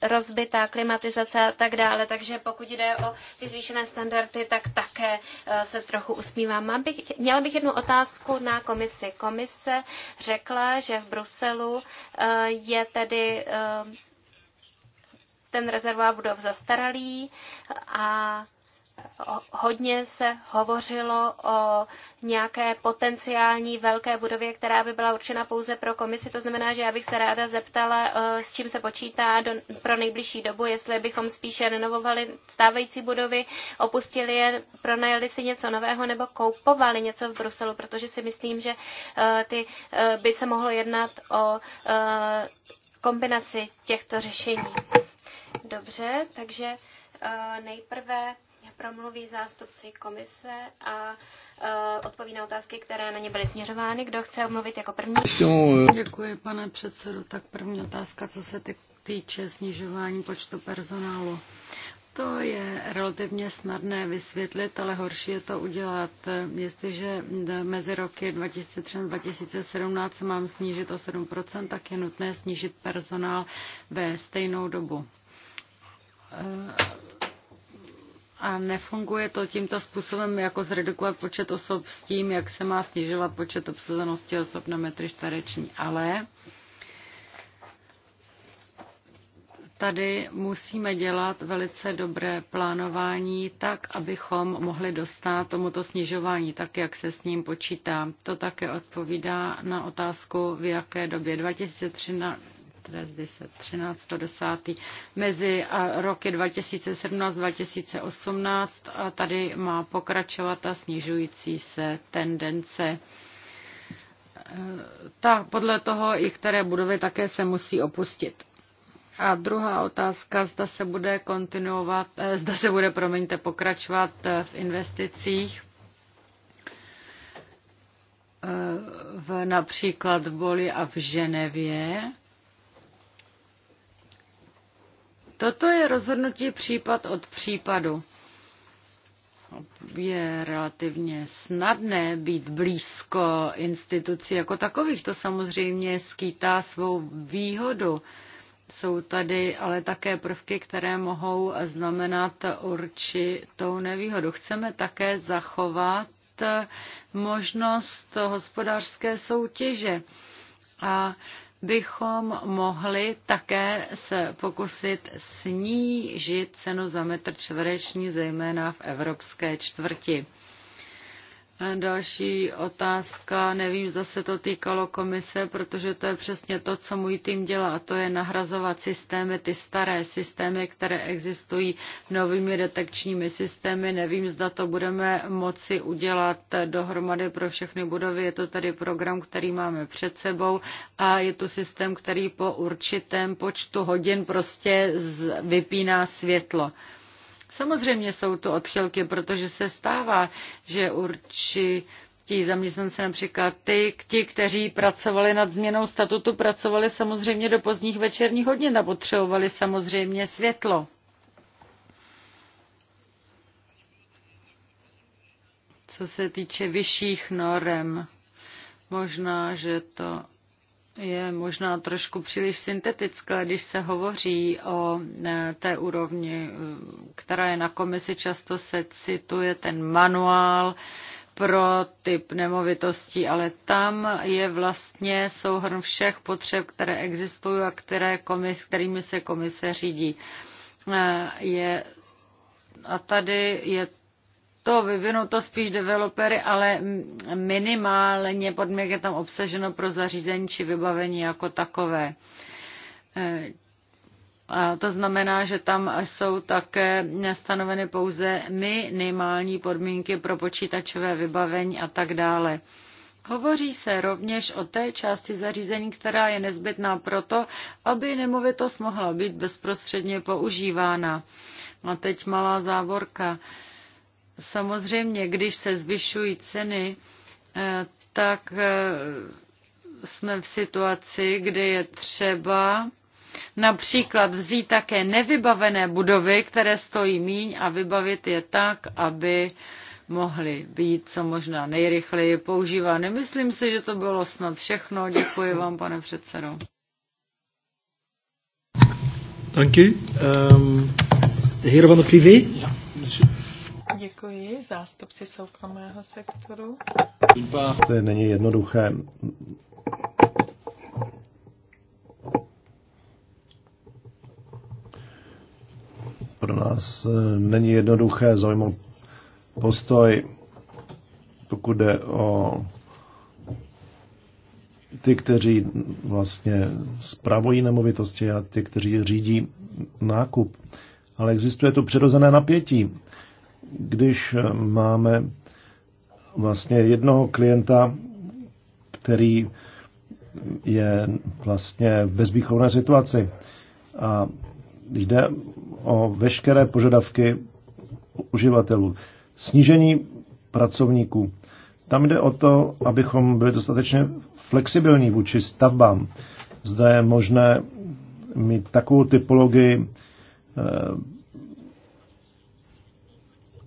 rozbitá klimatizace a tak dále takže pokud jde o ty zvýšené standardy, tak také eh, se trochu usmívám. Mám bych, měla bych jednu otázku na komisi. Komise řekla, že v Bruselu eh, je tedy eh, ten rezervoár budov zastaralý a hodně se hovořilo o nějaké potenciální velké budově, která by byla určena pouze pro komisi. To znamená, že já bych se ráda zeptala, eh, s čím se počítá do, pro nejbližší dobu, jestli bychom spíše renovovali stávající budovy, opustili je, pronajeli si něco nového nebo koupovali něco v Bruselu, protože si myslím, že eh, ty eh, by se mohlo jednat o kombinaci těchto řešení. Dobře, takže nejprve promluví zástupci komise a uh, odpoví na otázky, které na ně byly směřovány. Kdo chce omluvit jako první? Děkuji, pane předsedo. Tak první otázka, co se týče snižování počtu personálu. To je relativně snadné vysvětlit, ale horší je to udělat. Jestliže mezi roky 2003 a 2017 mám snížit o 7%, tak je nutné snížit personál ve stejnou dobu. A nefunguje to tímto způsobem, jako zredukovat počet osob s tím, jak se má snižovat počet obsazenosti osob na metry čtvereční. Ale tady musíme dělat velice dobré plánování tak, abychom mohli dostat tomuto snižování tak, jak se s ním počítá. To také odpovídá na otázku, v jaké době 2013 trest 10, 13, 10. mezi roky 2017-2018 a tady má pokračovat ta snižující se tendence. E, tak podle toho i které budovy také se musí opustit. A druhá otázka, zda se bude kontinuovat, e, zda se bude, promiňte, pokračovat e, v investicích v, například v Boli a v Ženevě Toto je rozhodnutí případ od případu. Je relativně snadné být blízko institucí jako takových. To samozřejmě skýtá svou výhodu. Jsou tady ale také prvky, které mohou znamenat určitou nevýhodu. Chceme také zachovat možnost hospodářské soutěže. A bychom mohli také se pokusit snížit cenu za metr čtvereční, zejména v evropské čtvrti. Další otázka, nevím, zda se to týkalo komise, protože to je přesně to, co můj tým dělá, a to je nahrazovat systémy, ty staré systémy, které existují novými detekčními systémy. Nevím, zda to budeme moci udělat dohromady pro všechny budovy. Je to tady program, který máme před sebou a je to systém, který po určitém počtu hodin prostě vypíná světlo. Samozřejmě jsou to odchylky, protože se stává, že určitě ti zaměstnanci například ty, ti, kteří pracovali nad změnou statutu, pracovali samozřejmě do pozdních večerních hodin a potřebovali samozřejmě světlo. Co se týče vyšších norem, možná, že to je možná trošku příliš syntetické, když se hovoří o e, té úrovni, e, která je na komisi, často se cituje ten manuál pro typ nemovitostí, ale tam je vlastně souhrn všech potřeb, které existují a které komis, kterými se komise řídí. E, je, a tady je to vyvinuto spíš developery, ale minimálně podmínek je tam obsaženo pro zařízení či vybavení jako takové. E, a to znamená, že tam jsou také stanoveny pouze minimální podmínky pro počítačové vybavení a tak dále. Hovoří se rovněž o té části zařízení, která je nezbytná proto, aby nemovitost mohla být bezprostředně používána. A teď malá závorka. Samozřejmě, když se zvyšují ceny, eh, tak eh, jsme v situaci, kdy je třeba například vzít také nevybavené budovy, které stojí míň a vybavit je tak, aby mohly být co možná nejrychleji používány. Myslím si, že to bylo snad všechno. Děkuji vám, pane předsedo. Děkuji. Um, de privé? Ja, Děkuji zástupci soukromého sektoru. To není jednoduché. Pro nás eh, není jednoduché zaujmout postoj, pokud jde o ty, kteří vlastně spravují nemovitosti a ty, kteří řídí nákup. Ale existuje tu přirozené napětí když máme vlastně jednoho klienta, který je vlastně v bezvýchovné situaci a jde o veškeré požadavky uživatelů. Snížení pracovníků. Tam jde o to, abychom byli dostatečně flexibilní vůči stavbám. Zde je možné mít takovou typologii eh,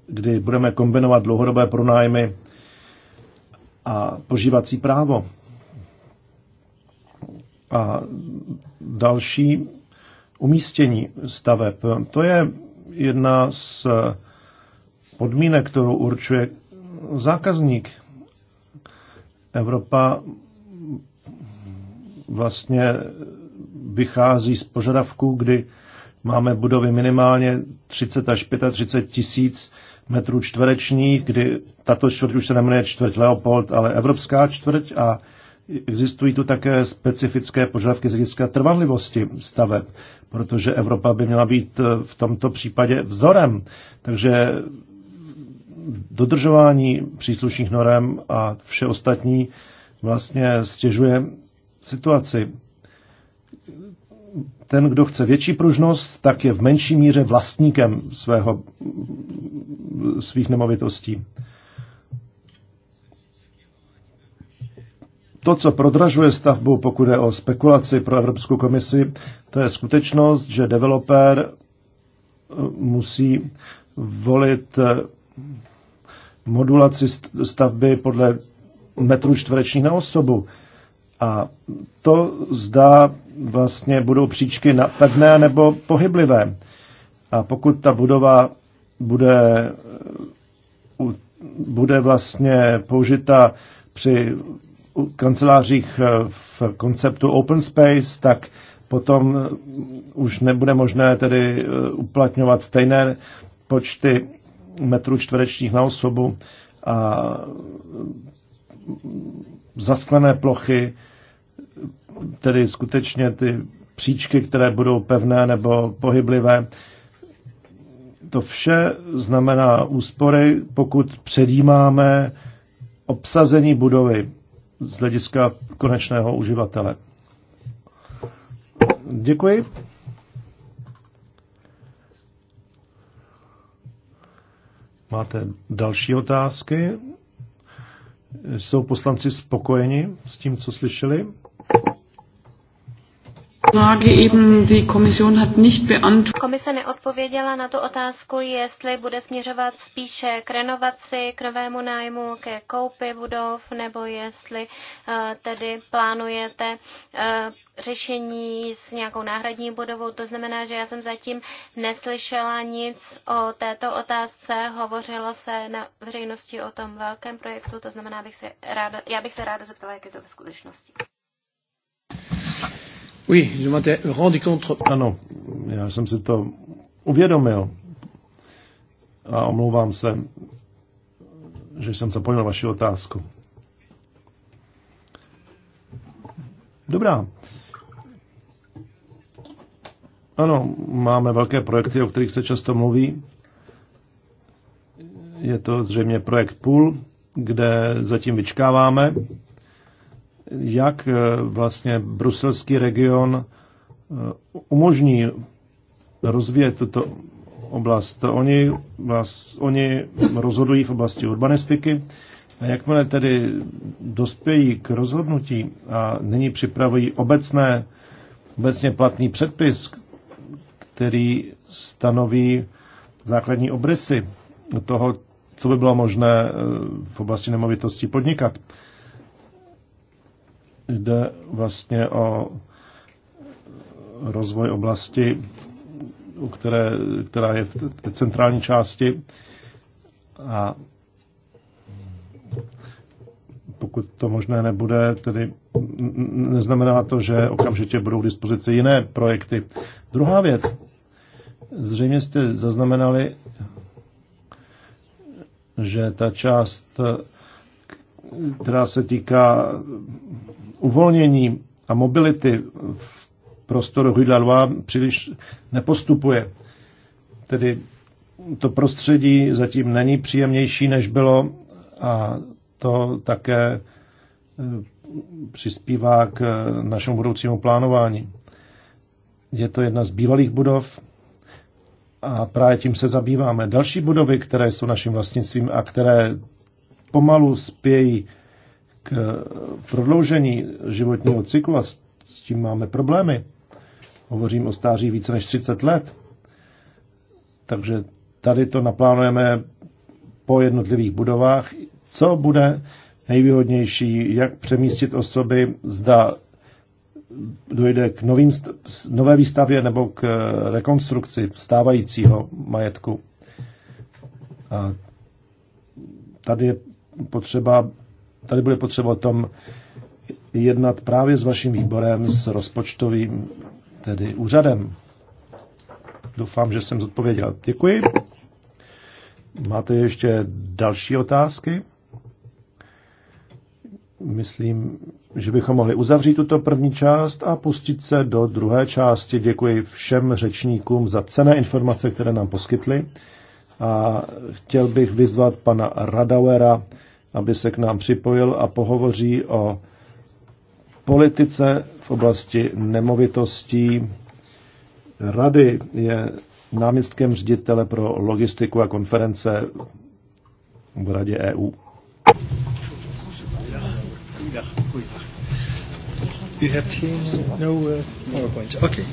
kdy budeme kombinovat dlouhodobé pronájmy a požívací právo. A další umístění staveb. To je jedna z podmínek, kterou určuje zákazník. Evropa vlastně vychází z požadavku, kdy máme budovy minimálně 30 až 35 tisíc metrů čtverečních, kdy tato čtvrť už se nemenuje čtvrť Leopold, ale Evropská čtvrť a existují tu také specifické požadavky z hlediska trvanlivosti staveb, protože Evropa by měla být eh, v tomto případě vzorem. Takže dodržování příslušných norem a vše ostatní vlastně stěžuje situaci ten, kdo chce větší pružnost, tak je v menší míře vlastníkem svého, svých nemovitostí. To, co prodražuje stavbu, pokud je o spekulaci pro Evropskou komisi, to je skutečnost, že developer eh, musí volit eh, modulaci stavby podle metrů čtverečních na osobu. A to zdá vlastně budou příčky pevné nebo pohyblivé. A pokud ta budova bude, bude vlastně použita při kancelářích eh, v konceptu open space, tak potom eh, už nebude možné tedy eh, uplatňovat stejné počty metrů čtverečních na osobu a zasklené plochy, tedy skutečně ty příčky, které budou pevné nebo pohyblivé. To vše znamená úspory, pokud předjímáme obsazení budovy z hlediska konečného uživatele. Děkuji. Máte další otázky? Jsou poslanci spokojeni s tím, co slyšeli? Komise neodpověděla na tu otázku, jestli bude směřovat spíše k renovaci, k novému nájmu, ke koupi budov, nebo jestli eh, tedy plánujete eh, řešení s nějakou náhradní budovou. To znamená, že já jsem zatím neslyšela nic o této otázce. Hovořilo se na veřejnosti o tom velkém projektu, to znamená, bych se ráda, já bych se ráda zeptala, jak je to ve skutečnosti. Oui, je m'étais rendu compte. Ano, já jsem si to uvědomil a omlouvám se, že jsem zapomněl vaši otázku. Dobrá. Ano, máme velké projekty, o kterých se často mluví. Je to zřejmě projekt PUL, kde zatím vyčkáváme, jak eh, vlastně bruselský region eh, umožní rozvíjet tuto oblast. Oni, vlast, oni rozhodují v oblasti urbanistiky a jakmile tedy dospějí k rozhodnutí a nyní připravují obecné, obecně platný předpis, který stanoví základní obrysy toho, co by bylo možné eh, v oblasti nemovitostí podnikat. Jde vlastně o rozvoj oblasti, u které, která je v té centrální části a pokud to možné nebude, tedy neznamená to, že okamžitě budou k dispozici jiné projekty. Druhá věc, Zřejmě jste zaznamenali, že ta část, která se týká uvolnění a mobility v prostoru Rue Lua, příliš nepostupuje. Tedy to prostředí zatím není příjemnější, než bylo a to také eh, přispívá k eh, našemu budoucímu plánování. Je to jedna z bývalých budov, a právě tím se zabýváme. Další budovy, které jsou naším vlastnictvím a které pomalu spějí k prodloužení životního cyklu a s tím máme problémy. Hovořím o stáří více než 30 let. Takže tady to naplánujeme po jednotlivých budovách, co bude nejvýhodnější, jak přemístit osoby, zda dojde k novým, nové výstavě nebo k rekonstrukci stávajícího majetku. A tady je potřeba, tady bude potřeba o tom jednat právě s vaším výborem, s rozpočtovým tedy úřadem. Doufám, že jsem zodpověděl. Děkuji. Máte ještě další otázky? Myslím, že bychom mohli uzavřít tuto první část a pustit se do druhé části. Děkuji všem řečníkům za cené informace, které nám poskytli. A chtěl bych vyzvat pana Radauera, aby se k nám připojil a pohovoří o politice v oblasti nemovitostí. Rady je náměstkem ředitele pro logistiku a konference v Radě EU. Yeah. Kuiper. U hebt geen, no uh, PowerPoint. Oké. Okay.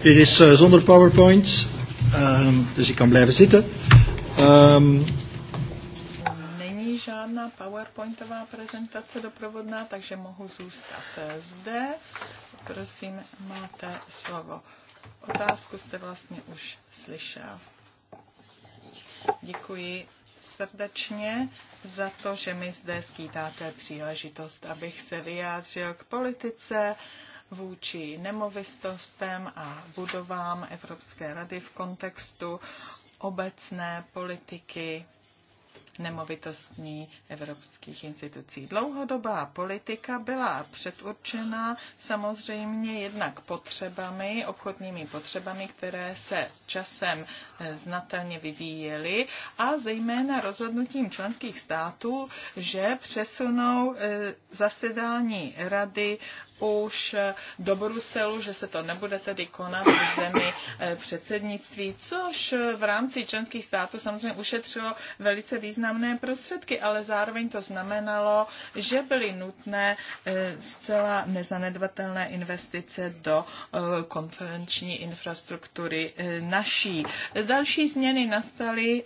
Dit is uh, zonder PowerPoint, um, dus ik kan blijven zitten. Um, Není žádná PowerPointová prezentace doprovodná, takže mohu zůstat eh, zde. Prosím, máte slovo. Otázku jste vlastně už slyšel. Děkuji srdečně za to, že mi zde skýtáte příležitost, abych se vyjádřil k politice vůči nemovistostem a budovám Evropské rady v kontextu obecné politiky nemovitostní evropských institucí. Dlouhodobá politika byla předurčena samozřejmě jednak potřebami, obchodními potřebami, které se časem znatelně vyvíjely a zejména rozhodnutím členských států, že přesunou eh, zasedání rady už eh, do Bruselu, že se to nebude tedy konat v zemi eh, předsednictví, což eh, v rámci členských států samozřejmě ušetřilo velice významné prostředky, ale zároveň to znamenalo, že byly nutné zcela nezanedbatelné investice do konferenční infrastruktury naší. Další změny nastaly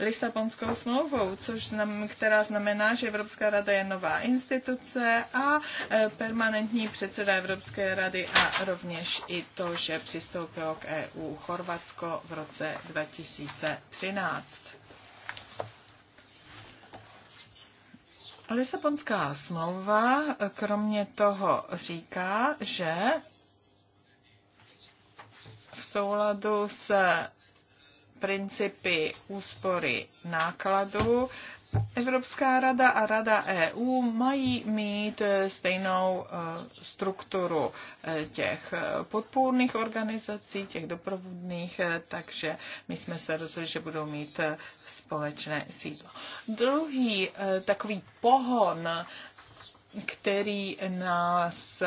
Lisabonskou smlouvou, což znamená, která znamená, že Evropská rada je nová instituce a permanentní předseda Evropské rady a rovněž i to, že přistoupilo k EU Chorvatsko v roce 2013. Lisabonská smlouva kromě toho říká, že v souladu s principy úspory nákladů Evropská rada a Rada EU mají mít eh, stejnou eh, strukturu eh, těch podpůrných organizací, těch doprovodných, takže my jsme se rozhodli, že budou mít společné sídlo. Druhý takový pohon, který nás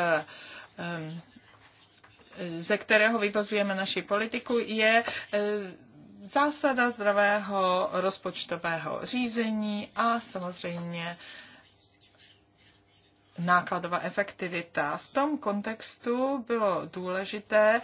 ze kterého vyvozujeme naši politiku, je zásada zdravého rozpočtového řízení a samozřejmě nákladová efektivita. V tom kontextu bylo důležité,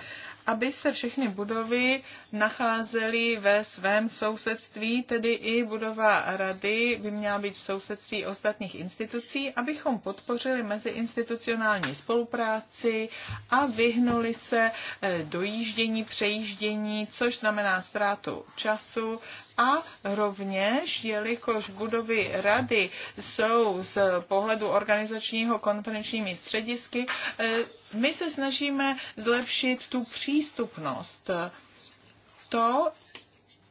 aby se všechny budovy nacházely ve svém sousedství, tedy i budova rady by měla být v sousedství ostatních institucí, abychom podpořili meziinstitucionální spolupráci a vyhnuli se eh, dojíždění, přejíždění, což znamená ztrátu času a rovněž, jelikož budovy rady jsou z pohledu organizační mezinárodního konferenčními středisky. Eh, my se snažíme zlepšit tu přístupnost. To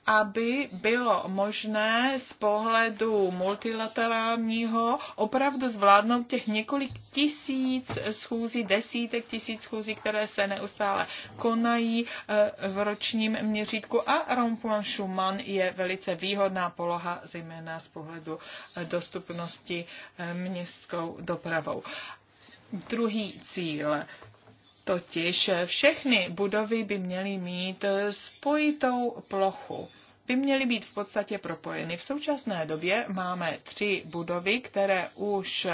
aby bylo možné z pohledu multilaterálního opravdu zvládnout těch několik tisíc schůzí, desítek tisíc schůzí, které se neustále konají eh, v ročním měřítku a Rompuan Schumann je velice výhodná poloha, zejména z pohledu eh, dostupnosti eh, městskou dopravou. Druhý cíl Totiž všechny budovy by měly mít spojitou plochu by měly být v podstatě propojeny. V současné době máme tři budovy, které už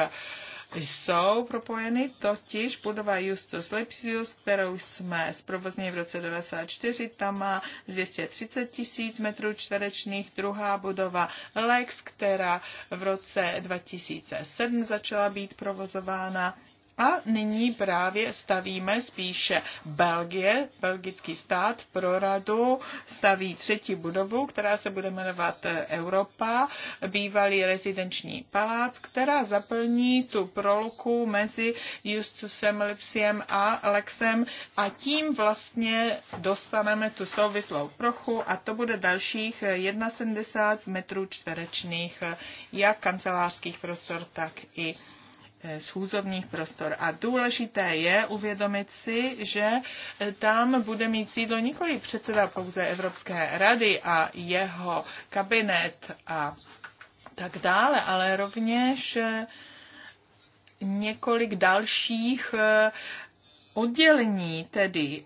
jsou propojeny, totiž budova Justus Lipsius, kterou jsme zprovoznili v roce 1994, ta má 230 tisíc metrů čtverečných, druhá budova Lex, která v roce 2007 začala být provozována, a nyní právě stavíme spíše Belgie, belgický stát pro radu staví třetí budovu, která se bude jmenovat eh, Europa, bývalý rezidenční palác, která zaplní tu proluku mezi Justusem Lipsiem a Lexem a tím vlastně dostaneme tu souvislou prochu a to bude dalších 71 eh, metrů čtverečných, eh, jak kancelářských prostor, tak i Eh, schůzovních prostor. A důležité je uvědomit si, že eh, tam bude mít sídlo nikoli předseda pouze Evropské rady a jeho kabinet a tak dále, ale rovněž eh, několik dalších oddělení, tedy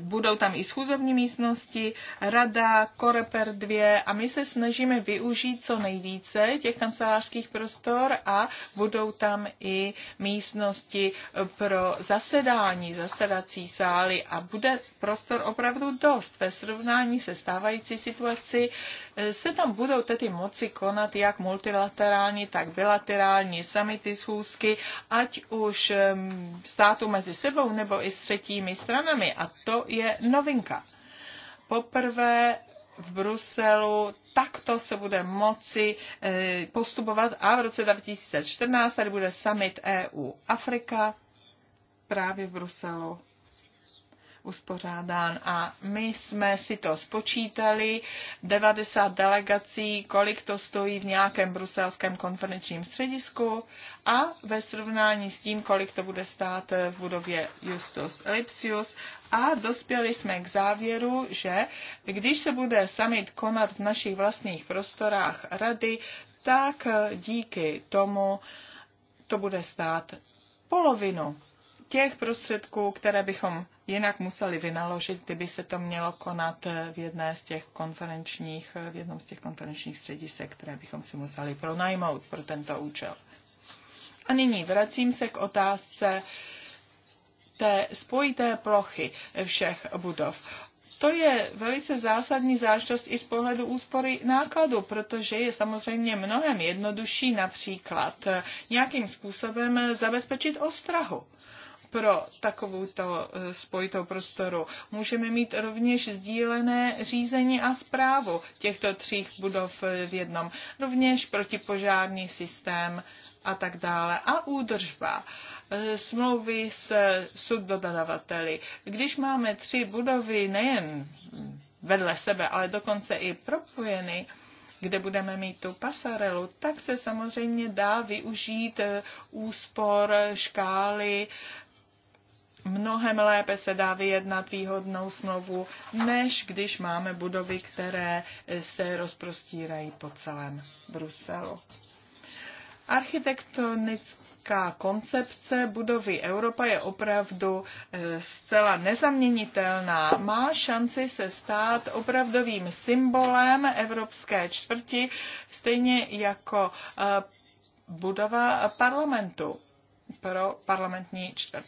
Budou tam i schůzovní místnosti, rada, koreper 2 a my se snažíme využít co nejvíce těch kancelářských prostor a budou tam i místnosti pro zasedání, zasedací sály a bude prostor opravdu dost ve srovnání se stávající situaci se tam budou tedy moci konat jak multilaterální, tak bilaterální samity, schůzky, ať už státu mezi sebou nebo i s třetími stranami. A to je novinka. Poprvé v Bruselu, takto se bude moci e, postupovat a v roce 2014 tady bude summit EU Afrika právě v Bruselu uspořádán. A my jsme si to spočítali, 90 delegací, kolik to stojí v nějakém bruselském konferenčním středisku a ve srovnání s tím, kolik to bude stát v budově Justus Lipsius. A dospěli jsme k závěru, že když se bude summit konat v našich vlastních prostorách rady, tak díky tomu to bude stát polovinu těch prostředků, které bychom jinak museli vynaložit, kdyby se to mělo konat v jedné z těch konferenčních, v jednom z těch konferenčních středisek, které bychom si museli pronajmout pro tento účel. A nyní vracím se k otázce té spojité plochy všech budov. To je velice zásadní záležitost i z pohledu úspory nákladu, protože je samozřejmě mnohem jednodušší například nějakým způsobem zabezpečit ostrahu pro takovouto eh, spojitou prostoru. Můžeme mít rovněž sdílené řízení a zprávu těchto třích budov v jednom. Rovněž protipožární systém a tak dále. A údržba eh, smlouvy s subdodavateli. Když máme tři budovy nejen vedle sebe, ale dokonce i propojeny, kde budeme mít tu pasarelu, tak se samozřejmě dá využít eh, úspor škály mnohem lépe se dá vyjednat výhodnou smlouvu, než když máme budovy, které se rozprostírají po celém Bruselu. Architektonická koncepce budovy Europa je opravdu eh, zcela nezaměnitelná. Má šanci se stát opravdovým symbolem evropské čtvrti, stejně jako eh, budova parlamentu pro parlamentní čtvrt.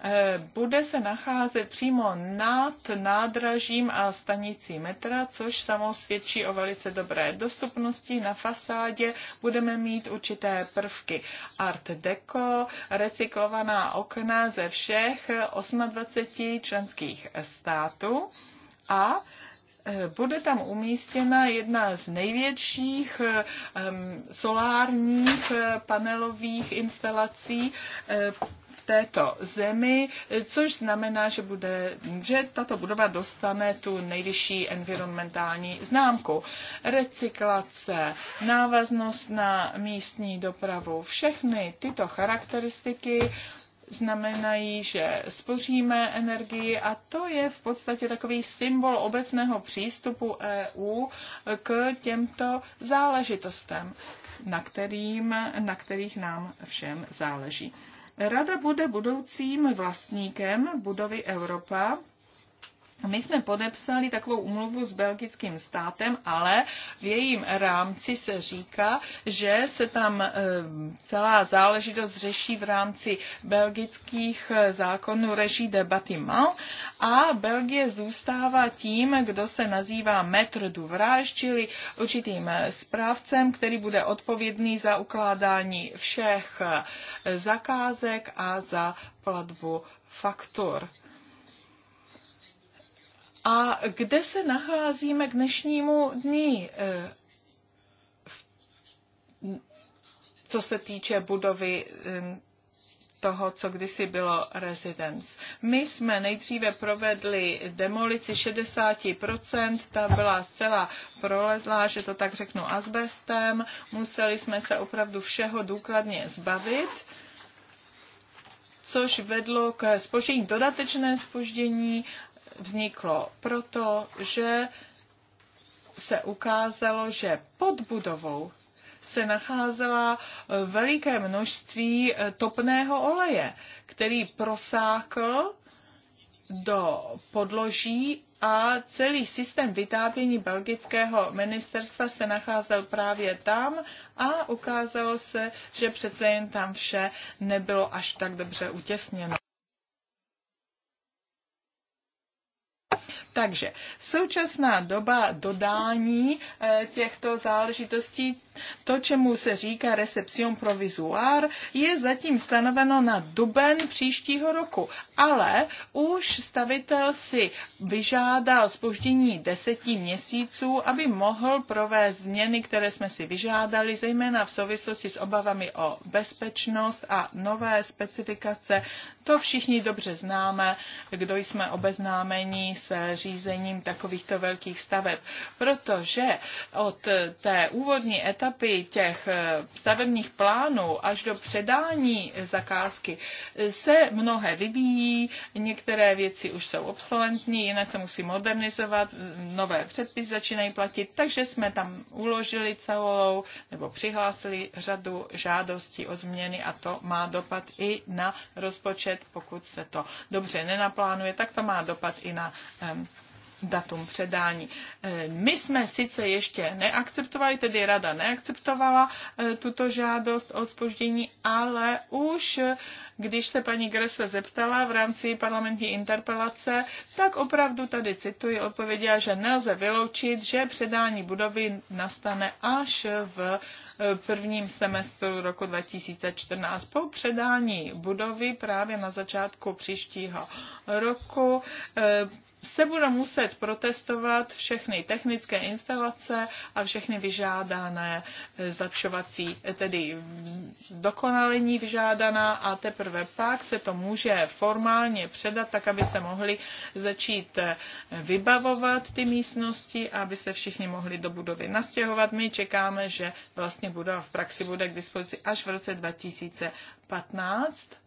Eh, bude se nacházet přímo nad nádražím a stanicí metra, což samo svědčí o velice dobré dostupnosti. Na fasádě budeme mít určité prvky art deco, recyklovaná okna ze všech 28 členských států a bude tam umístěna jedna z největších solárních eh, panelových instalací eh, v této zemi, což znamená, že, bude, že tato budova dostane tu nejvyšší environmentální známku. Recyklace, návaznost na místní dopravu, všechny tyto charakteristiky znamenají, že spoříme energii a to je v podstatě takový symbol obecného přístupu EU k těmto záležitostem, na, kterým, na kterých nám všem záleží. Rada bude budoucím vlastníkem budovy Europa my jsme podepsali takovou umluvu s belgickým státem, ale v jejím rámci se říká, že se tam eh, celá záležitost řeší v rámci belgických eh, zákonů reží mal, a Belgie zůstává tím, kdo se nazývá metr vraž, čili určitým eh, správcem, který bude odpovědný za ukládání všech zakázek a za platbu faktur a kde se nacházíme k dnešnímu dní? E, co se týče budovy e, toho, co kdysi bylo rezidence. My jsme nejdříve provedli demolici 60%, ta byla zcela prolezlá, že to tak řeknu, asbestem. Museli jsme se opravdu všeho důkladně zbavit, což vedlo k spoždění, dodatečné spoždění vzniklo proto, že se ukázalo, že pod budovou se nacházela e, veliké množství e, topného oleje, který prosákl do podloží a celý systém vytápění belgického ministerstva se nacházel právě tam a ukázalo se, že přece jen tam vše nebylo až tak dobře utěsněno. Takže současná doba dodání eh, těchto záležitostí, to, čemu se říká recepcion provisoire, je zatím stanoveno na duben příštího roku. Ale už stavitel si vyžádal spoždění deseti měsíců, aby mohl provést změny, které jsme si vyžádali, zejména v souvislosti s obavami o bezpečnost a nové specifikace. To všichni dobře známe, kdo jsme obeznámeni se řízením takovýchto velkých staveb. Protože od té úvodní etapy těch eh, stavebních plánů až do předání zakázky se mnohé vyvíjí, některé věci už jsou obsolentní, jiné se musí modernizovat, nové předpisy začínají platit, takže jsme tam uložili celou nebo přihlásili řadu žádostí o změny a to má dopad i na rozpočet, pokud se to dobře nenaplánuje, tak to má dopad i na um, datum předání. E, my jsme sice ještě neakceptovali, tedy rada neakceptovala e, tuto žádost o spoždění, ale už e, když se paní Gresle zeptala v rámci parlamentní interpelace, tak opravdu tady cituji, odpověděla, že nelze vyloučit, že předání budovy nastane až v prvním semestru roku 2014. Po předání budovy právě na začátku příštího roku se bude muset protestovat všechny technické instalace a všechny vyžádané eh, zlepšovací, eh, tedy dokonalení vyžádaná a teprve pak se to může formálně předat, tak aby se mohli začít eh, vybavovat ty místnosti, aby se všichni mohli do budovy nastěhovat. My čekáme, že vlastně budova v praxi bude k dispozici až v roce 2015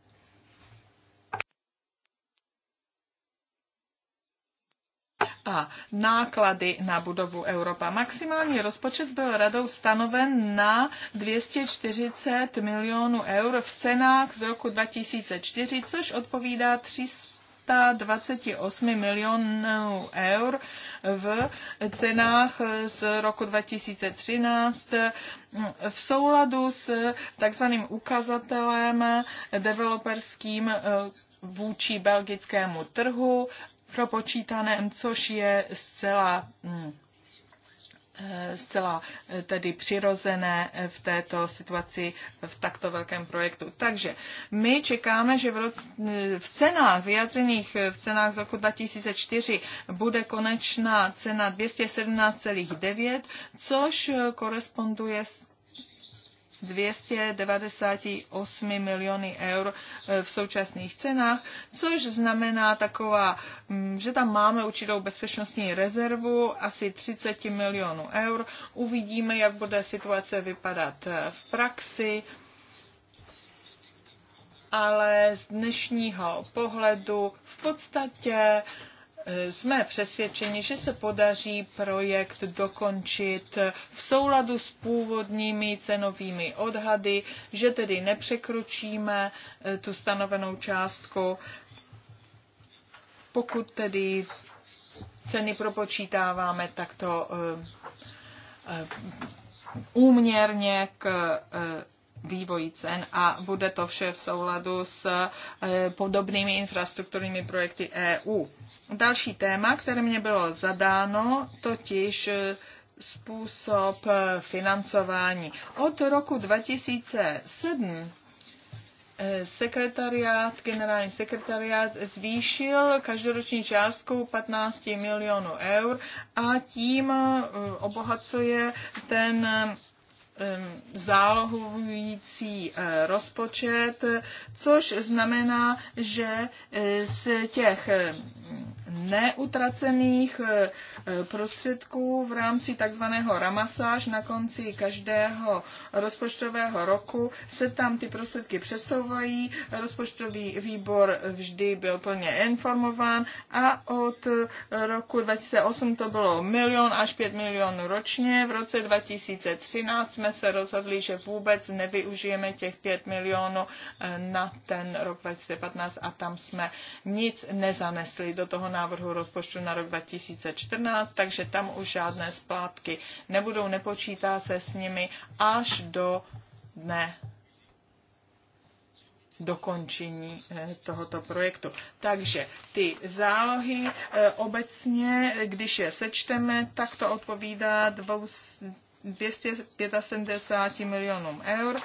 a náklady na budovu Europa. Maximální rozpočet byl radou stanoven na 240 milionů eur v cenách z roku 2004, což odpovídá 328 milionů eur v cenách z roku 2013 v souladu s takzvaným ukazatelem developerským vůči belgickému trhu propočítaném, což je zcela mm, eh, zcela eh, tedy přirozené eh, v této situaci v takto velkém projektu. Takže my čekáme, že v, roc, v cenách vyjadřených v cenách z roku 2004 bude konečná cena 217,9, což koresponduje s 298 miliony eur e, v současných cenách, což znamená taková, mm, že tam máme určitou bezpečnostní rezervu asi 30 milionů eur. Uvidíme, jak bude situace vypadat e, v praxi ale z dnešního pohledu v podstatě Eh, jsme přesvědčeni, že se podaří projekt dokončit v souladu s původními cenovými odhady, že tedy nepřekročíme eh, tu stanovenou částku, pokud tedy ceny propočítáváme takto eh, úměrně k vývoji cen a bude to vše v souladu s eh, podobnými infrastrukturními projekty EU. Další téma, které mě bylo zadáno, totiž eh, způsob eh, financování. Od roku 2007 sekretariát, generální sekretariát zvýšil každoroční částku 15 milionů eur a tím obohacuje ten Um, zálohující eh, rozpočet, což znamená, že eh, z těch eh, neutracených eh, eh, prostředků v rámci takzvaného ramasáž na konci každého rozpočtového roku se tam ty prostředky přesouvají. Rozpočtový výbor vždy byl plně informován a od roku 2008 to bylo milion až pět milionů ročně. V roce 2013 jsme se rozhodli, že vůbec nevyužijeme těch pět milionů eh, na ten rok 2015 a tam jsme nic nezanesli do toho návrhu rozpočtu na rok 2014, takže tam už žádné splátky nebudou, nepočítá se s nimi až do dne dokončení eh, tohoto projektu. Takže ty zálohy eh, obecně, eh, když je sečteme, tak to odpovídá 275 milionům eur.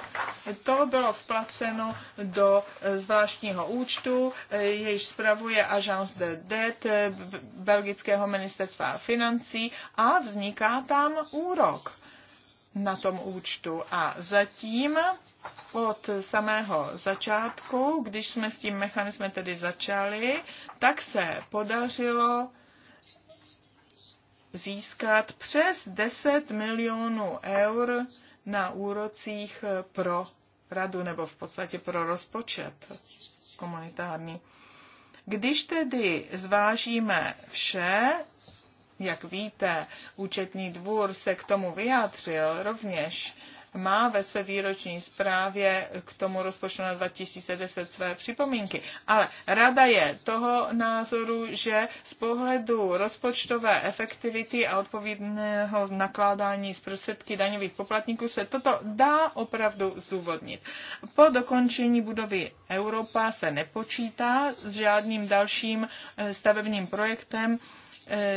To bylo vplaceno do eh, zvláštního účtu, eh, jejíž spravuje Agence de Det eh, belgického ministerstva financí a vzniká tam úrok na tom účtu. A zatím od samého začátku, když jsme s tím mechanismem tedy začali, tak se podařilo získat přes 10 milionů eur na úrocích pro radu nebo v podstatě pro rozpočet komunitární. Když tedy zvážíme vše, jak víte, účetní dvůr se k tomu vyjádřil rovněž má ve své výroční zprávě k tomu rozpočtu na 2010 své připomínky. Ale rada je toho názoru, že z pohledu rozpočtové efektivity a odpovědného nakládání z prostředky daňových poplatníků se toto dá opravdu zdůvodnit. Po dokončení budovy Europa se nepočítá s žádným dalším eh, stavebním projektem,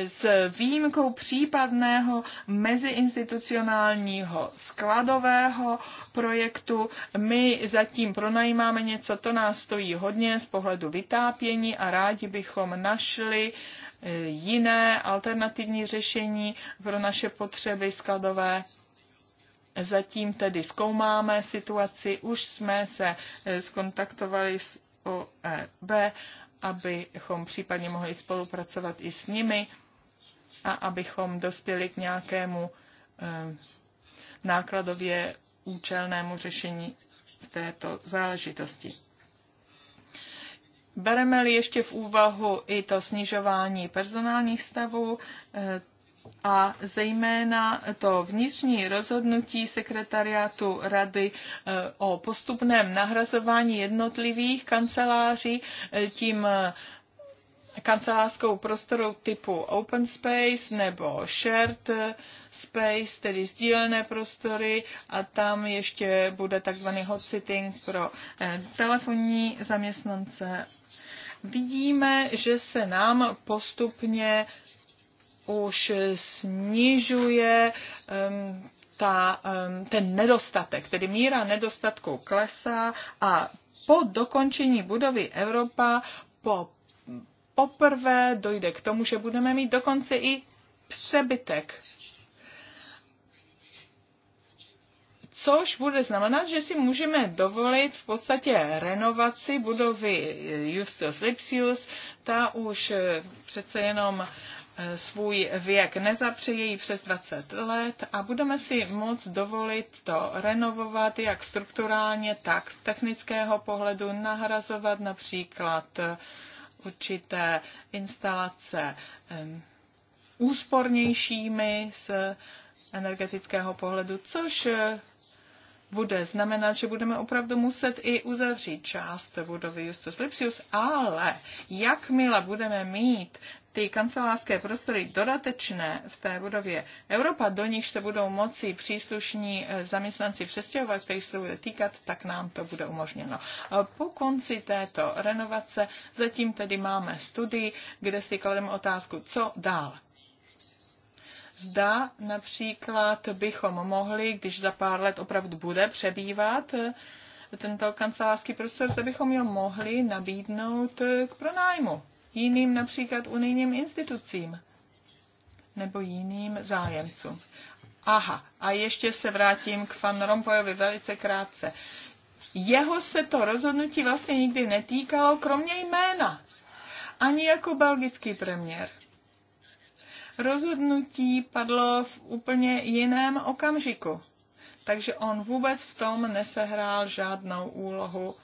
s výjimkou případného meziinstitucionálního skladového projektu. My zatím pronajímáme něco, to nás stojí hodně z pohledu vytápění a rádi bychom našli eh, jiné alternativní řešení pro naše potřeby skladové. Zatím tedy zkoumáme situaci, už jsme se eh, skontaktovali s OEB abychom případně mohli spolupracovat i s nimi a abychom dospěli k nějakému eh, nákladově účelnému řešení v této záležitosti. Bereme-li ještě v úvahu i to snižování personálních stavů, eh, a zejména to vnitřní rozhodnutí sekretariátu rady e, o postupném nahrazování jednotlivých kanceláří e, tím e, kancelářskou prostoru typu open space nebo shared space, tedy sdílené prostory a tam ještě bude takzvaný hot sitting pro telefonní zaměstnance. Vidíme, že se nám postupně už snižuje um, ta, um, ten nedostatek, tedy míra nedostatku klesá a po dokončení budovy Evropa po, poprvé dojde k tomu, že budeme mít dokonce i přebytek. Což bude znamenat, že si můžeme dovolit v podstatě renovaci budovy Justus Lipsius. Ta už přece jenom svůj věk nezapřejejí přes 20 let a budeme si moc dovolit to renovovat jak strukturálně, tak z technického pohledu nahrazovat například eh, určité instalace úspornějšími z energetického pohledu, což eh, bude znamenat, že budeme opravdu muset i uzavřít část budovy Justus Lipsius, ale jakmile budeme mít ty kancelářské prostory dodatečné v té budově Evropa, do nich se budou moci příslušní eh, zaměstnanci přestěhovat, kterých se bude týkat, tak nám to bude umožněno. Po konci této renovace zatím tedy máme studii, kde si klademe otázku, co dál. Zda například bychom mohli, když za pár let opravdu bude přebývat eh, tento kancelářský prostor, zda bychom ho mohli nabídnout eh, k pronájmu jiným například unijním institucím nebo jiným zájemcům. Aha, a ještě se vrátím k Van Rompuyovi velice krátce. Jeho se to rozhodnutí vlastně nikdy netýkalo, kromě jména. Ani jako belgický premiér. Rozhodnutí padlo v úplně jiném okamžiku. Takže on vůbec v tom nesehrál žádnou úlohu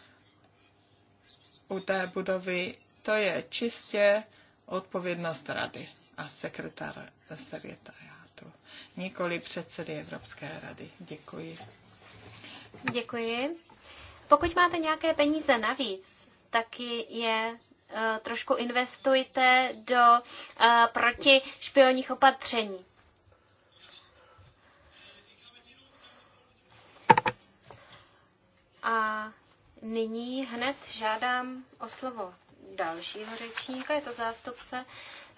u té budovy to je čistě odpovědnost rady a sekretar, sekretariátu, nikoli předsedy Evropské rady. Děkuji. Děkuji. Pokud máte nějaké peníze navíc, tak je e, trošku investujte do e, proti špionních opatření. A nyní hned žádám o slovo dalšího řečníka, je to zástupce,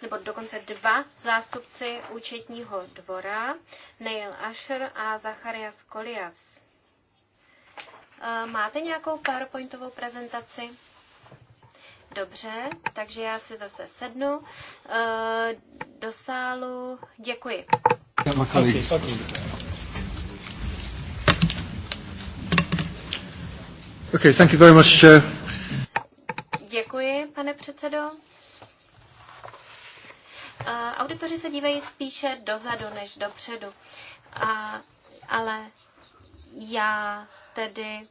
nebo dokonce dva zástupci účetního dvora, Neil Asher a Zacharias Kolias. Eh, máte nějakou PowerPointovou prezentaci? Dobře, takže já si zase sednu eh, do sálu. Děkuji. Okay, Okay, thank you very much, Chair. Děkuji, pane předsedo. Auditoři se dívají spíše dozadu než dopředu, A, ale já tedy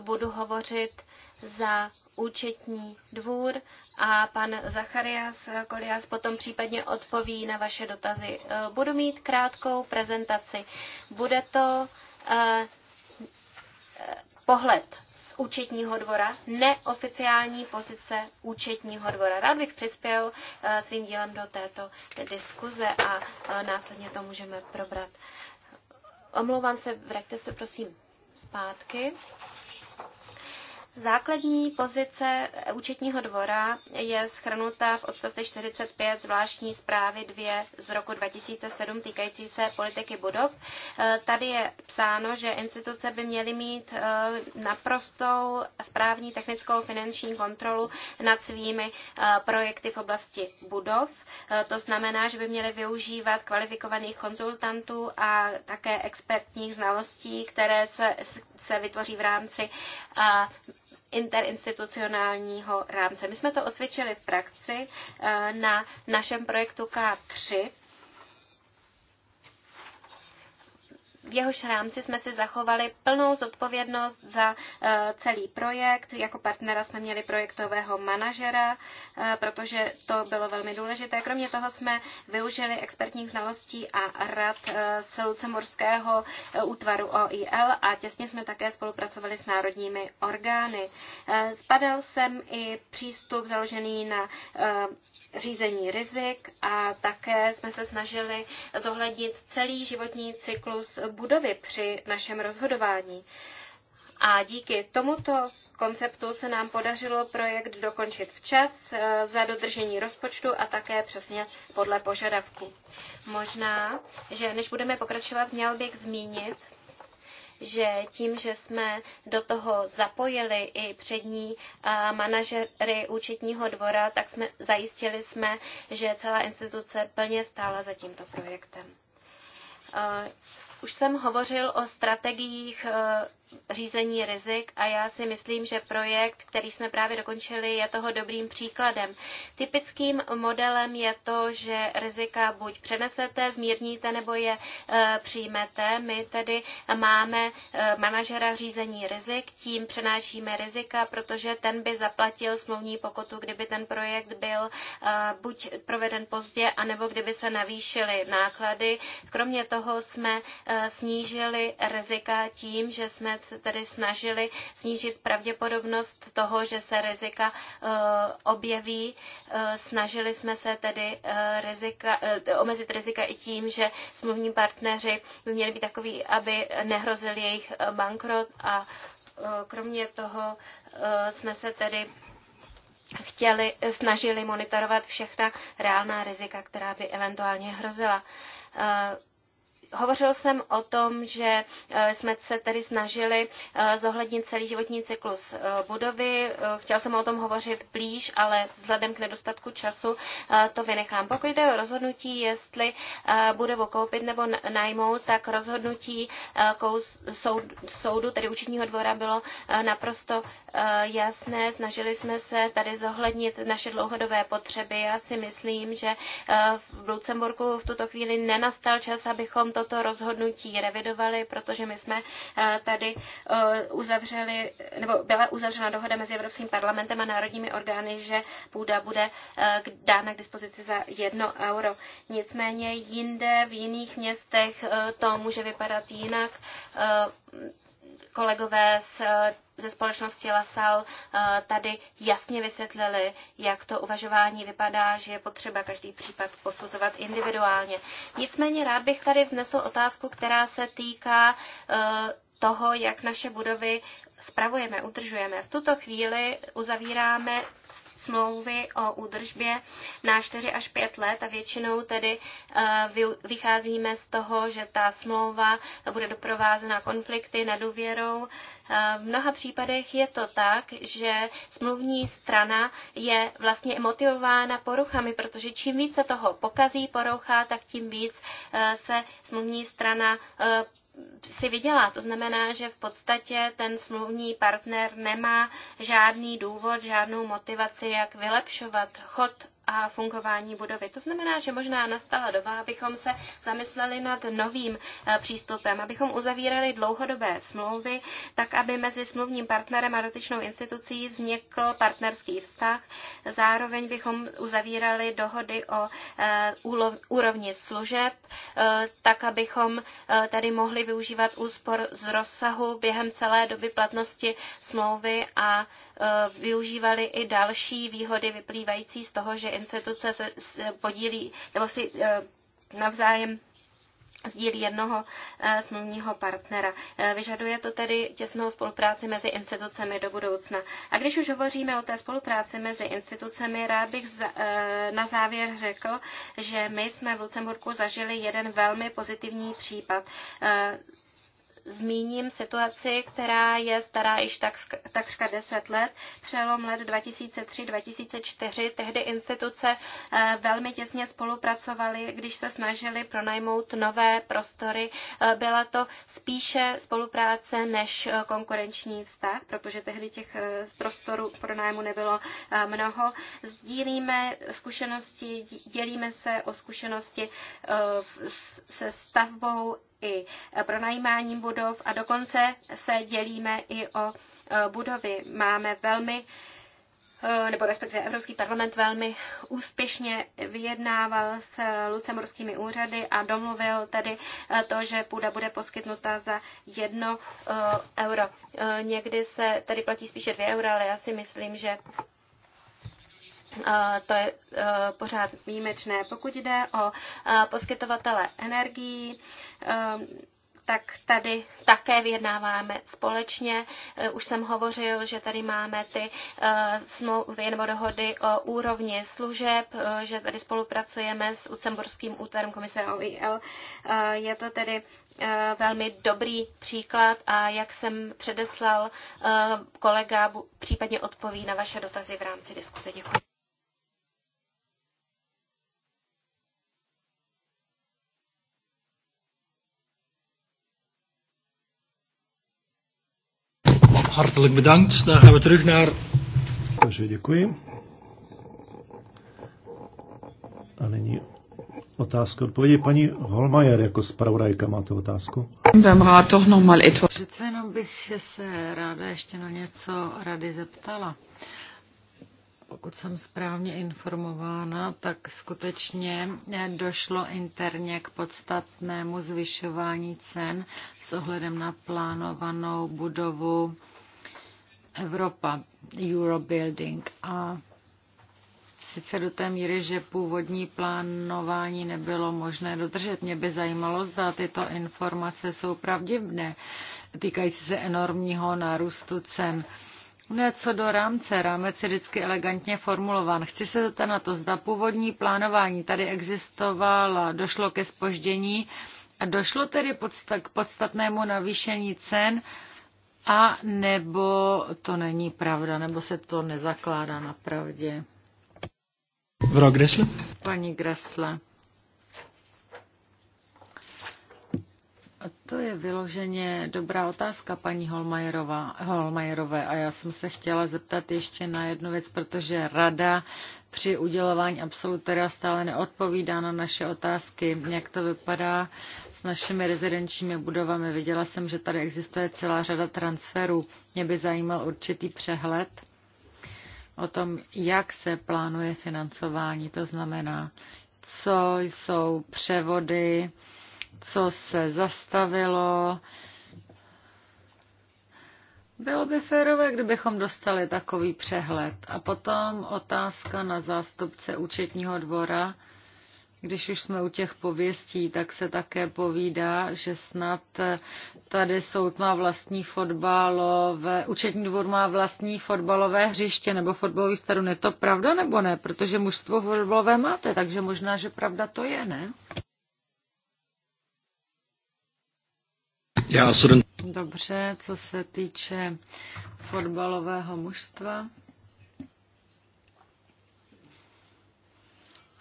budu hovořit za účetní dvůr a pan Zacharias Kolias potom případně odpoví na vaše dotazy. E, budu mít krátkou prezentaci. Bude to e, e, pohled účetního dvora, neoficiální pozice účetního dvora. Rád bych přispěl eh, svým dílem do této diskuze a eh, následně to můžeme probrat. Omlouvám se, vraťte se prosím zpátky. Základní pozice účetního dvora je schrnuta v odstavci 45 zvláštní zprávy 2 z roku 2007 týkající se politiky budov. Eh, tady je psáno, že instituce by měly mít eh, naprostou správní technickou finanční kontrolu nad svými eh, projekty v oblasti budov. To znamená, že by měly využívat kvalifikovaných konzultantů a také expertních znalostí, které se, se vytvoří v rámci interinstitucionálního rámce. My jsme to osvědčili v praxi eh, na našem projektu K3 v jehož rámci jsme si zachovali plnou zodpovědnost za eh, celý projekt. Jako partnera jsme měli projektového manažera, eh, protože to bylo velmi důležité. Kromě toho jsme využili expertních znalostí a rad eh, z Lucemorského útvaru OIL a těsně jsme také spolupracovali s národními orgány. Spadal jsem i přístup založený na řízení rizik a také jsme se snažili zohlednit celý životní cyklus budovy při našem rozhodování. A díky tomuto konceptu se nám podařilo projekt dokončit včas eh, za dodržení rozpočtu a také přesně podle požadavku. Možná, že než budeme pokračovat, měl bych zmínit, že tím, že jsme do toho zapojili i přední eh, manažery účetního dvora, tak jsme zajistili jsme, že celá instituce plně stála za tímto projektem. Eh, už jsem hovořil o strategiích eh, řízení rizik a já si myslím, že projekt, který jsme právě dokončili, je toho dobrým příkladem. Typickým modelem je to, že rizika buď přenesete, zmírníte nebo je e, přijmete. My tedy máme e, manažera řízení rizik, tím přenášíme rizika, protože ten by zaplatil smlouvní pokutu, kdyby ten projekt byl e, buď proveden pozdě, anebo kdyby se navýšily náklady. Kromě toho jsme e, snížili rizika tím, že jsme se tedy snažili snížit pravděpodobnost toho, že se rizika e, objeví. E, snažili jsme se tedy e, rizika, omezit rizika i tím, že smluvní partneři by měli být takový, aby nehrozil jejich bankrot a kromě toho jsme se tedy chtěli, snažili monitorovat všechna reálná rizika, která by eventuálně hrozila. Hovořil jsem o tom, že e, jsme se tedy snažili e, zohlednit celý životní cyklus e, budovy. Chtěl jsem o tom hovořit blíž, ale vzhledem k nedostatku času to vynechám. Pokud jde o rozhodnutí, jestli budovu koupit nebo najmout, tak rozhodnutí soudu, tedy účetního dvora, bylo naprosto jasné. Snažili jsme se tady zohlednit naše dlouhodobé potřeby. Já si myslím, že v Lucemburku v tuto chvíli nenastal čas, abychom toto rozhodnutí revidovali, protože my jsme eh, tady eh, uzavřeli, nebo byla uzavřena dohoda mezi Evropským parlamentem a národními orgány, že půda bude eh, dána k dispozici za jedno euro. Nicméně jinde, v jiných městech to může vypadat jinak kolegové z, ze společnosti LaSalle eh, tady jasně vysvětlili, jak to uvažování vypadá, že je potřeba každý případ posuzovat individuálně. Nicméně rád bych tady vznesl otázku, která se týká eh, toho, jak naše budovy spravujeme, udržujeme. V tuto chvíli uzavíráme smlouvy o údržbě na 4 až 5 let a většinou tedy eh, vycházíme z toho, že ta smlouva bude doprovázena konflikty, nedůvěrou. Eh, v mnoha případech je to tak, že smluvní strana je vlastně motivována poruchami, protože čím více toho pokazí porucha, tak tím víc eh, se smluvní strana si vydělá. To znamená, že v podstatě ten smluvní partner nemá žádný důvod, žádnou motivaci, jak vylepšovat chod a fungování budovy. To znamená, že možná nastala doba, abychom se zamysleli nad novým eh, přístupem, abychom uzavírali dlouhodobé smlouvy, tak aby mezi smluvním partnerem a dotyčnou institucí vznikl partnerský vztah. Zároveň bychom uzavírali dohody o eh, úrovni služeb, eh, tak abychom tady mohli využívat úspor z rozsahu během celé doby platnosti smlouvy a Eh, využívali i další výhody vyplývající z toho, že instituce se podílí nebo si eh, navzájem sdílí jednoho eh, smluvního partnera. Vyžaduje to tedy těsnou spolupráci mezi institucemi do budoucna. A když už hovoříme o té spolupráci mezi institucemi, rád bych na závěr řekl, že my jsme v Lucemburku zažili jeden velmi pozitivní případ zmíním situaci, která je stará již tak, takřka 10 let. Přelom let 2003-2004 tehdy instituce eh, velmi těsně spolupracovaly, když se snažili pronajmout nové prostory. Eh, byla to spíše spolupráce než eh, konkurenční vztah, protože tehdy těch prostorů pronájmu nebylo mnoho. Sdílíme zkušenosti, dělíme se o zkušenosti se stavbou i pronajímáním budov a dokonce se dělíme i o e, budovy. Máme velmi e, nebo respektive Evropský parlament velmi úspěšně vyjednával s lucemburskými úřady a domluvil tedy e, to, že půda bude poskytnuta za jedno euro. Někdy se tedy platí spíše dvě eura, ale já si myslím, že to je e, pořád výjimečné. Pokud jde o e, poskytovatele energií, e, tak tady také vyjednáváme společně. Už jsem hovořil, že tady máme ty smlouvy nebo dohody o úrovni služeb, že tady spolupracujeme s Ucemburským útvarem komise OIL. Je to tedy velmi dobrý příklad a jak jsem předeslal, kolega případně odpoví na vaše dotazy v rámci diskuse. Děkuji. hartelijk bedankt. Dan gaan we terug naar... Takže děkuji. A nyní otázka odpovědi. Paní Holmajer jako zpravodajka máte otázku. Přece jenom bych se ráda ještě na něco rady zeptala. Pokud jsem správně informována, tak skutečně došlo interně k podstatnému zvyšování cen s ohledem na plánovanou budovu Evropa, Eurobuilding a sice do té míry, že původní plánování nebylo možné dodržet. Mě by zajímalo, zda tyto informace jsou pravdivné, týkající se enormního nárůstu cen. Ne, no co do rámce. Rámec je vždycky elegantně formulován. Chci se zeptat na to, zda původní plánování tady existovalo, došlo ke spoždění a došlo tedy podsta- k podstatnému navýšení cen, a nebo to není pravda, nebo se to nezakládá na pravdě. Vrok Gressle? Paní Gressle. To je vyloženě dobrá otázka, paní Holmajerové. A já jsem se chtěla zeptat ještě na jednu věc, protože rada při udělování absolutoria stále neodpovídá na naše otázky, jak to vypadá s našimi rezidenčními budovami. Viděla jsem, že tady existuje celá řada transferů. Mě by zajímal určitý přehled o tom, jak se plánuje financování, to znamená, co jsou převody, co se zastavilo, bylo by férové, kdybychom dostali takový přehled. A potom otázka na zástupce účetního dvora. Když už jsme u těch pověstí, tak se také povídá, že snad tady soud má vlastní fotbalové, účetní dvor má vlastní fotbalové hřiště nebo fotbalový stadion. Je to pravda nebo ne? Protože mužstvo fotbalové máte, takže možná, že pravda to je, ne? Já jsem Dobře, co se týče fotbalového mužstva.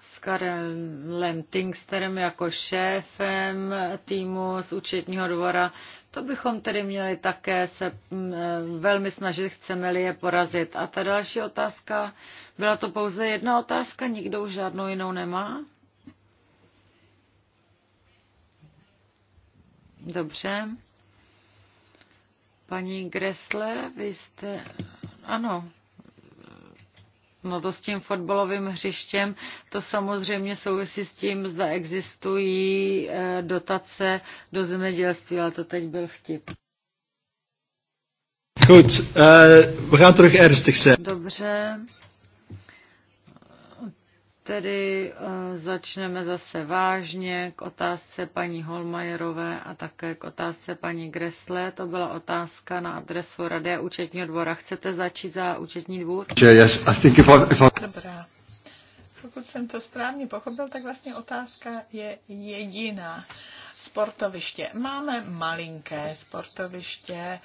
S Karelem Tingsterem jako šéfem týmu z účetního dvora. To bychom tedy měli také se mm, eh, velmi snažit, chceme-li je porazit. A ta další otázka, byla to pouze jedna otázka, nikdo už žádnou jinou nemá? Dobře. Paní Gresle, vy jste... Ano. No to s tím fotbalovým hřištěm, to samozřejmě souvisí s tím, zda existují eh, dotace do zemědělství, ale to teď byl vtip. Goed, uh, we gaan terug ernstig zijn. Dobře, tedy eh, začneme zase vážně k otázce paní Holmajerové a také k otázce paní Gresle. To byla otázka na adresu Rady a účetního dvora. Chcete začít za účetní dvůr? Yes, I think if I, if I... Dobrá. Pokud jsem to správně pochopil, tak vlastně otázka je jediná. Sportoviště. Máme malinké sportoviště,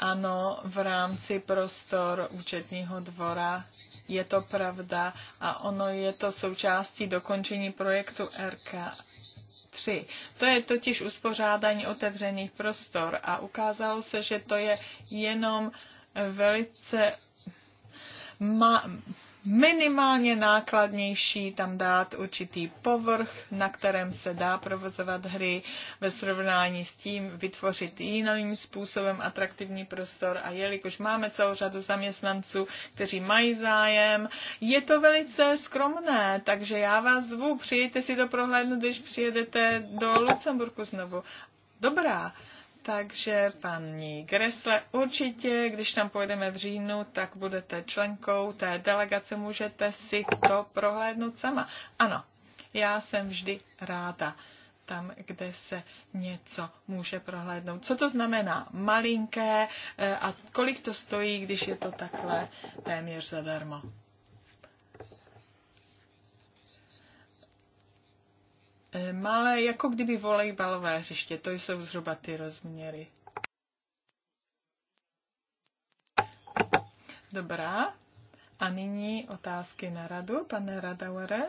ano, v rámci prostor účetního dvora je to pravda a ono je to součástí dokončení projektu RK 3. To je totiž uspořádání otevřených prostor a ukázalo se, že to je jenom velice ma- minimálně nákladnější tam dát určitý povrch, na kterém se dá provozovat hry ve srovnání s tím vytvořit jiným způsobem atraktivní prostor a jelikož máme celou řadu zaměstnanců, kteří mají zájem, je to velice skromné, takže já vás zvu, přijďte si to prohlédnout, když přijedete do Lucemburku znovu. Dobrá, takže paní Gresle, určitě, když tam pojedeme v říjnu, tak budete členkou té delegace, můžete si to prohlédnout sama. Ano, já jsem vždy ráda tam, kde se něco může prohlédnout. Co to znamená malinké eh, a kolik to stojí, když je to takhle téměř zadarmo? malé, ehm, jako kdyby volejbalové hřiště. To jsou zhruba ty rozměry. Dobrá. A nyní otázky na radu, pane Radaure.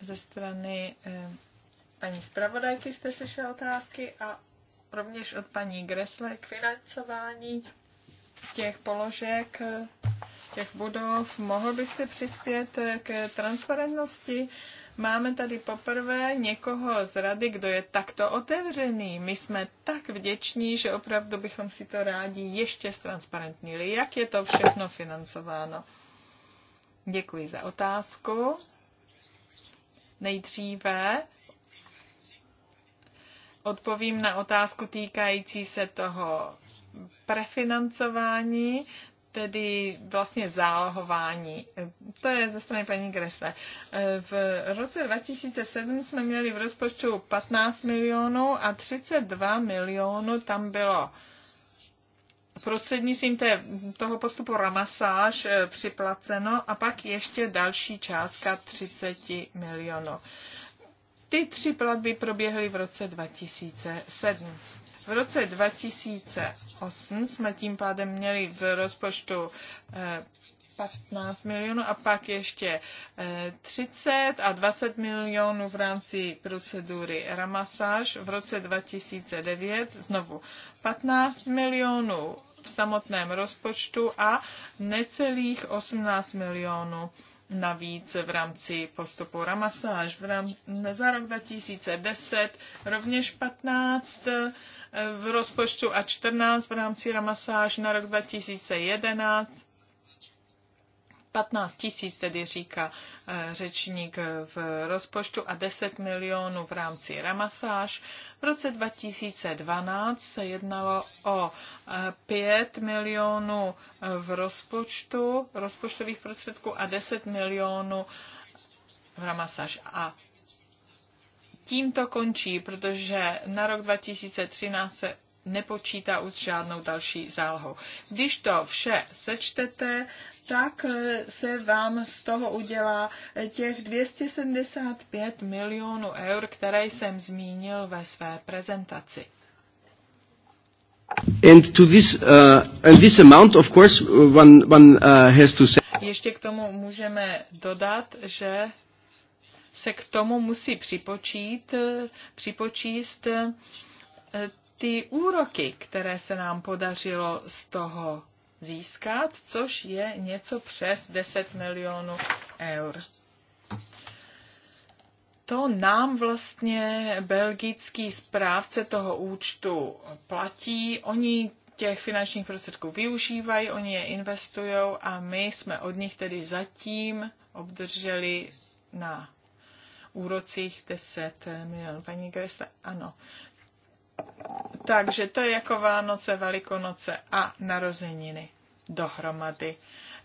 Ze strany ehm, paní zpravodajky jste slyšel otázky a rovněž od paní Gresle k financování těch položek, těch budov. Mohl byste přispět k transparentnosti Máme tady poprvé někoho z rady, kdo je takto otevřený. My jsme tak vděční, že opravdu bychom si to rádi ještě ztransparentnili. Jak je to všechno financováno? Děkuji za otázku. Nejdříve odpovím na otázku týkající se toho prefinancování tedy vlastně zálohování. To je ze strany paní Gresle. V roce 2007 jsme měli v rozpočtu 15 milionů a 32 milionů tam bylo prostřednictvím toho postupu ramasáž eh, připlaceno a pak ještě další částka 30 milionů. Ty tři platby proběhly v roce 2007. V roce 2008 jsme tím pádem měli v rozpočtu 15 eh, milionů a pak ještě 30 eh, a 20 milionů v rámci procedury Ramasáž v roce 2009, znovu 15 milionů v samotném rozpočtu a necelých 18 milionů navíc v rámci postupu Ramasáž. V rám- za rok 2010 rovněž 15 milionů v rozpočtu A14 v rámci Ramasáž na rok 2011. 15 tisíc tedy říká eh, řečník v rozpočtu a 10 milionů v rámci Ramasáž. V roce 2012 se jednalo o 5 eh, milionů eh, v rozpočtu, rozpočtových prostředků a 10 milionů v Ramasáž. A tím to končí, protože na rok 2013 se nepočítá už žádnou další zálohou. Když to vše sečtete, tak eh, se vám z toho udělá eh, těch 275 milionů eur, které jsem zmínil ve své prezentaci. Uh, uh, uh, Ještě k tomu můžeme dodat, že se k tomu musí připočít, připočíst eh, ty úroky, které se nám podařilo z toho získat, což je něco přes 10 milionů eur. To nám vlastně belgický správce toho účtu platí. Oni těch finančních prostředků využívají, oni je investují a my jsme od nich tedy zatím obdrželi na úrocích 10 milionů. Paní Gresle, ano. Takže to je jako Vánoce, Velikonoce a narozeniny dohromady.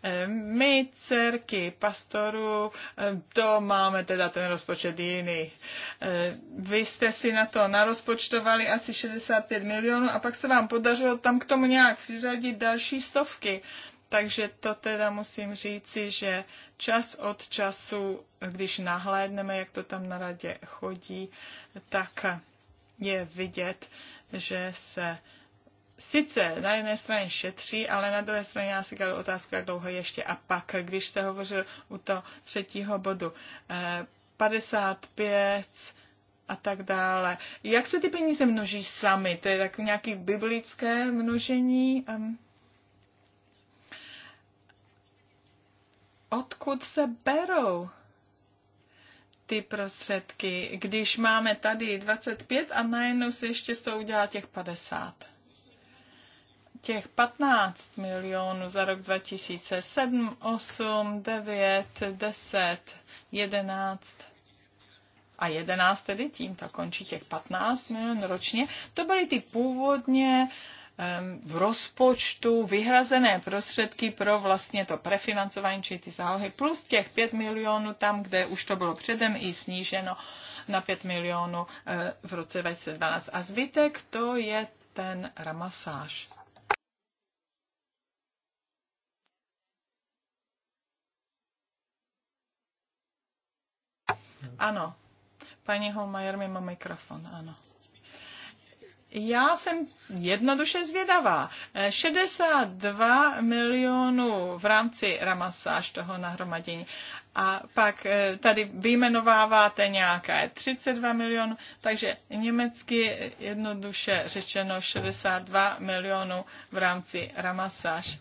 Ehm, my, dcerky pastorů, ehm, to máme teda ten rozpočet jiný. Ehm, vy jste si na to narozpočtovali asi 65 milionů a pak se vám podařilo tam k tomu nějak přiřadit další stovky. Takže to teda musím říci, že čas od času, když nahlédneme, jak to tam na radě chodí, tak je vidět, že se sice na jedné straně šetří, ale na druhé straně já si kladu otázku, jak dlouho ještě. A pak, když jste hovořil u toho třetího bodu, 55 eh, a tak dále. Jak se ty peníze množí sami? To je tak nějaké biblické množení? Um, odkud se berou ty prostředky, když máme tady 25 a najednou se ještě z toho udělá těch 50. Těch 15 milionů za rok 2007, 8, 9, 10, 11 a 11 tedy tím, to končí těch 15 milionů ročně, to byly ty původně uh, v rozpočtu vyhrazené prostředky pro vlastně to prefinancování, či ty zálohy, plus těch 5 milionů tam, kde už to bylo předem i sníženo na 5 milionů eh, v roce 2012. A zbytek to je ten ramasáž. Ano, paní Holmajer mimo mikrofon, ano já jsem jednoduše zvědavá. 62 eh, milionů v rámci ramasáž toho nahromadění. A pak eh, tady vyjmenováváte nějaké 32 milionů, takže německy jednoduše řečeno 62 milionů v rámci ramasáž.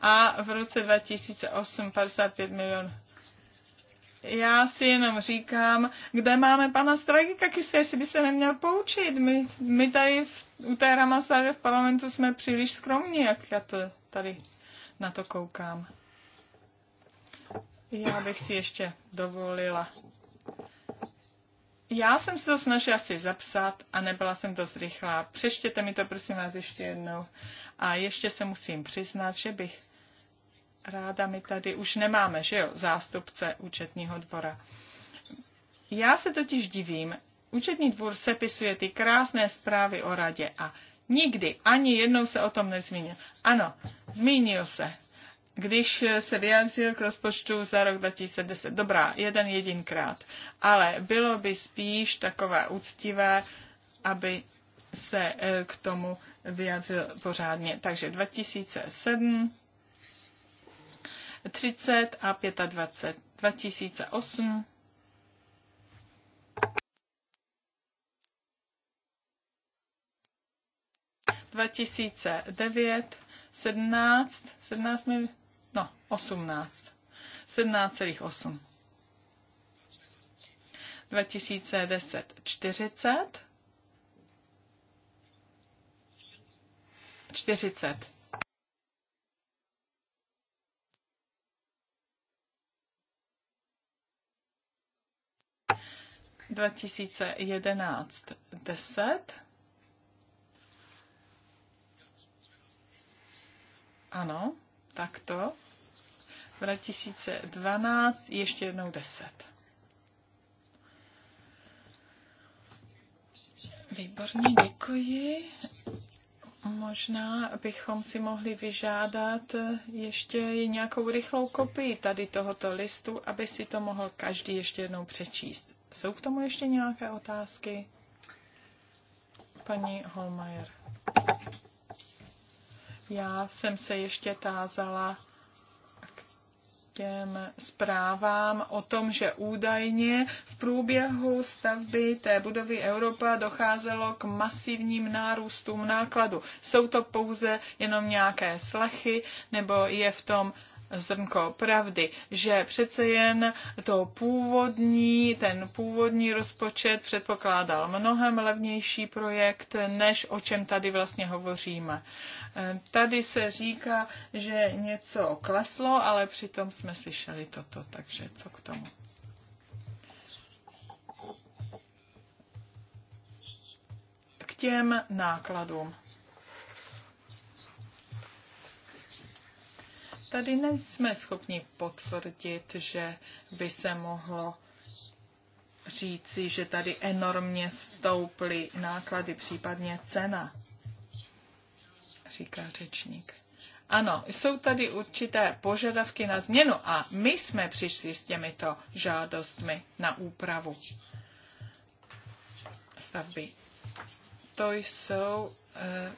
A v roce 2008 55 milionů já si jenom říkám, kde máme pana Stragika Kise, jestli by se neměl poučit. My, my tady v, u té Ramasáře v parlamentu jsme příliš skromní, jak já to tady na to koukám. Já bych si ještě dovolila. Já jsem se to snažila si zapsat a nebyla jsem dost rychlá. Přečtěte mi to prosím vás ještě jednou. A ještě se musím přiznat, že bych ráda my tady už nemáme, že jo, zástupce účetního dvora. Já se totiž divím, účetní dvůr sepisuje ty krásné zprávy o radě a nikdy, ani jednou se o tom nezmínil. Ano, zmínil se, když se vyjádřil k rozpočtu za rok 2010. Dobrá, jeden jedinkrát. Ale bylo by spíš takové úctivé, aby se eh, k tomu vyjádřil pořádně. Takže 2007 30 a 25. 2008. Dva tisíce devět, mil, no, osmnáct, sedmnáct celých osm. Dva tisíce deset, čtyřicet, čtyřicet. 2011 10. Ano, takto. 2012 ještě jednou 10. Výborně, děkuji. Možná bychom si mohli vyžádat ještě nějakou rychlou kopii tady tohoto listu, aby si to mohl každý ještě jednou přečíst. Jsou k tomu ještě nějaké otázky? Paní Holmajer. Já jsem se ještě tázala těm zprávám o tom, že údajně v průběhu stavby té budovy Europa docházelo k masivním nárůstům nákladu. Jsou to pouze jenom nějaké slechy, nebo je v tom zrnko pravdy, že přece jen to původní, ten původní rozpočet předpokládal mnohem levnější projekt, než o čem tady vlastně hovoříme. Tady se říká, že něco kleslo, ale přitom jsme slyšeli toto, takže co k tomu? K těm nákladům. Tady nejsme schopni potvrdit, že by se mohlo říci, že tady enormně stouply náklady, případně cena, říká řečník. Ano, jsou tady určité požadavky na změnu a my jsme přišli s těmito žádostmi na úpravu stavby. To jsou e,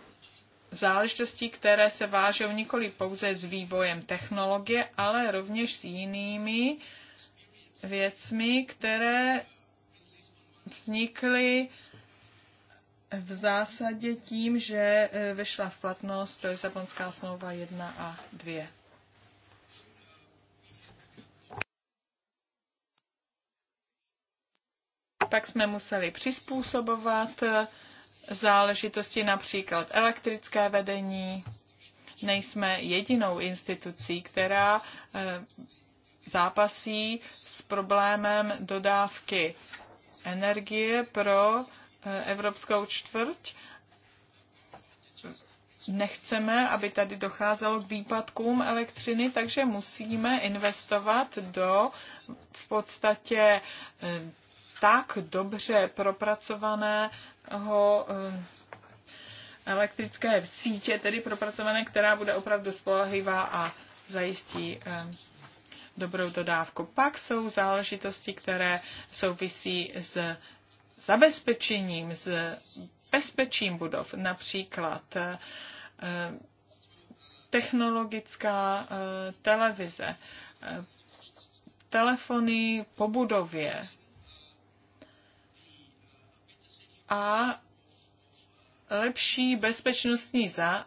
záležitosti, které se vážou nikoli pouze s vývojem technologie, ale rovněž s jinými věcmi, které vznikly e, v zásadě tím, že e, vyšla v platnost Lisabonská smlouva 1 a 2. Pak jsme museli přizpůsobovat e, záležitosti například elektrické vedení. Nejsme jedinou institucí, která e, zápasí s problémem dodávky energie pro Eh, evropskou čtvrť. Nechceme, aby tady docházelo k výpadkům elektřiny, takže musíme investovat do v podstatě eh, tak dobře propracovaného eh, elektrické sítě, tedy propracované, která bude opravdu spolehlivá a zajistí dobrou dodávku. Pak jsou záležitosti, které souvisí s zabezpečením, s bezpečím budov, například eh, technologická eh, televize, eh, telefony po budově a lepší bezpečnostní za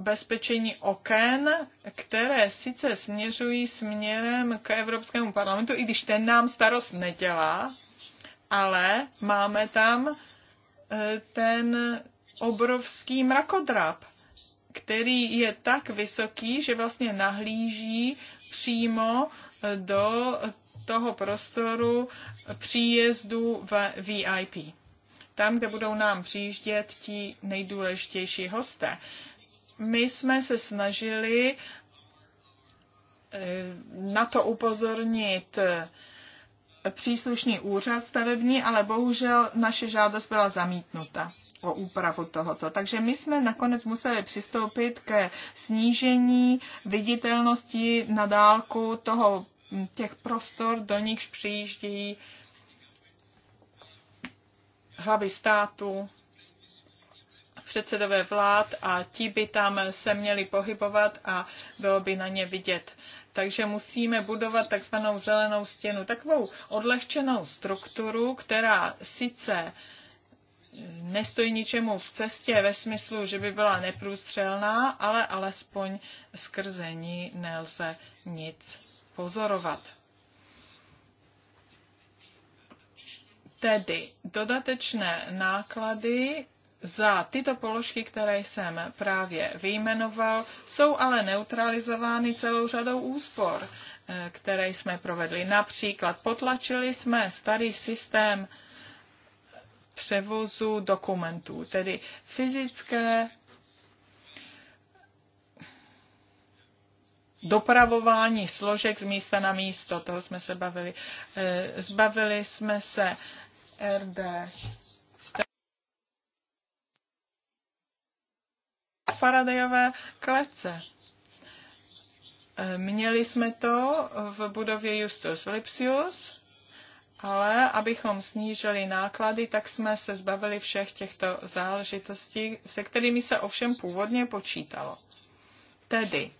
bezpečení oken, které sice směřují směrem k Evropskému parlamentu, i když ten nám starost nedělá, ale máme tam eh, ten obrovský mrakodrap, který je tak vysoký, že vlastně nahlíží přímo eh, do toho prostoru příjezdu v VIP. Tam, kde budou nám přijíždět ti nejdůležitější hosté. My jsme se snažili eh, na to upozornit příslušný úřad stavební, ale bohužel naše žádost byla zamítnuta o úpravu tohoto. Takže my jsme nakonec museli přistoupit ke snížení viditelnosti na dálku toho, těch prostor, do nichž přijíždějí hlavy státu, předsedové vlád a ti by tam se měli pohybovat a bylo by na ně vidět. Takže musíme budovat takzvanou zelenou stěnu, takovou odlehčenou strukturu, která sice nestojí ničemu v cestě ve smyslu, že by byla neprůstřelná, ale alespoň skrze ní nelze nic pozorovat. Tedy dodatečné náklady za tyto položky, které jsem právě vyjmenoval, jsou ale neutralizovány celou řadou úspor, eh, které jsme provedli. Například potlačili jsme starý systém převozu dokumentů, tedy fyzické dopravování složek z místa na místo, toho jsme se bavili. Eh, zbavili jsme se RD Faradayové klece. E, měli jsme to v budově Justus Lipsius, ale abychom snížili náklady, tak jsme se zbavili všech těchto záležitostí, se kterými se ovšem původně počítalo. Tedy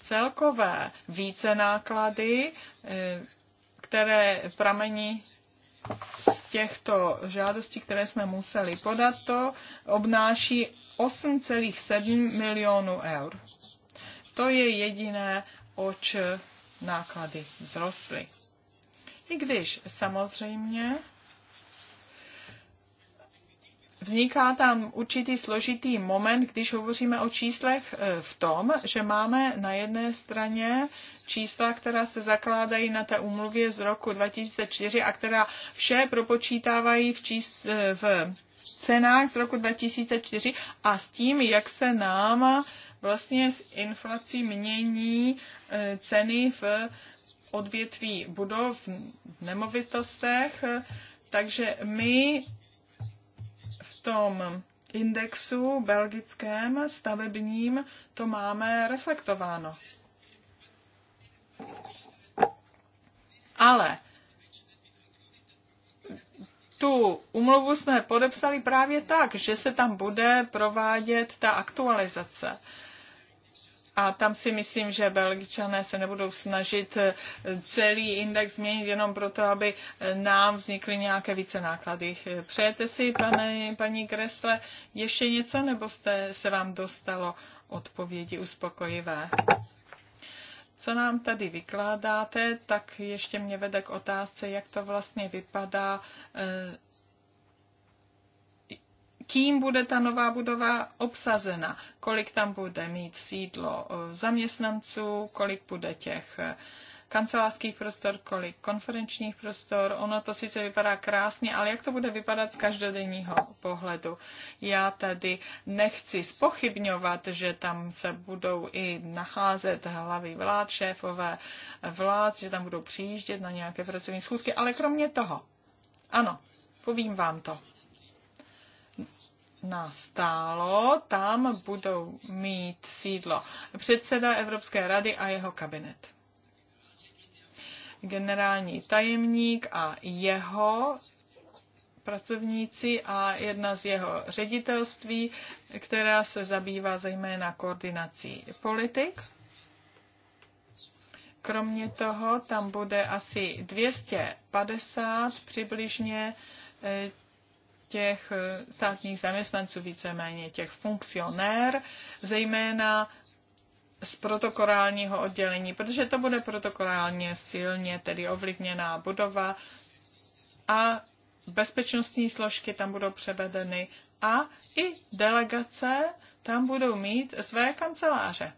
celkové více náklady, e, které pramení z těchto žádostí, které jsme museli podat, to obnáší 8,7 milionů eur. To je jediné, oč náklady vzrostly. I když samozřejmě Vzniká tam určitý složitý moment, když hovoříme o číslech e, v tom, že máme na jedné straně čísla, která se zakládají na té úmluvě z roku 2004 a která vše propočítávají v, čís, e, v cenách z roku 2004 a s tím, jak se nám vlastně s inflací mění e, ceny v odvětví budov, v nemovitostech, takže my tom indexu belgickém stavebním to máme reflektováno. Ale tu umluvu jsme podepsali právě tak, že se tam bude provádět ta aktualizace. A tam si myslím, že Belgičané se nebudou snažit eh, celý index změnit jenom proto, aby eh, nám vznikly nějaké více náklady. Eh, přejete si, pane, paní Kresle, ještě něco, nebo jste, se vám dostalo odpovědi uspokojivé? Co nám tady vykládáte, tak ještě mě vede k otázce, jak to vlastně vypadá kým bude ta nová budova obsazena, kolik tam bude mít sídlo eh, zaměstnanců, kolik bude těch eh, kancelářských prostor, kolik konferenčních prostor. Ono to sice vypadá krásně, ale jak to bude vypadat z každodenního pohledu? Já tady nechci spochybňovat, že tam se budou i nacházet hlavy vlád, šéfové vlád, že tam budou přijíždět na nějaké pracovní schůzky, ale kromě toho, ano, povím vám to nastálo, tam budou mít sídlo předseda Evropské rady a jeho kabinet. Generální tajemník a jeho pracovníci a jedna z jeho ředitelství, která se zabývá zejména koordinací politik. Kromě toho tam bude asi 250 přibližně eh, těch eh, státních zaměstnanců, víceméně těch funkcionér, zejména z protokorálního oddělení, protože to bude protokorálně silně tedy ovlivněná budova a bezpečnostní složky tam budou převedeny a i delegace tam budou mít své kanceláře.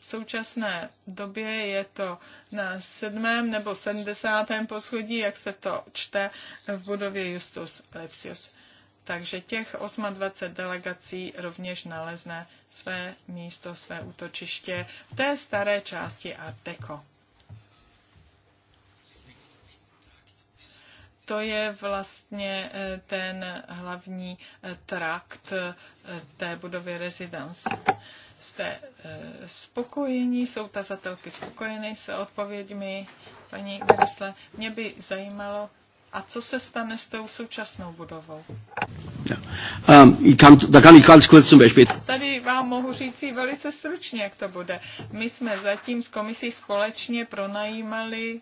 V současné době je to na sedmém nebo sedmdesátém poschodí, jak se to čte v budově Justus Lepsius. Takže těch 28 delegací rovněž nalezne své místo, své útočiště v té staré části Arteko. to je vlastně eh, ten hlavní eh, trakt eh, té budovy rezidence jste eh, spokojení, jsou tazatelky spokojeny se odpověďmi paní Gresle. Mě by zajímalo, a co se stane s tou současnou budovou? No, um, Tady vám mohu říct velice stručně, jak to bude. My jsme zatím s komisí společně pronajímali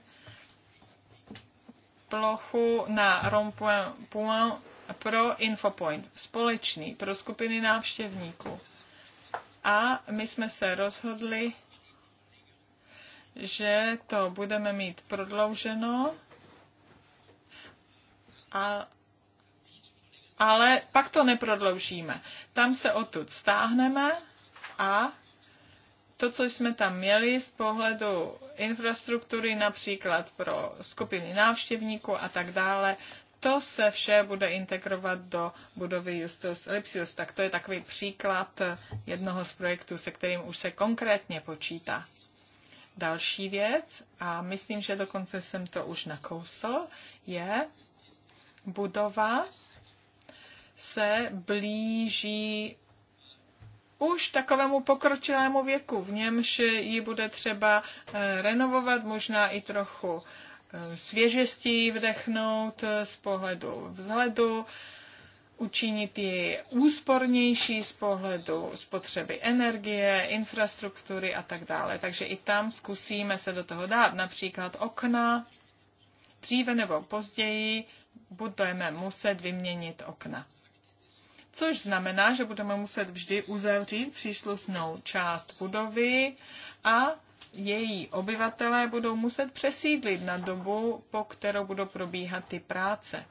plochu na Rompuin pro Infopoint, společný, pro skupiny návštěvníků. A my jsme se rozhodli, že to budeme mít prodlouženo, a, ale pak to neprodloužíme. Tam se odtud stáhneme a to, co jsme tam měli z pohledu infrastruktury, například pro skupiny návštěvníků a tak dále, to se vše bude integrovat do budovy Justus Lipsius. Tak to je takový příklad jednoho z projektů, se kterým už se konkrétně počítá. Další věc, a myslím, že dokonce jsem to už nakousl, je budova se blíží už takovému pokročilému věku, v němž ji bude třeba eh, renovovat, možná i trochu svěžestí vdechnout z pohledu vzhledu, učinit ji úspornější z pohledu spotřeby energie, infrastruktury a tak dále. Takže i tam zkusíme se do toho dát. Například okna. Dříve nebo později budeme muset vyměnit okna. Což znamená, že budeme muset vždy uzavřít příslušnou část budovy a její obyvatelé budou muset přesídlit na dobu, po kterou budou probíhat ty práce.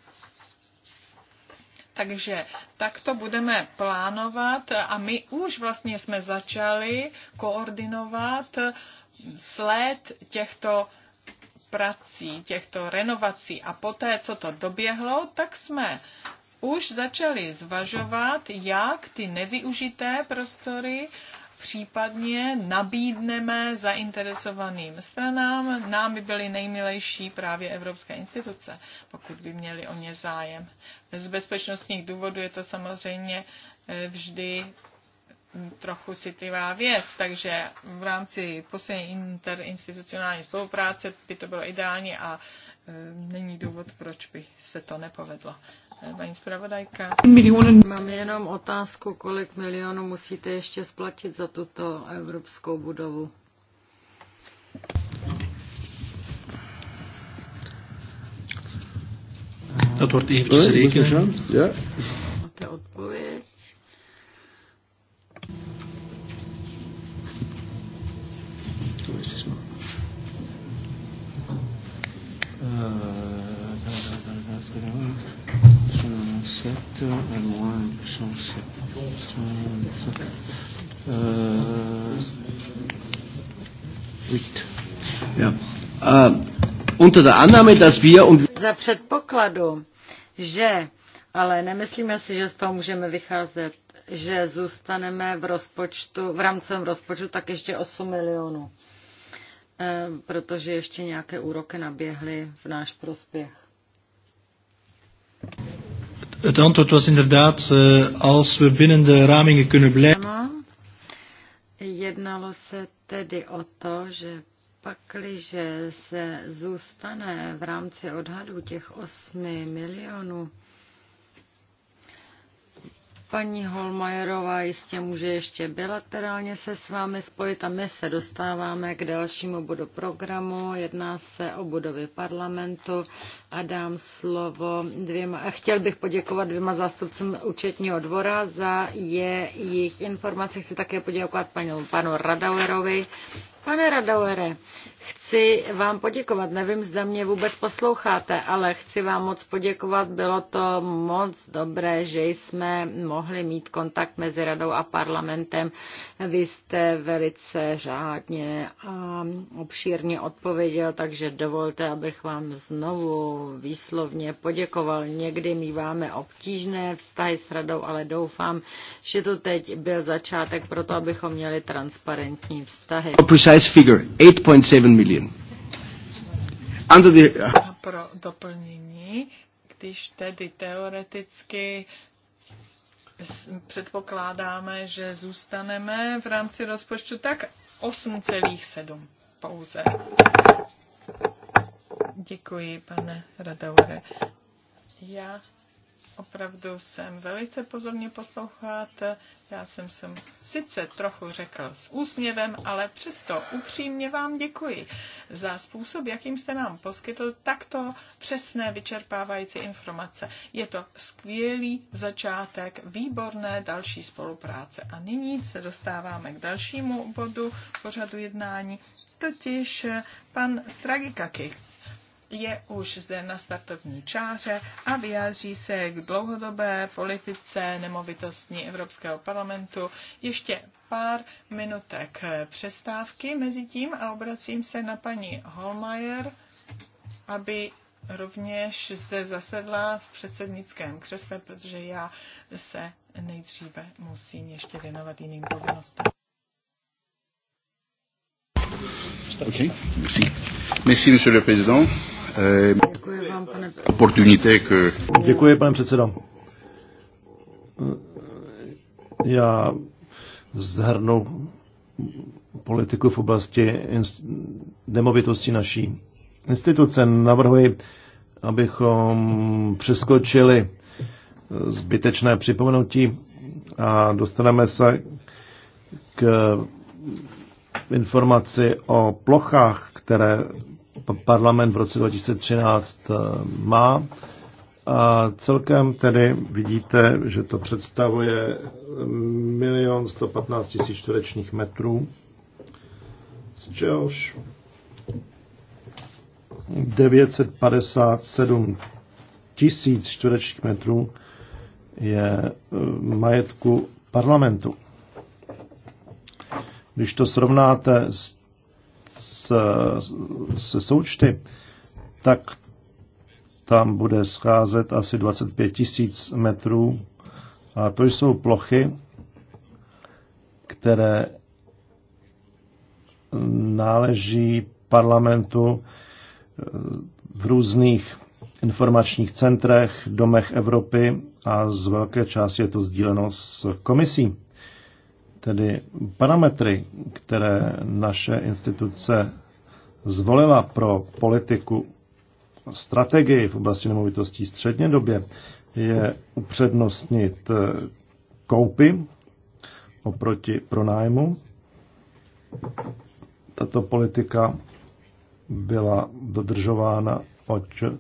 Takže takto budeme plánovat a my už vlastně jsme začali koordinovat sled těchto prací, těchto renovací a poté, co to doběhlo, tak jsme už začali zvažovat, jak ty nevyužité prostory případně nabídneme zainteresovaným stranám. Nám by byly nejmilejší právě evropské instituce, pokud by měli o ně zájem. Z bezpečnostních důvodů je to samozřejmě eh, vždy hm, trochu citlivá věc, takže v rámci poslední interinstitucionální spolupráce by to bylo ideální a eh, není důvod, proč by se to nepovedlo. Eh, paní zpravodajka. Mám jenom otázku, kolik milionů musíte ještě splatit za tuto evropskou budovu. Dat wordt eventjes rekenen. Ja. Za předpokladu, že, ale nemyslíme si, že z toho můžeme vycházet, že zůstaneme v rozpočtu, v rámcem rozpočtu tak ještě 8 milionů, eh, protože ještě nějaké úroky naběhly v náš prospěch. Het antwoord was inderdaad, uh, als we binnen de ramingen kunnen blijven. Jednalo se tedy o to, že pakliže se zůstane v rámci odhadu těch 8 milionů, Paní Holmajerová jistě může ještě bilaterálně se s vámi spojit a my se dostáváme k dalšímu bodu programu. Jedná se o budovy parlamentu a dám slovo dvěma. Chtěl bych poděkovat dvěma zástupcům účetního dvora za jejich informace. Chci také poděkovat panu, panu Radauerovi Pane Radauere, chci vám poděkovat. Nevím, zda mě vůbec posloucháte, ale chci vám moc poděkovat. Bylo to moc dobré, že jsme mohli mít kontakt mezi radou a parlamentem. Vy jste velice řádně a obšírně odpověděl, takže dovolte, abych vám znovu výslovně poděkoval. Někdy míváme obtížné vztahy s radou, ale doufám, že to teď byl začátek pro to, abychom měli transparentní vztahy precise figure, 8.7 million. Under the, uh, pro doplnění, když tedy teoreticky předpokládáme, že zůstaneme v rámci rozpočtu, tak 8,7 pouze. Děkuji, pane Radaure. Já Opravdu jsem velice pozorně poslouchat. Já jsem sem sice trochu řekl s úsměvem, ale přesto upřímně vám děkuji za způsob, jakým jste nám poskytl takto přesné vyčerpávající informace. Je to skvělý začátek výborné další spolupráce. A nyní se dostáváme k dalšímu bodu pořadu jednání, totiž pan Stragikakis je už zde na startovní čáře a vyjádří se k dlouhodobé politice nemovitostní Evropského parlamentu. Ještě pár minutek přestávky mezi tím a obracím se na paní Holmajer, aby rovněž zde zasedla v předsednickém křesle, protože já se nejdříve musím ještě věnovat jiným povinnostem. Okay, merci. Merci, Monsieur le Président. Děkuji vám, pane Děkuji, pane předsedo. Já zhrnu politiku v oblasti nemovitosti naší instituce. Navrhuji, abychom přeskočili zbytečné připomenutí a dostaneme se k informaci o plochách, které parlament v roce 2013 eh, má. A celkem tedy vidíte, že to představuje 1 115 000 čtverečních metrů, z čehož 957 tisíc čtverečních metrů je eh, majetku parlamentu. Když to srovnáte s se součty, tak tam bude scházet asi 25 tisíc metrů. A to jsou plochy, které náleží parlamentu eh, v různých informačních centrech, domech Evropy a z velké části je to sdíleno s komisí. Tedy parametry, které naše instituce zvolila pro politiku strategii v oblasti nemovitostí středně době, je upřednostnit eh, koupy oproti pronájmu. Tato politika byla dodržována od eh,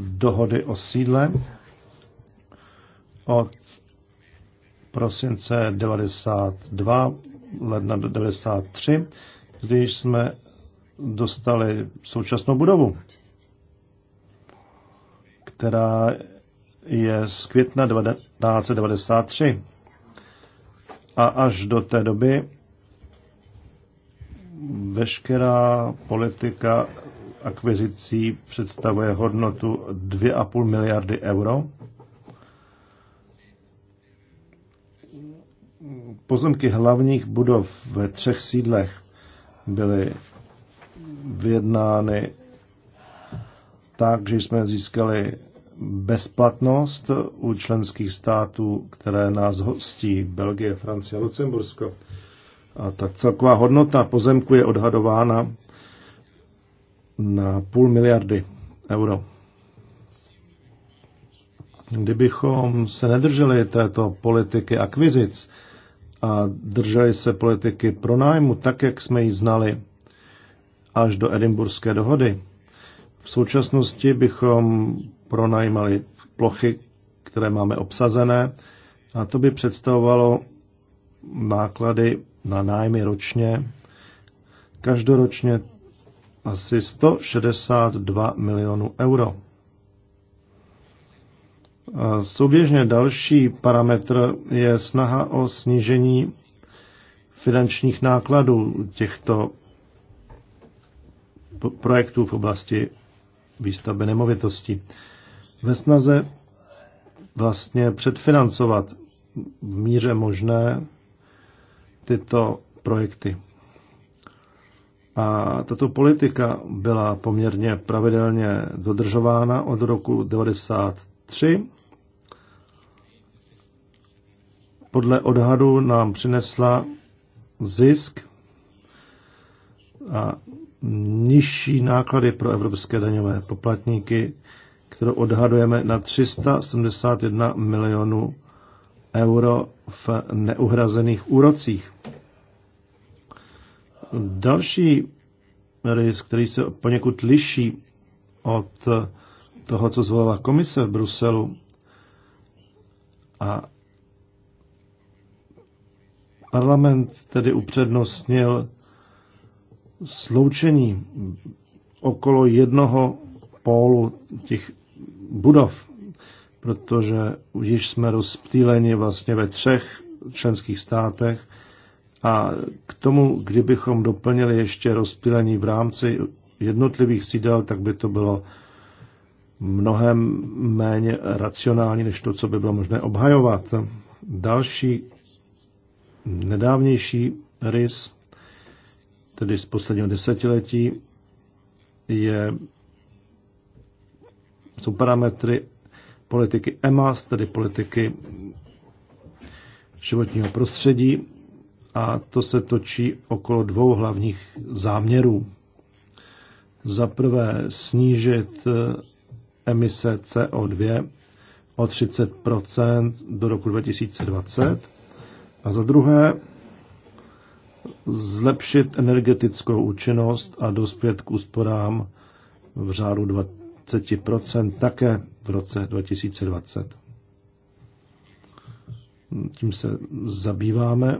dohody o sídle, od prosince 92, ledna 93, když jsme dostali současnou budovu, která je z května 1993. A až do té doby veškerá politika akvizicí představuje hodnotu 2,5 miliardy euro. Pozemky hlavních budov ve třech sídlech byly vyjednány tak, že jsme získali bezplatnost u členských států, které nás hostí, Belgie, Francie, Lucembursko. A ta celková hodnota pozemku je odhadována na půl miliardy euro. Kdybychom se nedrželi této politiky akvizic, a drželi se politiky pronájmu tak, jak jsme ji znali až do Edimburské dohody. V současnosti bychom pronajímali plochy, které máme obsazené a to by představovalo náklady na nájmy ročně, každoročně asi 162 milionů euro. A souběžně další parametr je snaha o snížení finančních nákladů těchto projektů v oblasti výstavby nemovitostí. Ve snaze vlastně předfinancovat v míře možné tyto projekty. A tato politika byla poměrně pravidelně dodržována od roku 1993 3 podle odhadu nám přinesla zisk a nižší náklady pro evropské daňové poplatníky, kterou odhadujeme na 371 milionů euro v neuhrazených úrocích. Další risk, který se poněkud liší od toho, co zvolila komise v Bruselu a parlament tedy upřednostnil sloučení okolo jednoho pólu těch budov, protože již jsme rozptýleni vlastně ve třech členských státech a k tomu, kdybychom doplnili ještě rozptýlení v rámci jednotlivých sídel, tak by to bylo mnohem méně racionální než to, co by bylo možné obhajovat. Další nedávnější rys, tedy z posledního desetiletí, je, jsou parametry politiky EMAS, tedy politiky životního prostředí, a to se točí okolo dvou hlavních záměrů. Za prvé snížit emise CO2 o 30 do roku 2020 a za druhé zlepšit energetickou účinnost a dospět k úsporám v řádu 20 také v roce 2020. Tím se zabýváme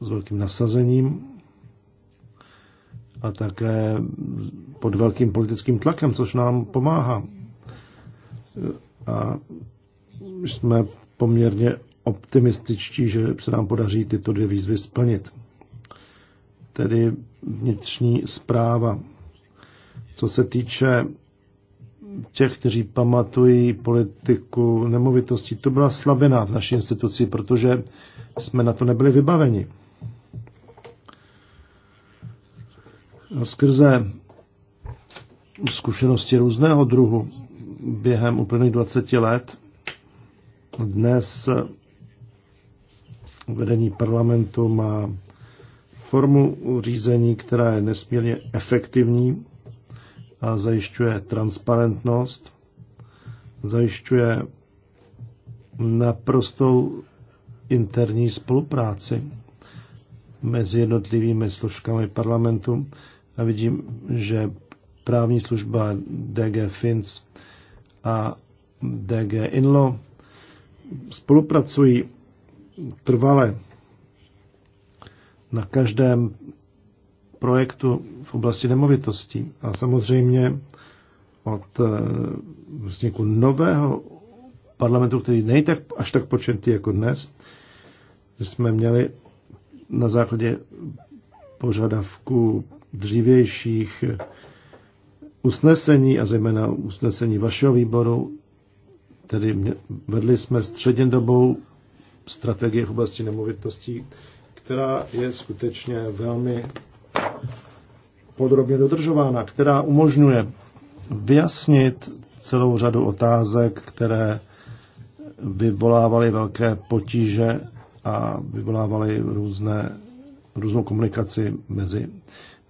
s velkým nasazením a také pod velkým politickým tlakem, což nám pomáhá. A jsme poměrně optimističtí, že se nám podaří tyto dvě výzvy splnit. Tedy vnitřní zpráva. Co se týče těch, kteří pamatují politiku nemovitostí, to byla slabina v naší instituci, protože jsme na to nebyli vybaveni. skrze zkušenosti různého druhu během uplynulých 20 let dnes vedení parlamentu má formu řízení, která je nesmírně efektivní a zajišťuje transparentnost, zajišťuje naprostou interní spolupráci mezi jednotlivými složkami parlamentu a vidím, že právní služba DG Fins a DG Inlo spolupracují trvale na každém projektu v oblasti nemovitostí. A samozřejmě od eh, vzniku nového parlamentu, který není tak, až tak početný jako dnes, jsme měli na základě požadavku dřívějších usnesení a zejména usnesení vašeho výboru, tedy vedli jsme střednědobou strategii v oblasti nemovitostí, která je skutečně velmi podrobně dodržována, která umožňuje vyjasnit celou řadu otázek, které vyvolávaly velké potíže a vyvolávaly různé, různou komunikaci mezi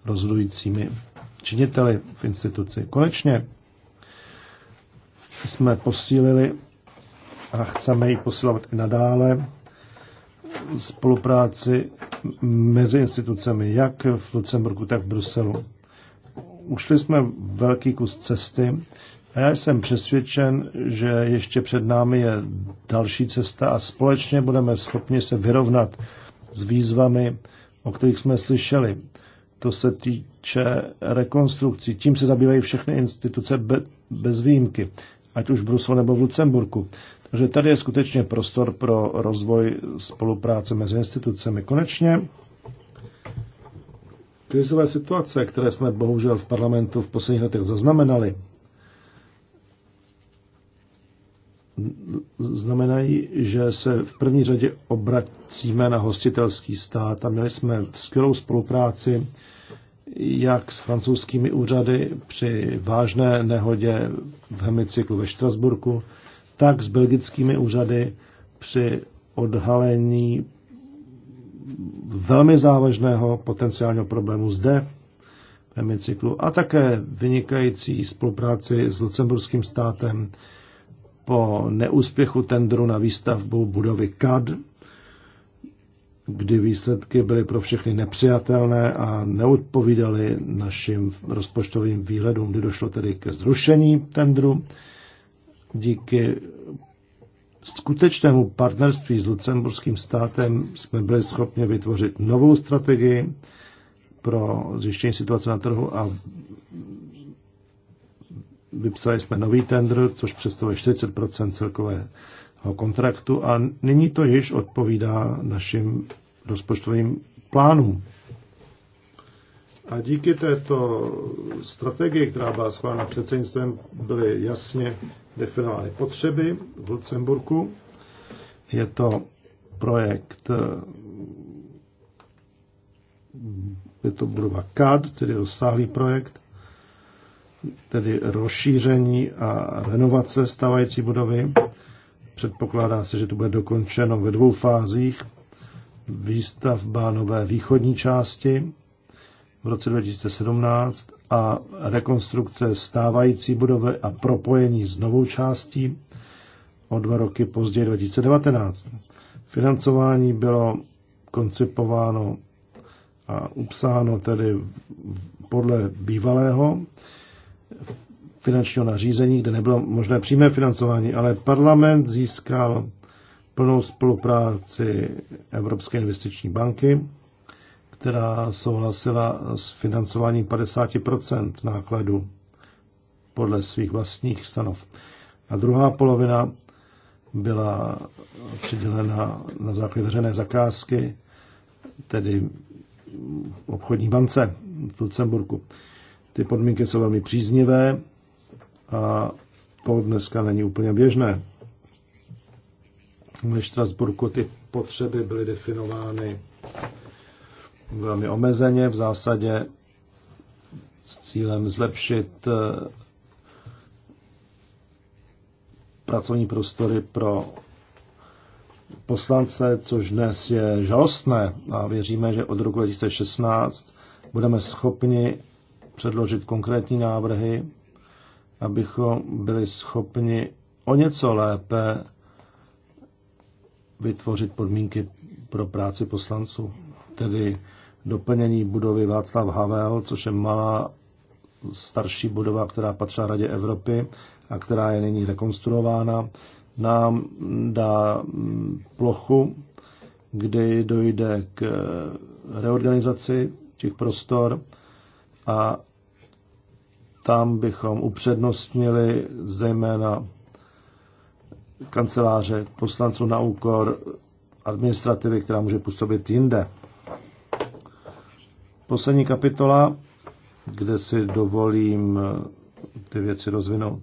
rozhodujícími činiteli v instituci. Konečně jsme posílili a chceme ji posilovat i nadále spolupráci mezi institucemi, jak v Lucemburku, tak v Bruselu. Ušli jsme velký kus cesty a já jsem přesvědčen, že ještě před námi je další cesta a společně budeme schopni se vyrovnat s výzvami, o kterých jsme slyšeli, to se týče rekonstrukcí. Tím se zabývají všechny instituce bez výjimky, ať už v Bruselu nebo v Lucemburku. Takže tady je skutečně prostor pro rozvoj spolupráce mezi institucemi. Konečně krizové situace, které jsme bohužel v parlamentu v posledních letech zaznamenali, znamenají, že se v první řadě obracíme na hostitelský stát a měli jsme skvělou spolupráci jak s francouzskými úřady při vážné nehodě v hemicyklu ve Štrasburku, tak s belgickými úřady při odhalení velmi závažného potenciálního problému zde v hemicyklu a také vynikající spolupráci s lucemburským státem po neúspěchu tendru na výstavbu budovy CAD kdy výsledky byly pro všechny nepřijatelné a neodpovídaly našim rozpočtovým výhledům, kdy došlo tedy ke zrušení tendru díky skutečnému partnerství s lucemburským státem jsme byli schopni vytvořit novou strategii pro zjištění situace na trhu a vypsali jsme nový tender, což představuje 40 celkové kontraktu a nyní to již odpovídá našim rozpočtovým plánům. A díky této strategii, která byla schválena předsednictvem, byly jasně definovány potřeby v Lucemburku. Je to projekt, je to budova CAD, tedy rozsáhlý projekt, tedy rozšíření a renovace stávající budovy Předpokládá se, že to bude dokončeno ve dvou fázích. Výstavba nové východní části v roce 2017 a rekonstrukce stávající budovy a propojení s novou částí o dva roky později 2019. Financování bylo koncipováno a upsáno tedy podle bývalého finančního nařízení, kde nebylo možné přímé financování, ale parlament získal plnou spolupráci Evropské investiční banky, která souhlasila s financováním 50 nákladů podle svých vlastních stanov. A druhá polovina byla přidělena na základě veřejné zakázky, tedy obchodní bance v Lucemburku. Ty podmínky jsou velmi příznivé a to dneska není úplně běžné. Ve Štrasburku ty potřeby byly definovány velmi omezeně, v zásadě s cílem zlepšit eh, pracovní prostory pro poslance, což dnes je žalostné a věříme, že od roku 2016 budeme schopni předložit konkrétní návrhy abychom byli schopni o něco lépe vytvořit podmínky pro práci poslanců, tedy doplnění budovy Václav Havel, což je malá starší budova, která patří Radě Evropy a která je nyní rekonstruována, nám dá plochu, kdy dojde k reorganizaci těch prostor a tam bychom upřednostnili zejména kanceláře poslanců na úkor administrativy, která může působit jinde. Poslední kapitola, kde si dovolím eh, ty věci rozvinout,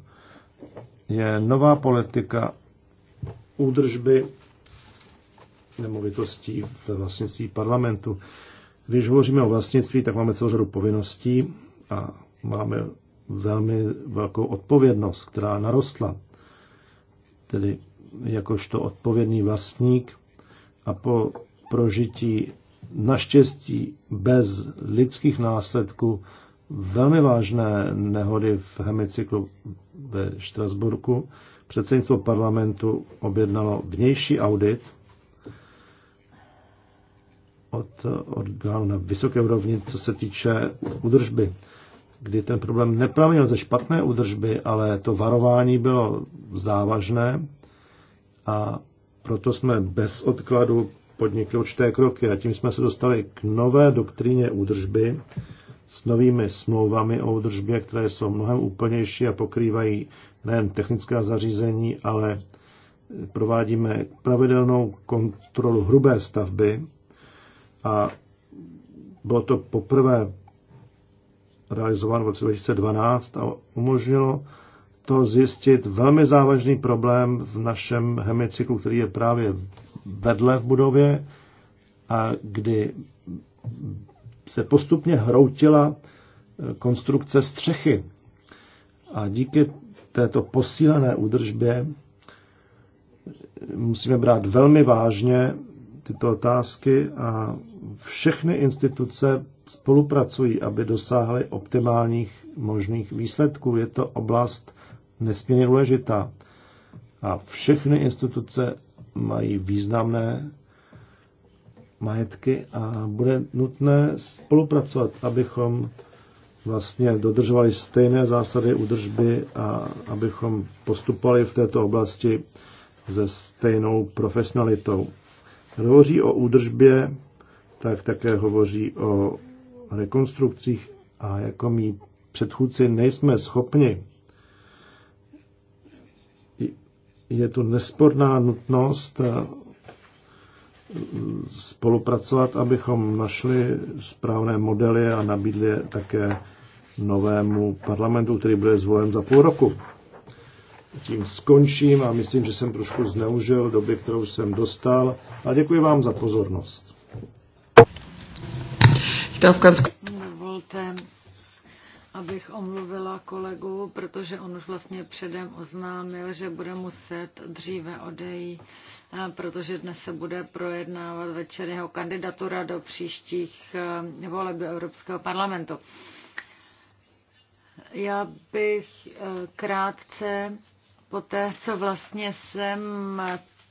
je nová politika údržby nemovitostí v vlastnictví parlamentu. Když hovoříme o vlastnictví, tak máme celou řadu povinností a máme velmi velkou odpovědnost, která narostla. Tedy jakožto odpovědný vlastník a po prožití naštěstí bez lidských následků velmi vážné nehody v hemicyklu ve Štrasburku. Předsednictvo parlamentu objednalo vnější audit od orgánu na vysoké úrovni, co se týče udržby kdy ten problém nepramenil ze špatné údržby, ale to varování bylo závažné a proto jsme bez odkladu podnikli určité kroky a tím jsme se dostali k nové doktríně údržby s novými smlouvami o údržbě, které jsou mnohem úplnější a pokrývají nejen technická zařízení, ale provádíme pravidelnou kontrolu hrubé stavby a bylo to poprvé realizován v roce 2012 a umožnilo to zjistit velmi závažný problém v našem hemicyklu, který je právě vedle v budově a kdy se postupně hroutila eh, konstrukce střechy. A díky této posílené údržbě eh, musíme brát velmi vážně tyto otázky a všechny instituce spolupracují, aby dosáhly optimálních možných výsledků. Je to oblast nesmírně důležitá. A všechny instituce mají významné majetky a bude nutné spolupracovat, abychom vlastně dodržovali stejné zásady udržby a abychom postupovali v této oblasti se stejnou profesionalitou. Hovoří o údržbě, tak také hovoří o rekonstrukcích a jako mý předchůdci nejsme schopni. Je tu nesporná nutnost eh, spolupracovat, abychom našli správné modely a nabídli je také novému parlamentu, který bude zvolen za půl roku. Tím skončím a myslím, že jsem trošku zneužil doby, kterou jsem dostal. A děkuji vám za pozornost v Afgánsku. Dovolte, abych omluvila kolegu, protože on už vlastně předem oznámil, že bude muset dříve odejít, protože dnes se bude projednávat večer jeho kandidatura do příštích eh, voleb Evropského parlamentu. Já bych eh, krátce po té, co vlastně jsem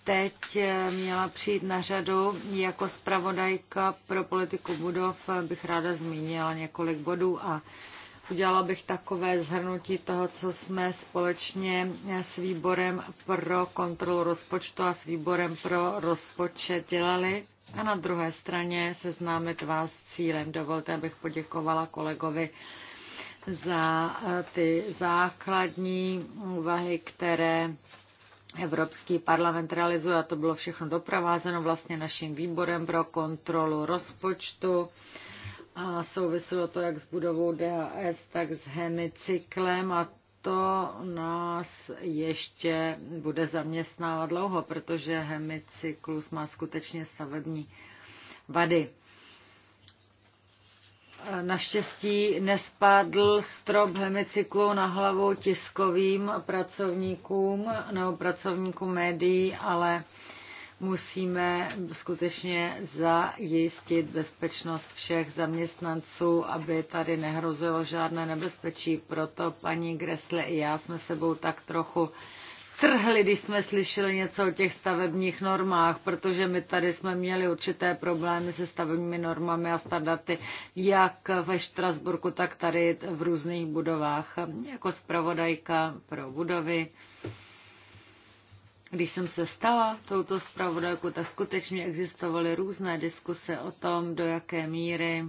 teď eh, měla přijít na řadu. Jako zpravodajka pro politiku budov bych ráda zmínila několik bodů a udělala bych takové zhrnutí toho, co jsme společně s výborem pro kontrolu rozpočtu a s výborem pro rozpočet dělali. A na druhé straně seznámit vás s cílem. Dovolte, abych poděkovala kolegovi za eh, ty základní úvahy, které Evropský parlament realizuje, a to bylo všechno doprovázeno vlastně naším výborem pro kontrolu rozpočtu. A souviselo to jak s budovou DHS, tak s hemicyklem a to nás ještě bude zaměstnávat dlouho, protože hemicyklus má skutečně stavební vady. Naštěstí nespadl strop hemicyklu na hlavu tiskovým pracovníkům nebo pracovníkům médií, ale musíme skutečně zajistit bezpečnost všech zaměstnanců, aby tady nehrozilo žádné nebezpečí. Proto paní Gresle i já jsme sebou tak trochu strhli, když jsme slyšeli něco o těch stavebních normách, protože my tady jsme měli určité problémy se stavebními normami a standardy, jak ve Štrasburku, tak tady v různých budovách. Jako zpravodajka pro budovy. Když jsem se stala touto zpravodajkou, tak skutečně existovaly různé diskuse o tom, do jaké míry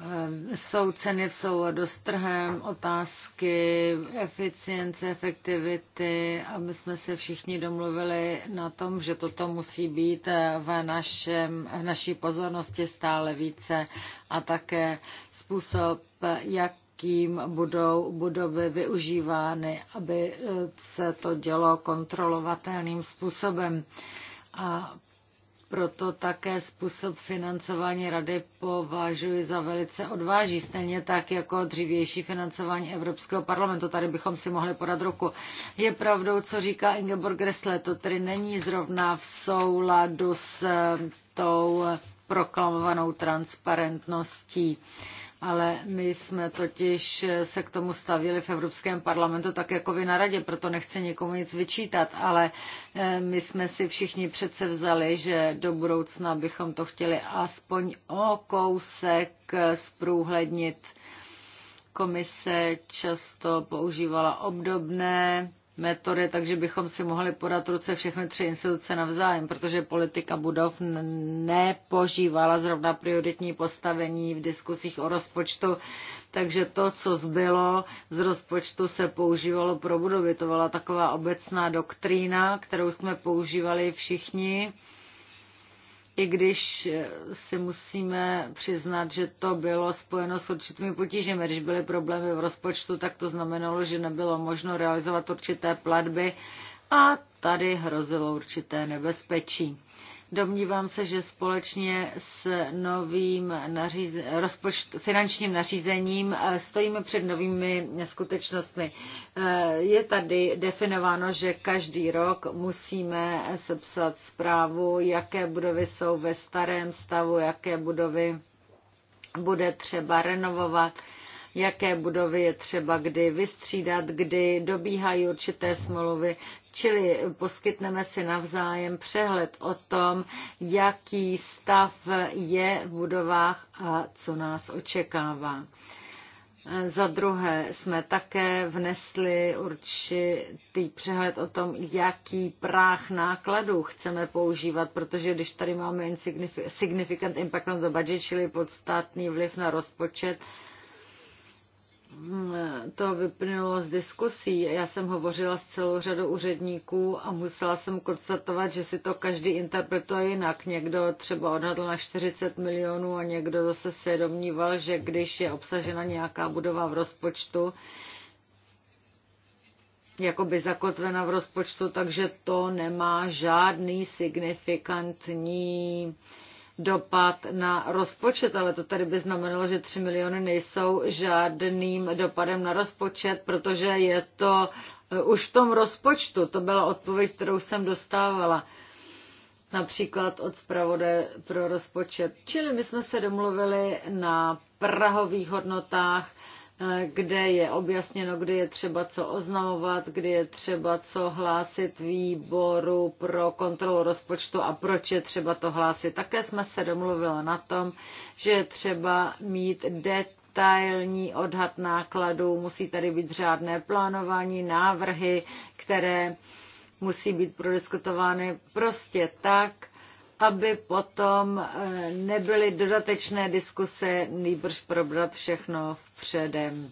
Ehm, jsou ceny v souladu s trhem, otázky eficience, efektivity, aby jsme se všichni domluvili na tom, že toto musí být eh, v, našem, v naší pozornosti stále více a také způsob, jak kým budou budovy využívány, aby eh, se to dělo kontrolovatelným způsobem. A proto také způsob financování rady považuji za velice odváží, stejně tak jako dřívější financování Evropského parlamentu. Tady bychom si mohli podat ruku. Je pravdou, co říká Ingeborg Gressle, to tedy není zrovna v souladu s tou proklamovanou transparentností. Uh, ale my jsme totiž se k tomu stavili v Evropském parlamentu tak jako vy na radě, proto nechci nikomu nic vyčítat, ale eh, my jsme si všichni přece vzali, že do budoucna bychom to chtěli aspoň o kousek zprůhlednit. Komise často používala obdobné metody, takže bychom si mohli podat ruce všechny tři instituce navzájem, protože politika budov nepožívala zrovna prioritní postavení v diskusích o rozpočtu, takže to, co zbylo z rozpočtu, se používalo pro budovy. To byla taková obecná doktrína, kterou jsme používali všichni i když eh, si musíme přiznat, že to bylo spojeno s určitými potížemi. Když byly problémy v rozpočtu, tak to znamenalo, že nebylo možno realizovat určité platby a tady hrozilo určité nebezpečí. Domnívám se, že společně s novým naříze, rozpočt, finančním nařízením eh, stojíme před novými skutečnostmi. Eh, je tady definováno, že každý rok musíme sepsat zprávu, jaké budovy jsou ve starém stavu, jaké budovy bude třeba renovovat jaké budovy je třeba kdy vystřídat, kdy dobíhají určité smlouvy, čili poskytneme si navzájem přehled o tom, jaký stav je v budovách a co nás očekává. Za druhé jsme také vnesli určitý přehled o tom, jaký práh nákladů chceme používat, protože když tady máme significant impact on the budget, čili podstatný vliv na rozpočet, Mm, to vyplynulo z diskusí. Já jsem hovořila s celou řadou úředníků a musela jsem konstatovat, že si to každý interpretuje jinak. Někdo třeba odhadl na 40 milionů a někdo zase se domníval, že když je obsažena nějaká budova v rozpočtu, jakoby zakotvena v rozpočtu, takže to nemá žádný signifikantní uh, dopad na rozpočet, ale to tady by znamenalo, že 3 miliony nejsou žádným dopadem na rozpočet, protože je to eh, už v tom rozpočtu. To byla odpověď, kterou jsem dostávala například od zpravodaje pro rozpočet. Čili my jsme se domluvili na prahových hodnotách kde je objasněno, kde je třeba co oznamovat, kde je třeba co hlásit výboru pro kontrolu rozpočtu a proč je třeba to hlásit. Také jsme se domluvili na tom, že je třeba mít detailní odhad nákladů, musí tady být řádné plánování, návrhy, které musí být prodiskutovány prostě tak, aby potom eh, nebyly dodatečné diskuse, nejbrž probrat všechno předem.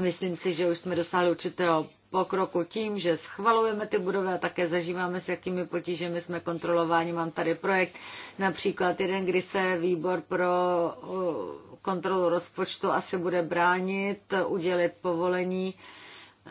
Myslím si, že už jsme dosáhli určitého pokroku tím, že schvalujeme ty budovy a také zažíváme, s jakými potížemi jsme kontrolováni. Mám tady projekt, například jeden, kdy se výbor pro eh, kontrolu rozpočtu asi bude bránit, udělit povolení eh,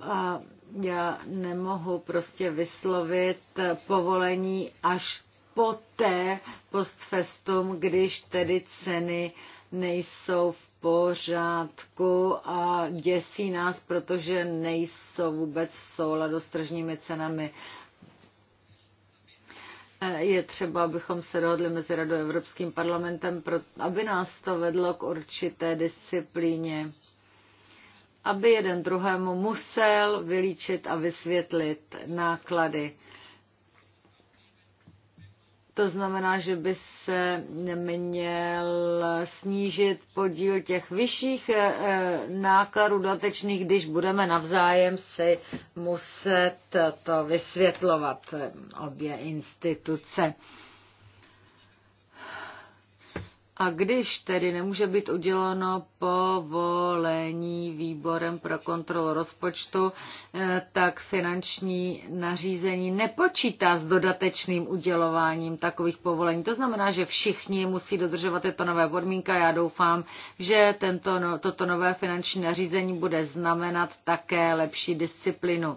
a já nemohu prostě vyslovit povolení až poté post festum, když tedy ceny nejsou v pořádku a děsí nás, protože nejsou vůbec v souladu s tržními cenami. Je třeba, abychom se dohodli mezi Radou Evropským parlamentem, aby nás to vedlo k určité disciplíně aby jeden druhému musel vylíčit a vysvětlit náklady. To znamená, že by se měl snížit podíl těch vyšších eh, nákladů dodatečných, když budeme navzájem si muset to vysvětlovat eh, obě instituce. A když tedy nemůže být uděleno povolení výborem pro kontrolu rozpočtu, eh, tak finanční nařízení nepočítá s dodatečným udělováním takových povolení. To znamená, že všichni musí dodržovat tyto nové podmínky. Já doufám, že tento, no, toto nové finanční nařízení bude znamenat také lepší disciplinu.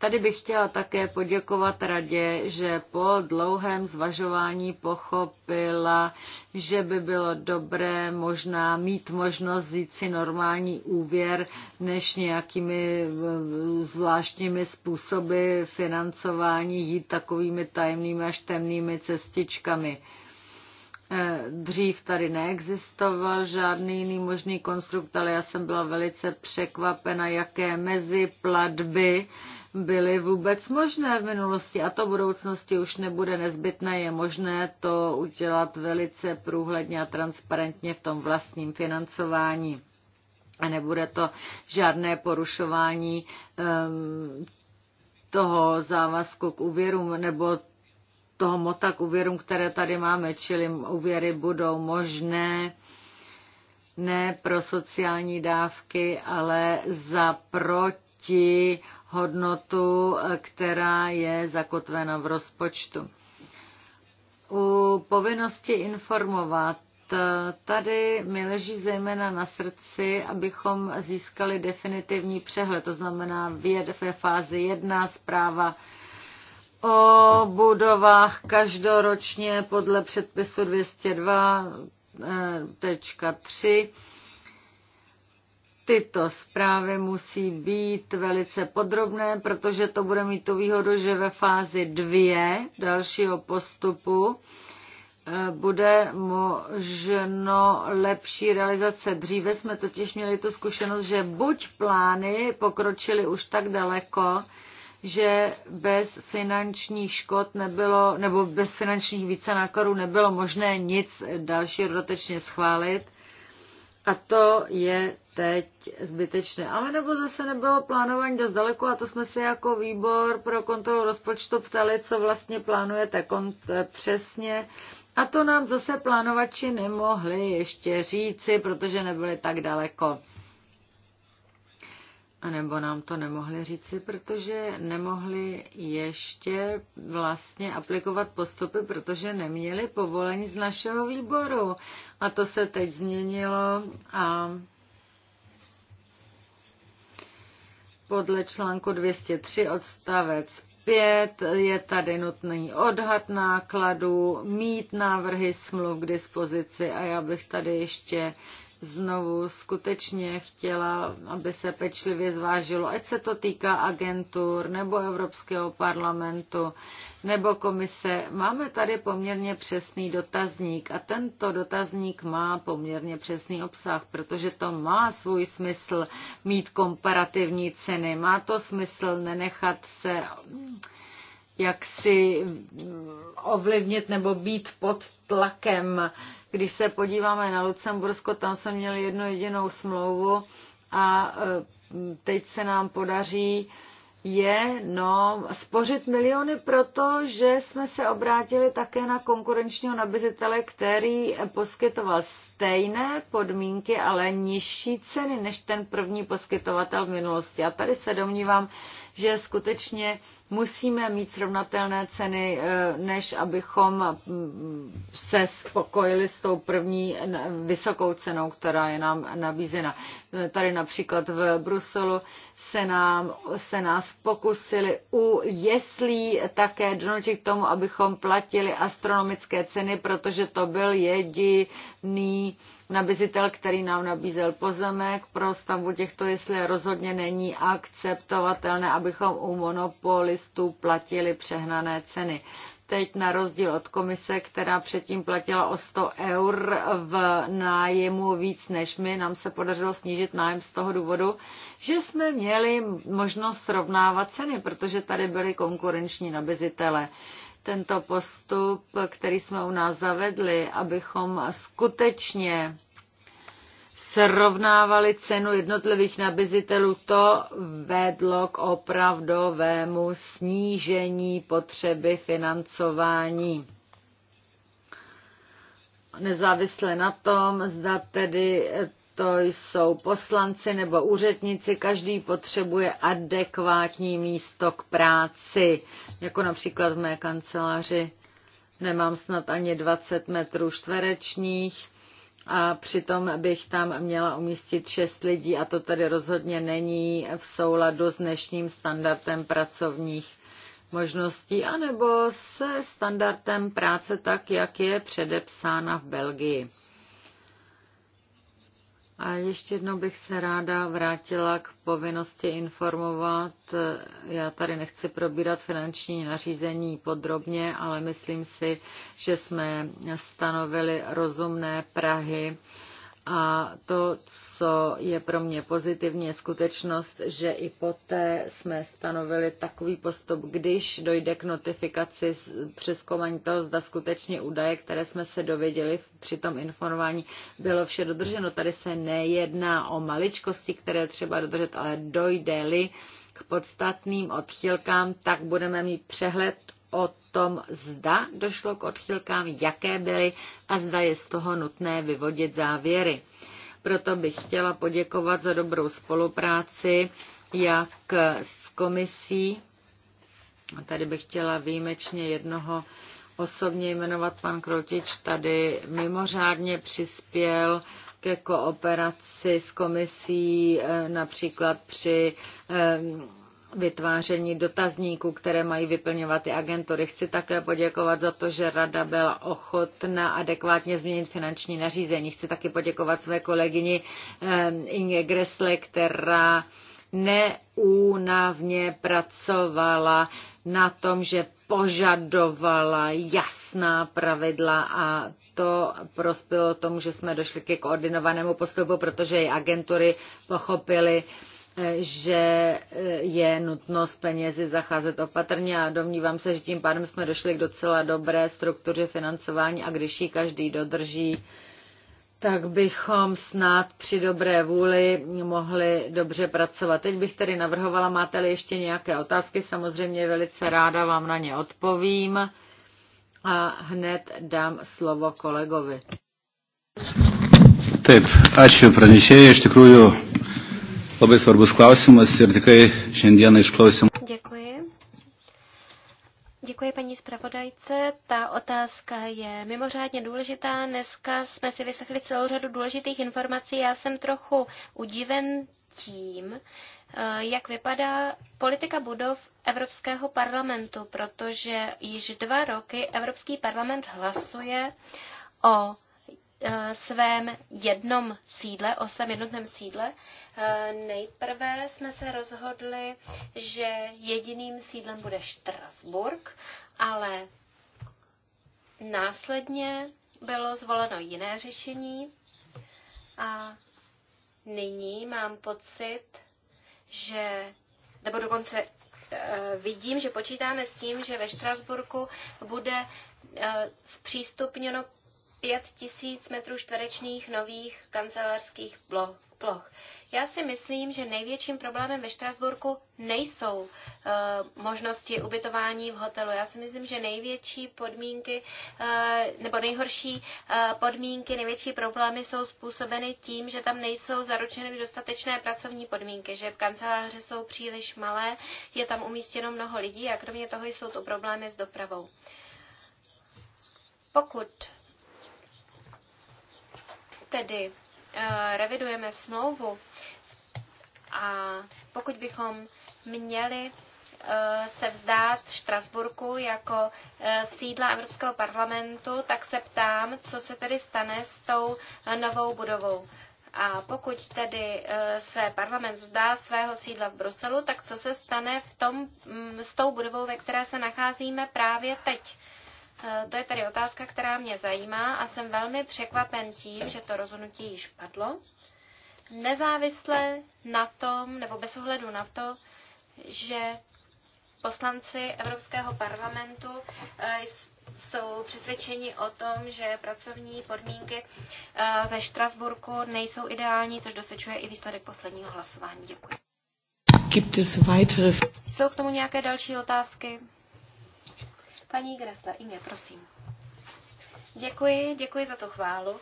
Tady bych chtěla také poděkovat radě, že po dlouhém zvažování pochopila, že by bylo dobré možná mít možnost vzít si normální úvěr než nějakými eh, zvláštními způsoby financování jít takovými tajemnými až temnými cestičkami. Eh, dřív tady neexistoval žádný jiný možný konstrukt, ale já jsem byla velice překvapena, jaké mezi platby byly vůbec možné v minulosti a to v budoucnosti už nebude nezbytné. Je možné to udělat velice průhledně a transparentně v tom vlastním financování. A nebude to žádné porušování um, toho závazku k úvěrům nebo toho mota k úvěrům, které tady máme, čili úvěry budou možné ne pro sociální dávky, ale za proti ti hodnotu, eh, která je zakotvena v rozpočtu. U povinnosti informovat eh, tady mi leží zejména na srdci, abychom získali definitivní přehled, to znamená v ve fázi jedna zpráva o budovách každoročně podle předpisu 202.3 Tyto zprávy musí být velice podrobné, protože to bude mít tu výhodu, že ve fázi 2 dalšího postupu eh, bude možno lepší realizace. Dříve jsme totiž měli tu zkušenost, že buď plány pokročily už tak daleko, že bez finančních škod nebylo, nebo bez finančních více nákladů nebylo možné nic dalšího dodatečně schválit. A to je teď zbytečné. Ale nebo zase nebylo plánování dost daleko a to jsme se jako výbor pro kontrolu rozpočtu ptali, co vlastně plánujete kont- přesně. A to nám zase plánovači nemohli ještě říci, protože nebyli tak daleko. A nebo nám to nemohli říci, protože nemohli ještě vlastně aplikovat postupy, protože neměli povolení z našeho výboru. A to se teď změnilo a Podle článku 203 odstavec 5 je tady nutný odhad nákladů, mít návrhy smluv k dispozici a já bych tady ještě znovu skutečně chtěla, aby se pečlivě zvážilo, ať se to týká agentur nebo Evropského parlamentu nebo komise. Máme tady poměrně přesný dotazník a tento dotazník má poměrně přesný obsah, protože to má svůj smysl mít komparativní ceny. Má to smysl nenechat se jak si ovlivnit nebo být pod tlakem. Když se podíváme na Lucembursko, tam jsme měli jednu jedinou smlouvu a e, teď se nám podaří je no, spořit miliony, protože jsme se obrátili také na konkurenčního nabizitele, který poskytoval stejné podmínky, ale nižší ceny než ten první poskytovatel v minulosti. A tady se domnívám, že skutečně musíme mít srovnatelné ceny, eh, než abychom mm, se spokojili s tou první vysokou cenou, která je nám nabízena. Tady například v Bruselu se, nám, se nás pokusili u jeslí také donutit k tomu, abychom platili astronomické ceny, protože to byl jediný nabízitel, který nám nabízel pozemek pro stavbu těchto jeslí, rozhodně není akceptovatelné, abychom u monopolistů platili přehnané ceny. Teď na rozdíl od komise, která předtím platila o 100 eur v nájemu víc než my, nám se podařilo snížit nájem z toho důvodu, že jsme měli možnost srovnávat ceny, protože tady byly konkurenční nabizitele tento postup, který jsme u nás zavedli, abychom skutečně srovnávali cenu jednotlivých nabizitelů, to vedlo k opravdovému snížení potřeby financování nezávisle na tom, zda tedy to jsou poslanci nebo úředníci, každý potřebuje adekvátní místo k práci, jako například v mé kanceláři. Nemám snad ani 20 metrů čtverečních a přitom bych tam měla umístit 6 lidí a to tady rozhodně není v souladu s dnešním standardem pracovních možností anebo se standardem práce tak, jak je předepsána v Belgii. A ještě jednou bych se ráda vrátila k povinnosti informovat. Já tady nechci probírat finanční nařízení podrobně, ale myslím si, že jsme stanovili rozumné Prahy a to, co je pro mě pozitivní, je skutečnost, že i poté jsme stanovili takový postup, když dojde k notifikaci přeskoumání toho, zda skutečně údaje, které jsme se dověděli při tom informování, bylo vše dodrženo. Tady se nejedná o maličkosti, které třeba dodržet, ale dojde-li k podstatným odchylkám, tak budeme mít přehled o tom, zda došlo k odchylkám, jaké byly a zda je z toho nutné vyvodit závěry. Proto bych chtěla poděkovat za dobrou spolupráci jak s komisí, a tady bych chtěla výjimečně jednoho osobně jmenovat pan Krotič, tady mimořádně přispěl ke kooperaci s komisí, eh, například při eh, vytváření dotazníků, které mají vyplňovat i agentury. Chci také poděkovat za to, že rada byla ochotna adekvátně změnit finanční nařízení. Chci také poděkovat své kolegyni eh, Inge Gressle, která neúnavně pracovala na tom, že požadovala jasná pravidla a to prospělo tomu, že jsme došli ke koordinovanému postupu, protože i agentury pochopily, že eh, je nutno s penězi zacházet opatrně a domnívám se, že tím pádem jsme došli k docela dobré struktuře financování a když ji každý dodrží, tak bychom snad při dobré vůli mohli dobře pracovat. Teď bych tedy navrhovala, máte-li ještě nějaké otázky, samozřejmě velice ráda vám na ně odpovím a hned dám slovo kolegovi. Taip, ačiū pranešėjai, iš tikrųjų labai svarbus klausimas ir tikrai šiandieną išklausim. Děkuji. Děkuji paní zpravodajce. Ta otázka je mimořádně důležitá. Dneska jsme si vyslechli celou řadu důležitých informací. Já jsem trochu udiven tím, eh, jak vypadá politika budov Evropského parlamentu, protože již dva roky Evropský parlament hlasuje o Eh, svém jednom sídle, o svém jednotném sídle. Eh, nejprve jsme se rozhodli, že jediným sídlem bude Štrasburg, ale následně bylo zvoleno jiné řešení a nyní mám pocit, že, nebo dokonce eh, vidím, že počítáme s tím, že ve Štrasburku bude zpřístupněno 5 tisíc metrů čtverečních nových kancelářských ploch. Já si myslím, že největším problémem ve Štrasburku nejsou uh, možnosti ubytování v hotelu. Já si myslím, že největší podmínky uh, nebo nejhorší uh, podmínky, největší problémy jsou způsobeny tím, že tam nejsou zaručeny dostatečné pracovní podmínky, že kanceláře jsou příliš malé, je tam umístěno mnoho lidí a kromě toho jsou to problémy s dopravou. Pokud tedy eh, revidujeme smlouvu a pokud bychom měli eh, se vzdát Štrasburku jako eh, sídla Evropského parlamentu, tak se ptám, co se tedy stane s tou novou budovou. A pokud tedy se parlament vzdá svého sídla v Bruselu, tak co se stane v tom, mm, s tou budovou, ve které se nacházíme právě teď? To je tady otázka, která mě zajímá a jsem velmi překvapen tím, že to rozhodnutí již padlo. Nezávisle na tom, nebo bez ohledu na to, že poslanci Evropského parlamentu eh, jsou přesvědčeni o tom, že pracovní podmínky eh, ve Štrasburku nejsou ideální, což dosečuje i výsledek posledního hlasování. Děkuji. Gibt es weitere... Jsou k tomu nějaké další otázky? Paní Gresla, Inge, prosím. Děkuji, děkuji za tu chválu.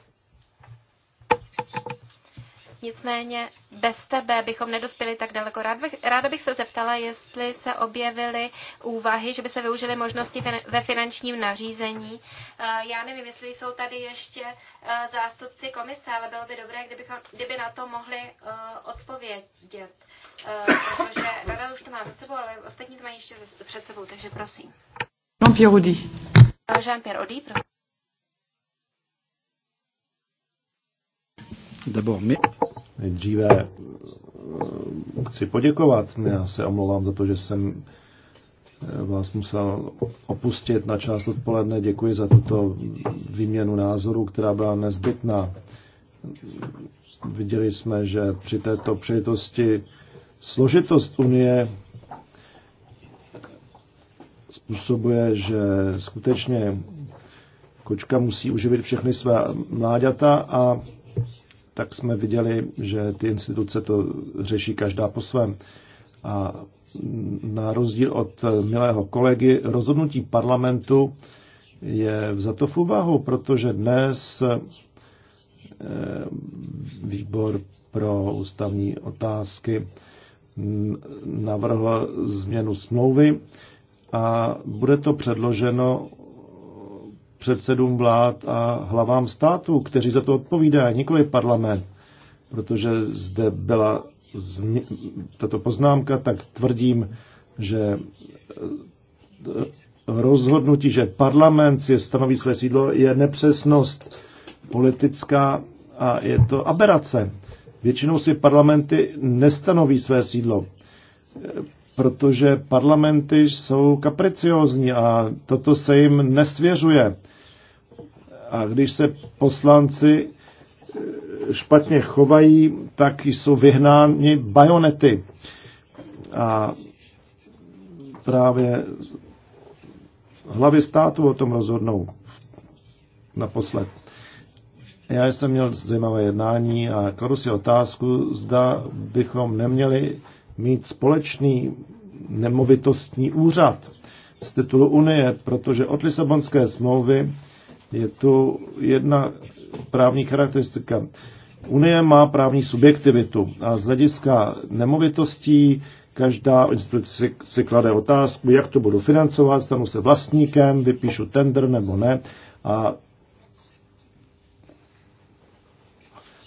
Nicméně bez tebe bychom nedospěli tak daleko. Rád bych, ráda bych se zeptala, jestli se objevily úvahy, že by se využily možnosti ve finančním nařízení. Eh, já nevím, jestli jsou tady ještě eh, zástupci komise, ale bylo by dobré, kdybychom, kdyby na to mohli eh, odpovědět. Protože rada už to má za sebou, ale ostatní to mají ještě před sebou, takže prosím. Jean-Pierre Audi. Jean-Pierre Audi, D'abord, my... Nejdříve eh, chci poděkovat. Já se omlouvám za to, že jsem eh, vás musel opustit na část odpoledne. Děkuji za tuto výměnu názorů, která byla nezbytná. Viděli jsme, že při této přejitosti složitost Unie způsobuje, že skutečně kočka musí uživit všechny svá mláďata a tak jsme viděli, že ty instituce to řeší každá po svém. A na rozdíl od milého kolegy, rozhodnutí parlamentu je vzato v úvahu, protože dnes eh, výbor pro ústavní otázky navrhl změnu smlouvy a bude to předloženo předsedům vlád a hlavám států, kteří za to odpovídají, nikoli parlament. Protože zde byla tato poznámka, tak tvrdím, že eh, rozhodnutí, že parlament si stanoví své sídlo, je nepřesnost politická a je to aberace. Většinou si parlamenty nestanoví své sídlo protože parlamenty jsou kapriciózní a toto se jim nesvěřuje. A když se poslanci eh, špatně chovají, tak jsou vyhnáni bajonety. A právě hlavy státu o tom rozhodnou naposled. Já jsem měl zajímavé jednání a kladu si otázku, zda bychom neměli mít společný nemovitostní úřad z titulu Unie, protože od Lisabonské smlouvy je tu jedna právní charakteristika. Unie má právní subjektivitu a z hlediska nemovitostí každá instituce si klade otázku, jak to budu financovat, stanu se vlastníkem, vypíšu tender nebo ne. A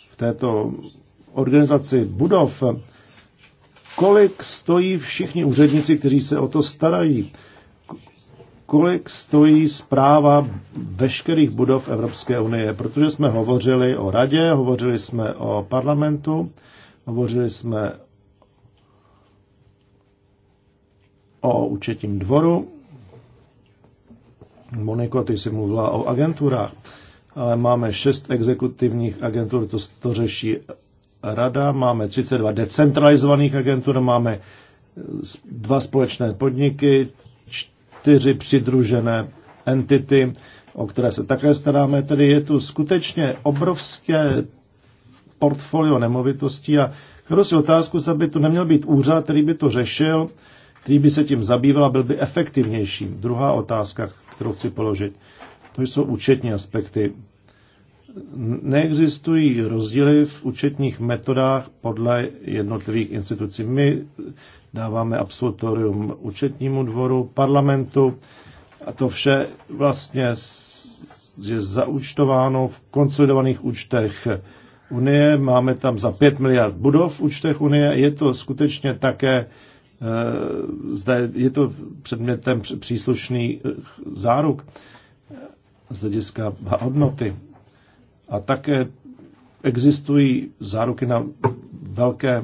v této organizaci budov kolik stojí všichni úředníci, kteří se o to starají, kolik stojí zpráva veškerých budov Evropské unie, protože jsme hovořili o radě, hovořili jsme o parlamentu, hovořili jsme o účetním dvoru. Moniko, ty jsi mluvila o agenturách, ale máme šest exekutivních agentur, to, to řeší rada, máme 32 decentralizovaných agentur, no máme eh, dva společné podniky, čtyři přidružené entity, o které se také staráme. Tedy je tu skutečně obrovské portfolio nemovitostí a kterou si otázku, zda by tu neměl být úřad, který by to řešil, který by se tím zabýval a byl by efektivnější. Druhá otázka, kterou chci položit, to jsou účetní aspekty neexistují rozdíly v účetních metodách podle jednotlivých institucí. My dáváme absolutorium účetnímu dvoru, parlamentu a to vše vlastně je zaúčtováno v konsolidovaných účtech Unie. Máme tam za 5 miliard budov v účtech Unie. Je to skutečně také e, zde je to předmětem příslušný záruk z hlediska hodnoty. A také existují záruky na velké,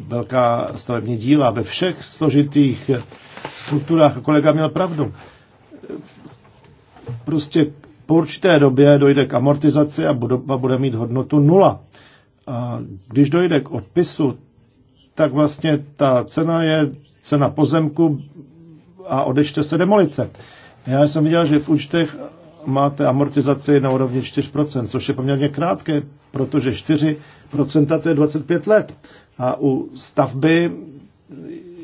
velká stavební díla ve všech složitých strukturách. A kolega měl pravdu. Prostě po určité době dojde k amortizaci a budova bude mít hodnotu nula. A když dojde k odpisu, tak vlastně ta cena je cena pozemku a odečte se demolice. Já jsem viděl, že v účtech máte amortizaci na úrovni 4%, což je poměrně krátké, protože 4% to je 25 let. A u stavby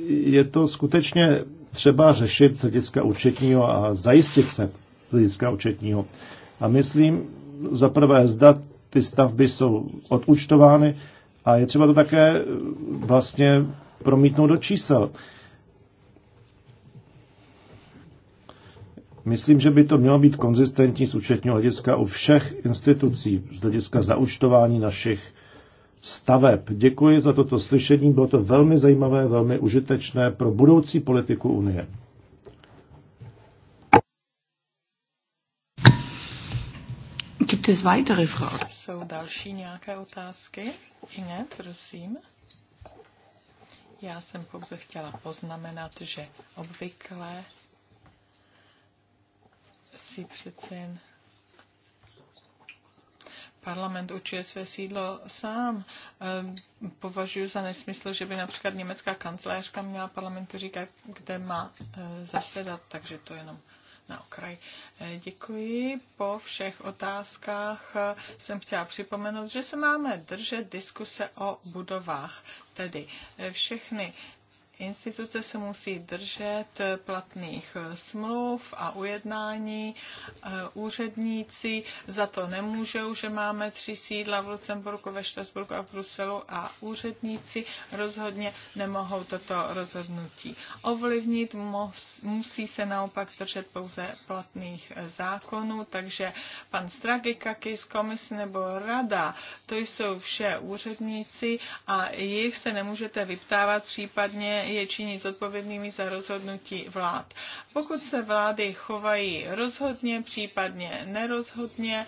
je to skutečně třeba řešit z hlediska účetního a zajistit se z hlediska účetního. A myslím, za prvé, zda ty stavby jsou odúčtovány a je třeba to také vlastně promítnout do čísel. Myslím, že by to mělo být konzistentní z účetního hlediska u všech institucí, z hlediska zaučtování našich staveb. Děkuji za toto slyšení, bylo to velmi zajímavé, velmi užitečné pro budoucí politiku Unie. Gibt es weitere Fragen? Jsou další nějaké otázky? Inge, prosím. Já jsem pouze chtěla poznamenat, že obvykle si přece jen parlament určuje své sídlo sám. Eh, považuji za nesmysl, že by například německá kancelářka měla parlamentu říkat, kde má eh, zasedat, takže to jenom na okraj. Eh, děkuji. Po všech otázkách jsem chtěla připomenout, že se máme držet diskuse o budovách. Tedy všechny Instituce se musí držet platných smluv a ujednání. E, úředníci za to nemůžou, že máme tři sídla v Lucemburku, ve Štrasburku a v Bruselu a úředníci rozhodně nemohou toto rozhodnutí ovlivnit. Musí se naopak držet pouze platných e, zákonů, takže pan Stragikakis, komise nebo rada, to jsou vše úředníci a jich se nemůžete vyptávat případně je činit zodpovědnými za rozhodnutí vlád. Pokud se vlády chovají rozhodně, případně nerozhodně,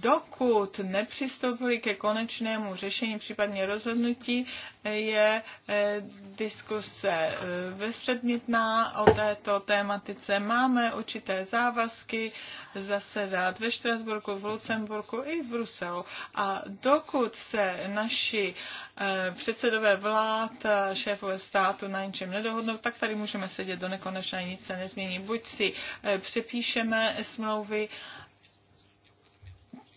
dokud nepřistoupili ke konečnému řešení, případně rozhodnutí, je e, diskuse e, bezpředmětná o této tématice. Máme určité závazky zasedat ve Štrasburku, v Lucemburku i v Bruselu. A dokud se naši e, předsedové vlád, šéfové státu na ničem nedohodnou, tak tady můžeme sedět do nekonečna, nic se nezmění. Buď si přepíšeme smlouvy,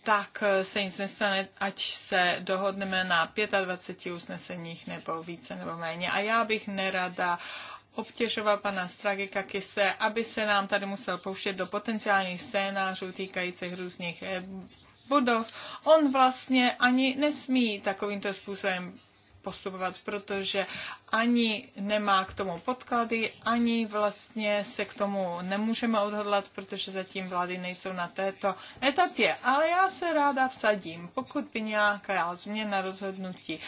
tak eh, se nic nestane, ať se dohodneme na 25 usneseních nebo více nebo méně. A já bych nerada obtěžoval pana Stragika Kise, aby se nám tady musel pouštět do potenciálních scénářů týkajících různých eh, budov. On vlastně ani nesmí takovýmto způsobem postupovat, protože ani nemá k tomu podklady, ani vlastně se k tomu nemůžeme odhodlat, protože zatím vlády nejsou na této etapě. Ale já se ráda vsadím, pokud by nějaká změna rozhodnutí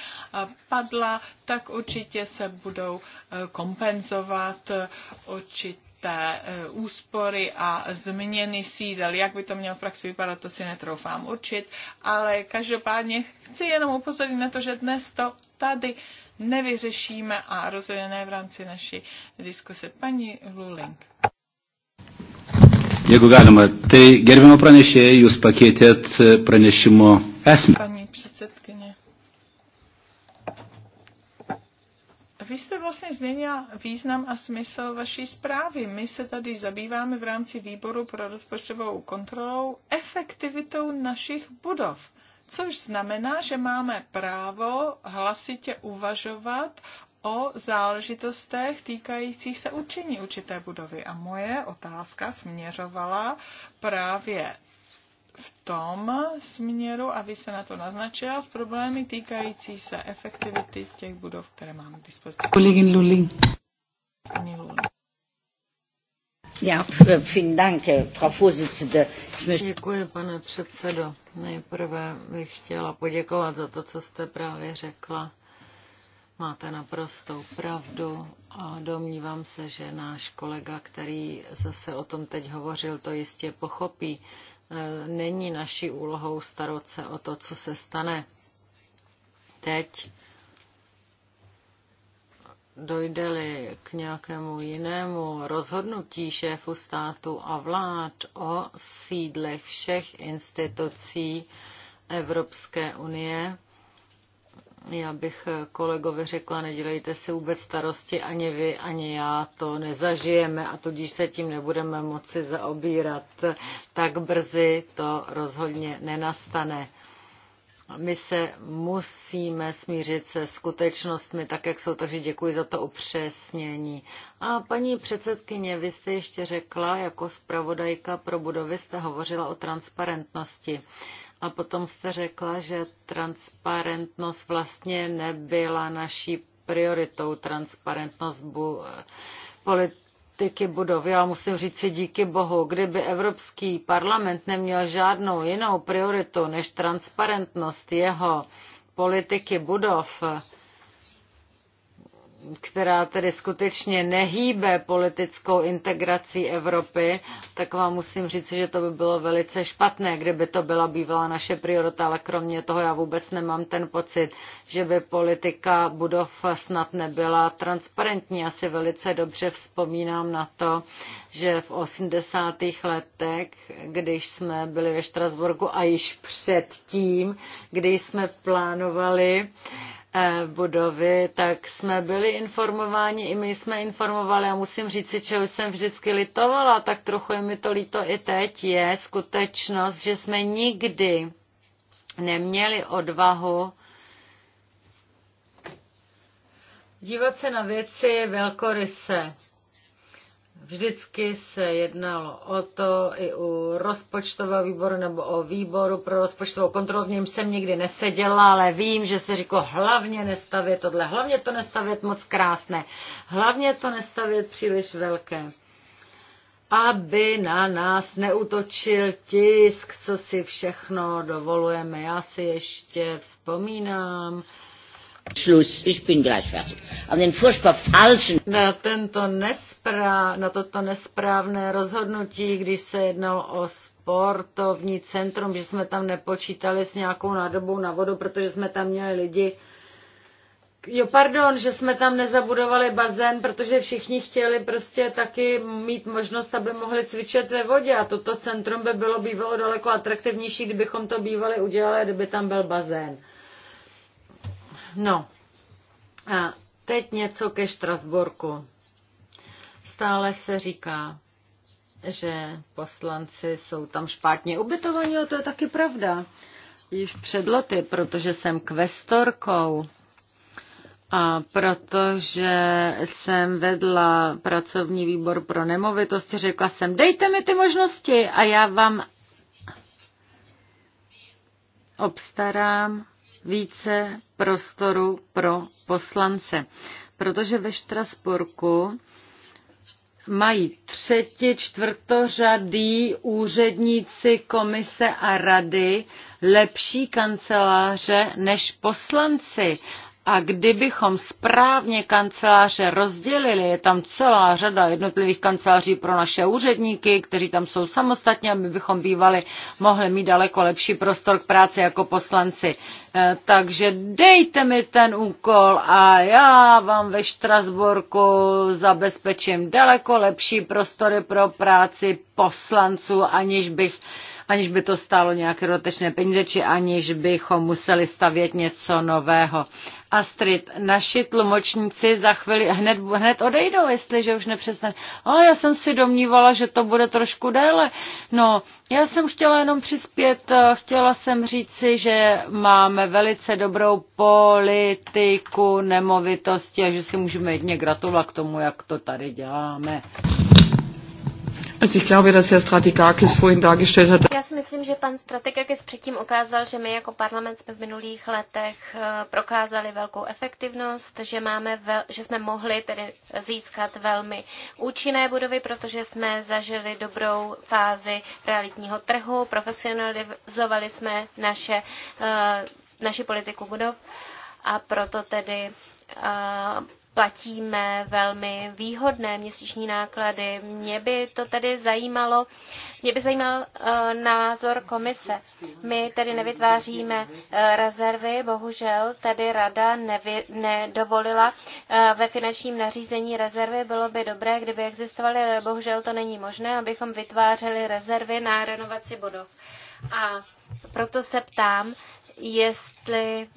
padla, tak určitě se budou eh, kompenzovat eh, určitě té e, úspory a změny sídel. Jak by to mělo v praxi vypadat, to si netroufám určit, ale každopádně chci jenom upozornit na to, že dnes to tady nevyřešíme a rozhodně ne v rámci naší diskuse. Paní Luling. Děkuji, galima, tai gerbimo pranešėjai, jūs pakeitėt pranešimo esmę. Vy jste vlastně změnila význam a smysl vaší zprávy. My se tady zabýváme v rámci výboru pro rozpočtovou kontrolou efektivitou našich budov. Což znamená, že máme právo hlasitě uvažovat o záležitostech týkajících se učení určité budovy. A moje otázka směřovala právě v tom směru, aby se na to naznačila, s problémy týkající se efektivity těch budov, které máme k dispozici. Kolegin Lulín. Pani Lulín. Já, eh, vielen Dank, eh, Frau Vorsitzende. Děkuji, pane předsedo. Nejprve bych chtěla poděkovat za to, co jste právě řekla. Máte naprostou pravdu a domnívám se, že náš kolega, který zase o tom teď hovořil, to jistě pochopí. Eh, není naší úlohou starat se o to, co se stane. Teď dojde-li k nějakému jinému rozhodnutí šéfu státu a vlád o sídlech všech institucí Evropské unie, já bych kolegovi řekla, nedělejte si vůbec starosti, ani vy, ani já to nezažijeme a tudíž se tím nebudeme moci zaobírat. Tak brzy to rozhodně nenastane. My se musíme smířit se skutečnostmi tak, jak jsou, takže děkuji za to upřesnění. A paní předsedkyně, vy jste ještě řekla, jako zpravodajka pro budovy jste hovořila o transparentnosti. A potom jste řekla, že transparentnost vlastně nebyla naší prioritou, transparentnost bu- politiky budov. Já musím říct si díky bohu, kdyby Evropský parlament neměl žádnou jinou prioritu než transparentnost jeho politiky budov, která tedy skutečně nehýbe politickou integrací Evropy, tak vám musím říct, že to by bylo velice špatné, kdyby to byla bývala naše priorita, ale kromě toho já vůbec nemám ten pocit, že by politika budov snad nebyla transparentní. Asi velice dobře vzpomínám na to, že v 80. letech, když jsme byli ve Štrasburgu a již předtím, když jsme plánovali, Eh, budovy, tak jsme byli informováni, i my jsme informovali a musím říct si, čeho jsem vždycky litovala, tak trochu je mi to líto i teď, je skutečnost, že jsme nikdy neměli odvahu dívat se na věci velkoryse Vždycky se jednalo o to i u rozpočtového výboru nebo o výboru pro rozpočtovou kontrolu, v něm jsem nikdy neseděla, ale vím, že se říkalo hlavně nestavět tohle, hlavně to nestavět moc krásné, hlavně to nestavět příliš velké aby na nás neutočil tisk, co si všechno dovolujeme. Já si ještě vzpomínám, Schluss, ich bin gleich fertig. An den furchtbar falschen... Na, tento na toto nesprávné rozhodnutí, když se jednalo o sportovní centrum, že jsme tam nepočítali s nějakou nádobou na vodu, protože jsme tam měli lidi, Jo, pardon, že jsme tam nezabudovali bazén, protože všichni chtěli prostě taky mít možnost, aby mohli cvičet ve vodě a toto centrum by bylo bývalo daleko atraktivnější, kdybychom to bývali udělali, kdyby tam byl bazén. No, a teď něco ke Štrasborku. Stále se říká, že poslanci jsou tam špatně ubytovaní, a to je taky pravda. Již před lety, protože jsem kvestorkou a protože jsem vedla pracovní výbor pro nemovitosti, řekla jsem, dejte mi ty možnosti a já vám obstarám více prostoru pro poslance, protože ve Štrasburku mají třetí, čtvrtořadí úředníci komise a rady lepší kanceláře než poslanci a kdybychom správně kanceláře rozdělili, je tam celá řada jednotlivých kanceláří pro naše úředníky, kteří tam jsou samostatně, aby bychom bývali mohli mít daleko lepší prostor k práci jako poslanci. Eh, takže dejte mi ten úkol a já vám ve štrasborku zabezpečím daleko lepší prostory pro práci poslanců, aniž bych aniž by to stálo nějaké dotečné peníze, či aniž bychom museli stavět něco nového. Astrid, naši tlumočníci za chvíli hned, hned odejdou, jestliže už nepřestane. A já jsem si domnívala, že to bude trošku déle. No, já jsem chtěla jenom přispět, chtěla jsem říci, že máme velice dobrou politiku nemovitosti a že si můžeme jedně gratulovat k tomu, jak to tady děláme. Also ich glaube, dass Herr vorhin dargestellt hat. Já si myslím, že pan Strategakis předtím ukázal, že my jako parlament jsme v minulých letech eh, prokázali velkou efektivnost, že, máme vel, že jsme mohli tedy získat velmi účinné budovy, protože jsme zažili dobrou fázi realitního trhu, profesionalizovali jsme naše, eh, naši politiku budov a proto tedy eh, platíme velmi výhodné měsíční náklady. Mě by to tedy zajímalo, mě by zajímal uh, názor komise. My tedy nevytváříme uh, rezervy, bohužel tedy rada nevy, nedovolila uh, ve finančním nařízení rezervy. Bylo by dobré, kdyby existovaly, ale bohužel to není možné, abychom vytvářeli rezervy na renovaci budov. A proto se ptám, jestli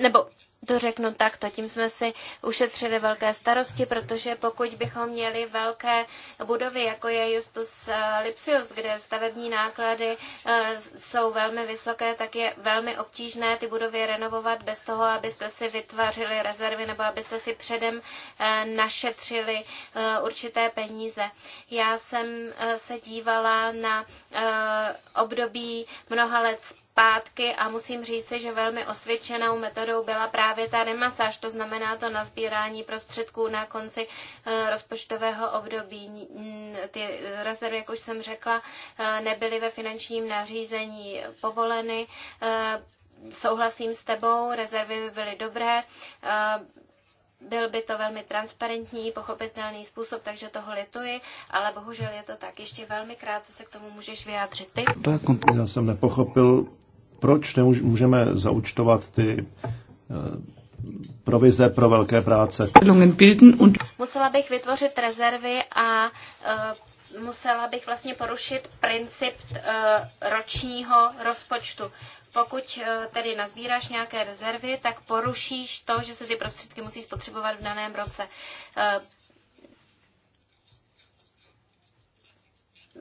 nebo to řeknu takto, tím jsme si ušetřili velké starosti, protože pokud bychom měli velké budovy, jako je Justus eh, Lipsius, kde stavební náklady eh, jsou velmi vysoké, tak je velmi obtížné ty budovy renovovat bez toho, abyste si vytvářili rezervy nebo abyste si předem eh, našetřili určité peníze. Já jsem se dívala na období mnoha let zpátky a musím říci, že velmi osvědčenou metodou byla právě ta remasáž, to znamená to nazbírání prostředků na konci eh, rozpočtového období. Ty rezervy, jak už jsem řekla, eh, nebyly ve finančním nařízení povoleny. Eh, souhlasím s tebou, rezervy by byly dobré. Byl by to velmi transparentní, pochopitelný způsob, takže toho lituji, ale bohužel je to tak. Ještě velmi krátce se k tomu můžeš vyjádřit ty. Tak, já jsem nepochopil proč nemůžeme zaučtovat ty eh, provize pro velké práce? Musela bych vytvořit rezervy a eh, musela bych vlastně porušit princip eh, ročního rozpočtu. Pokud tedy nazbíráš nějaké rezervy, tak porušíš to, že se ty prostředky musí spotřebovat v daném roce.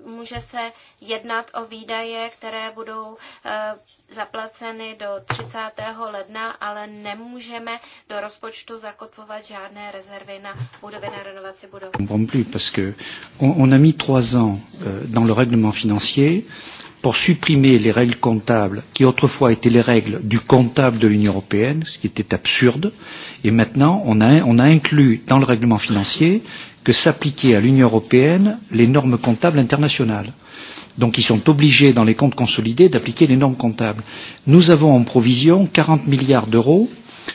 může se jednat o výdaje, které budou eh, zaplaceny do 30. ledna, ale nemůžeme do rozpočtu zakotvovat žádné rezervy na budovy, na renovaci budov. Plus, parce que on, on a mis trois ans euh, dans le règlement financier pour supprimer les règles comptables qui autrefois étaient les règles du comptable de l'Union européenne, ce qui était absurde, et maintenant on a, on a inclus dans le règlement financier que s'appliquaient à l'Union européenne les normes comptables internationales. Donc ils sont obligés, dans les comptes consolidés, d'appliquer les normes comptables. Nous avons en provision 40 milliards d'euros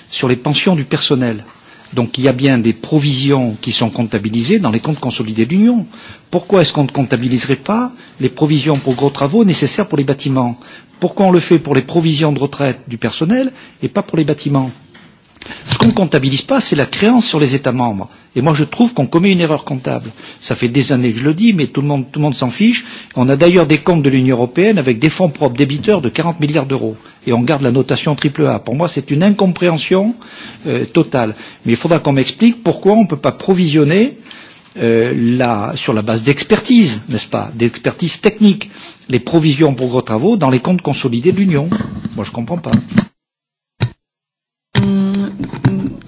sur les pensions du personnel. Donc il y a bien des provisions qui sont comptabilisées dans les comptes consolidés de l'Union. Pourquoi est-ce qu'on ne comptabiliserait pas les provisions pour gros travaux nécessaires pour les bâtiments Pourquoi on le fait pour les provisions de retraite du personnel et pas pour les bâtiments Ce qu'on ne comptabilise pas, c'est la créance sur les États membres. Et moi, je trouve qu'on commet une erreur comptable. Ça fait des années que je le dis, mais tout le monde, tout le monde s'en fiche. On a d'ailleurs des comptes de l'Union européenne avec des fonds propres débiteurs de 40 milliards d'euros. Et on garde la notation triple A. Pour moi, c'est une incompréhension euh, totale. Mais il faudra qu'on m'explique pourquoi on ne peut pas provisionner euh, la, sur la base d'expertise, n'est-ce pas, d'expertise technique, les provisions pour gros travaux dans les comptes consolidés de l'Union. Moi, je ne comprends pas.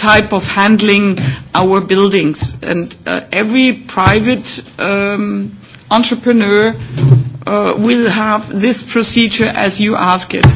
type of handling our buildings. And uh, every private um, entrepreneur uh, will have this procedure as you ask it.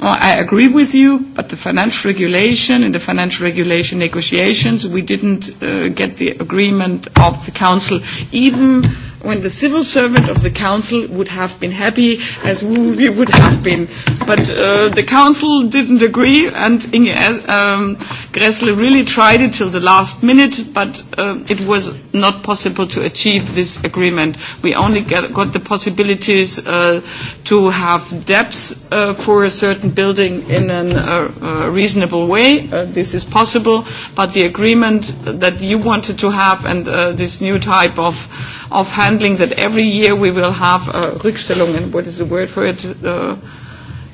Well, uh, I agree with you, but the financial regulation and the financial regulation negotiations, we didn't uh, get the agreement of the Council, even when the civil servant of the council would have been happy as we would have been. But uh, the council didn't agree, and Inge um, Gressle really tried it till the last minute, but uh, it was not possible to achieve this agreement. We only get, got the possibilities uh, to have depth uh, for a certain building in a uh, uh, reasonable way. Uh, this is possible, but the agreement that you wanted to have and uh, this new type of of handling that every year we will have uh, Rückstellungen, what is the word for it? Uh,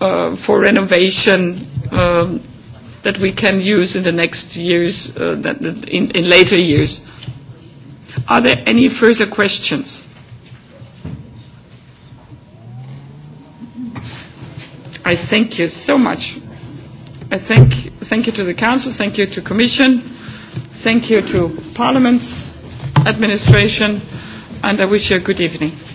uh, for renovation um, that we can use in the next years, uh, that, that in, in later years. Are there any further questions? I thank you so much. I thank, thank you to the Council, thank you to Commission, thank you to Parliament's administration, and I wish you a good evening.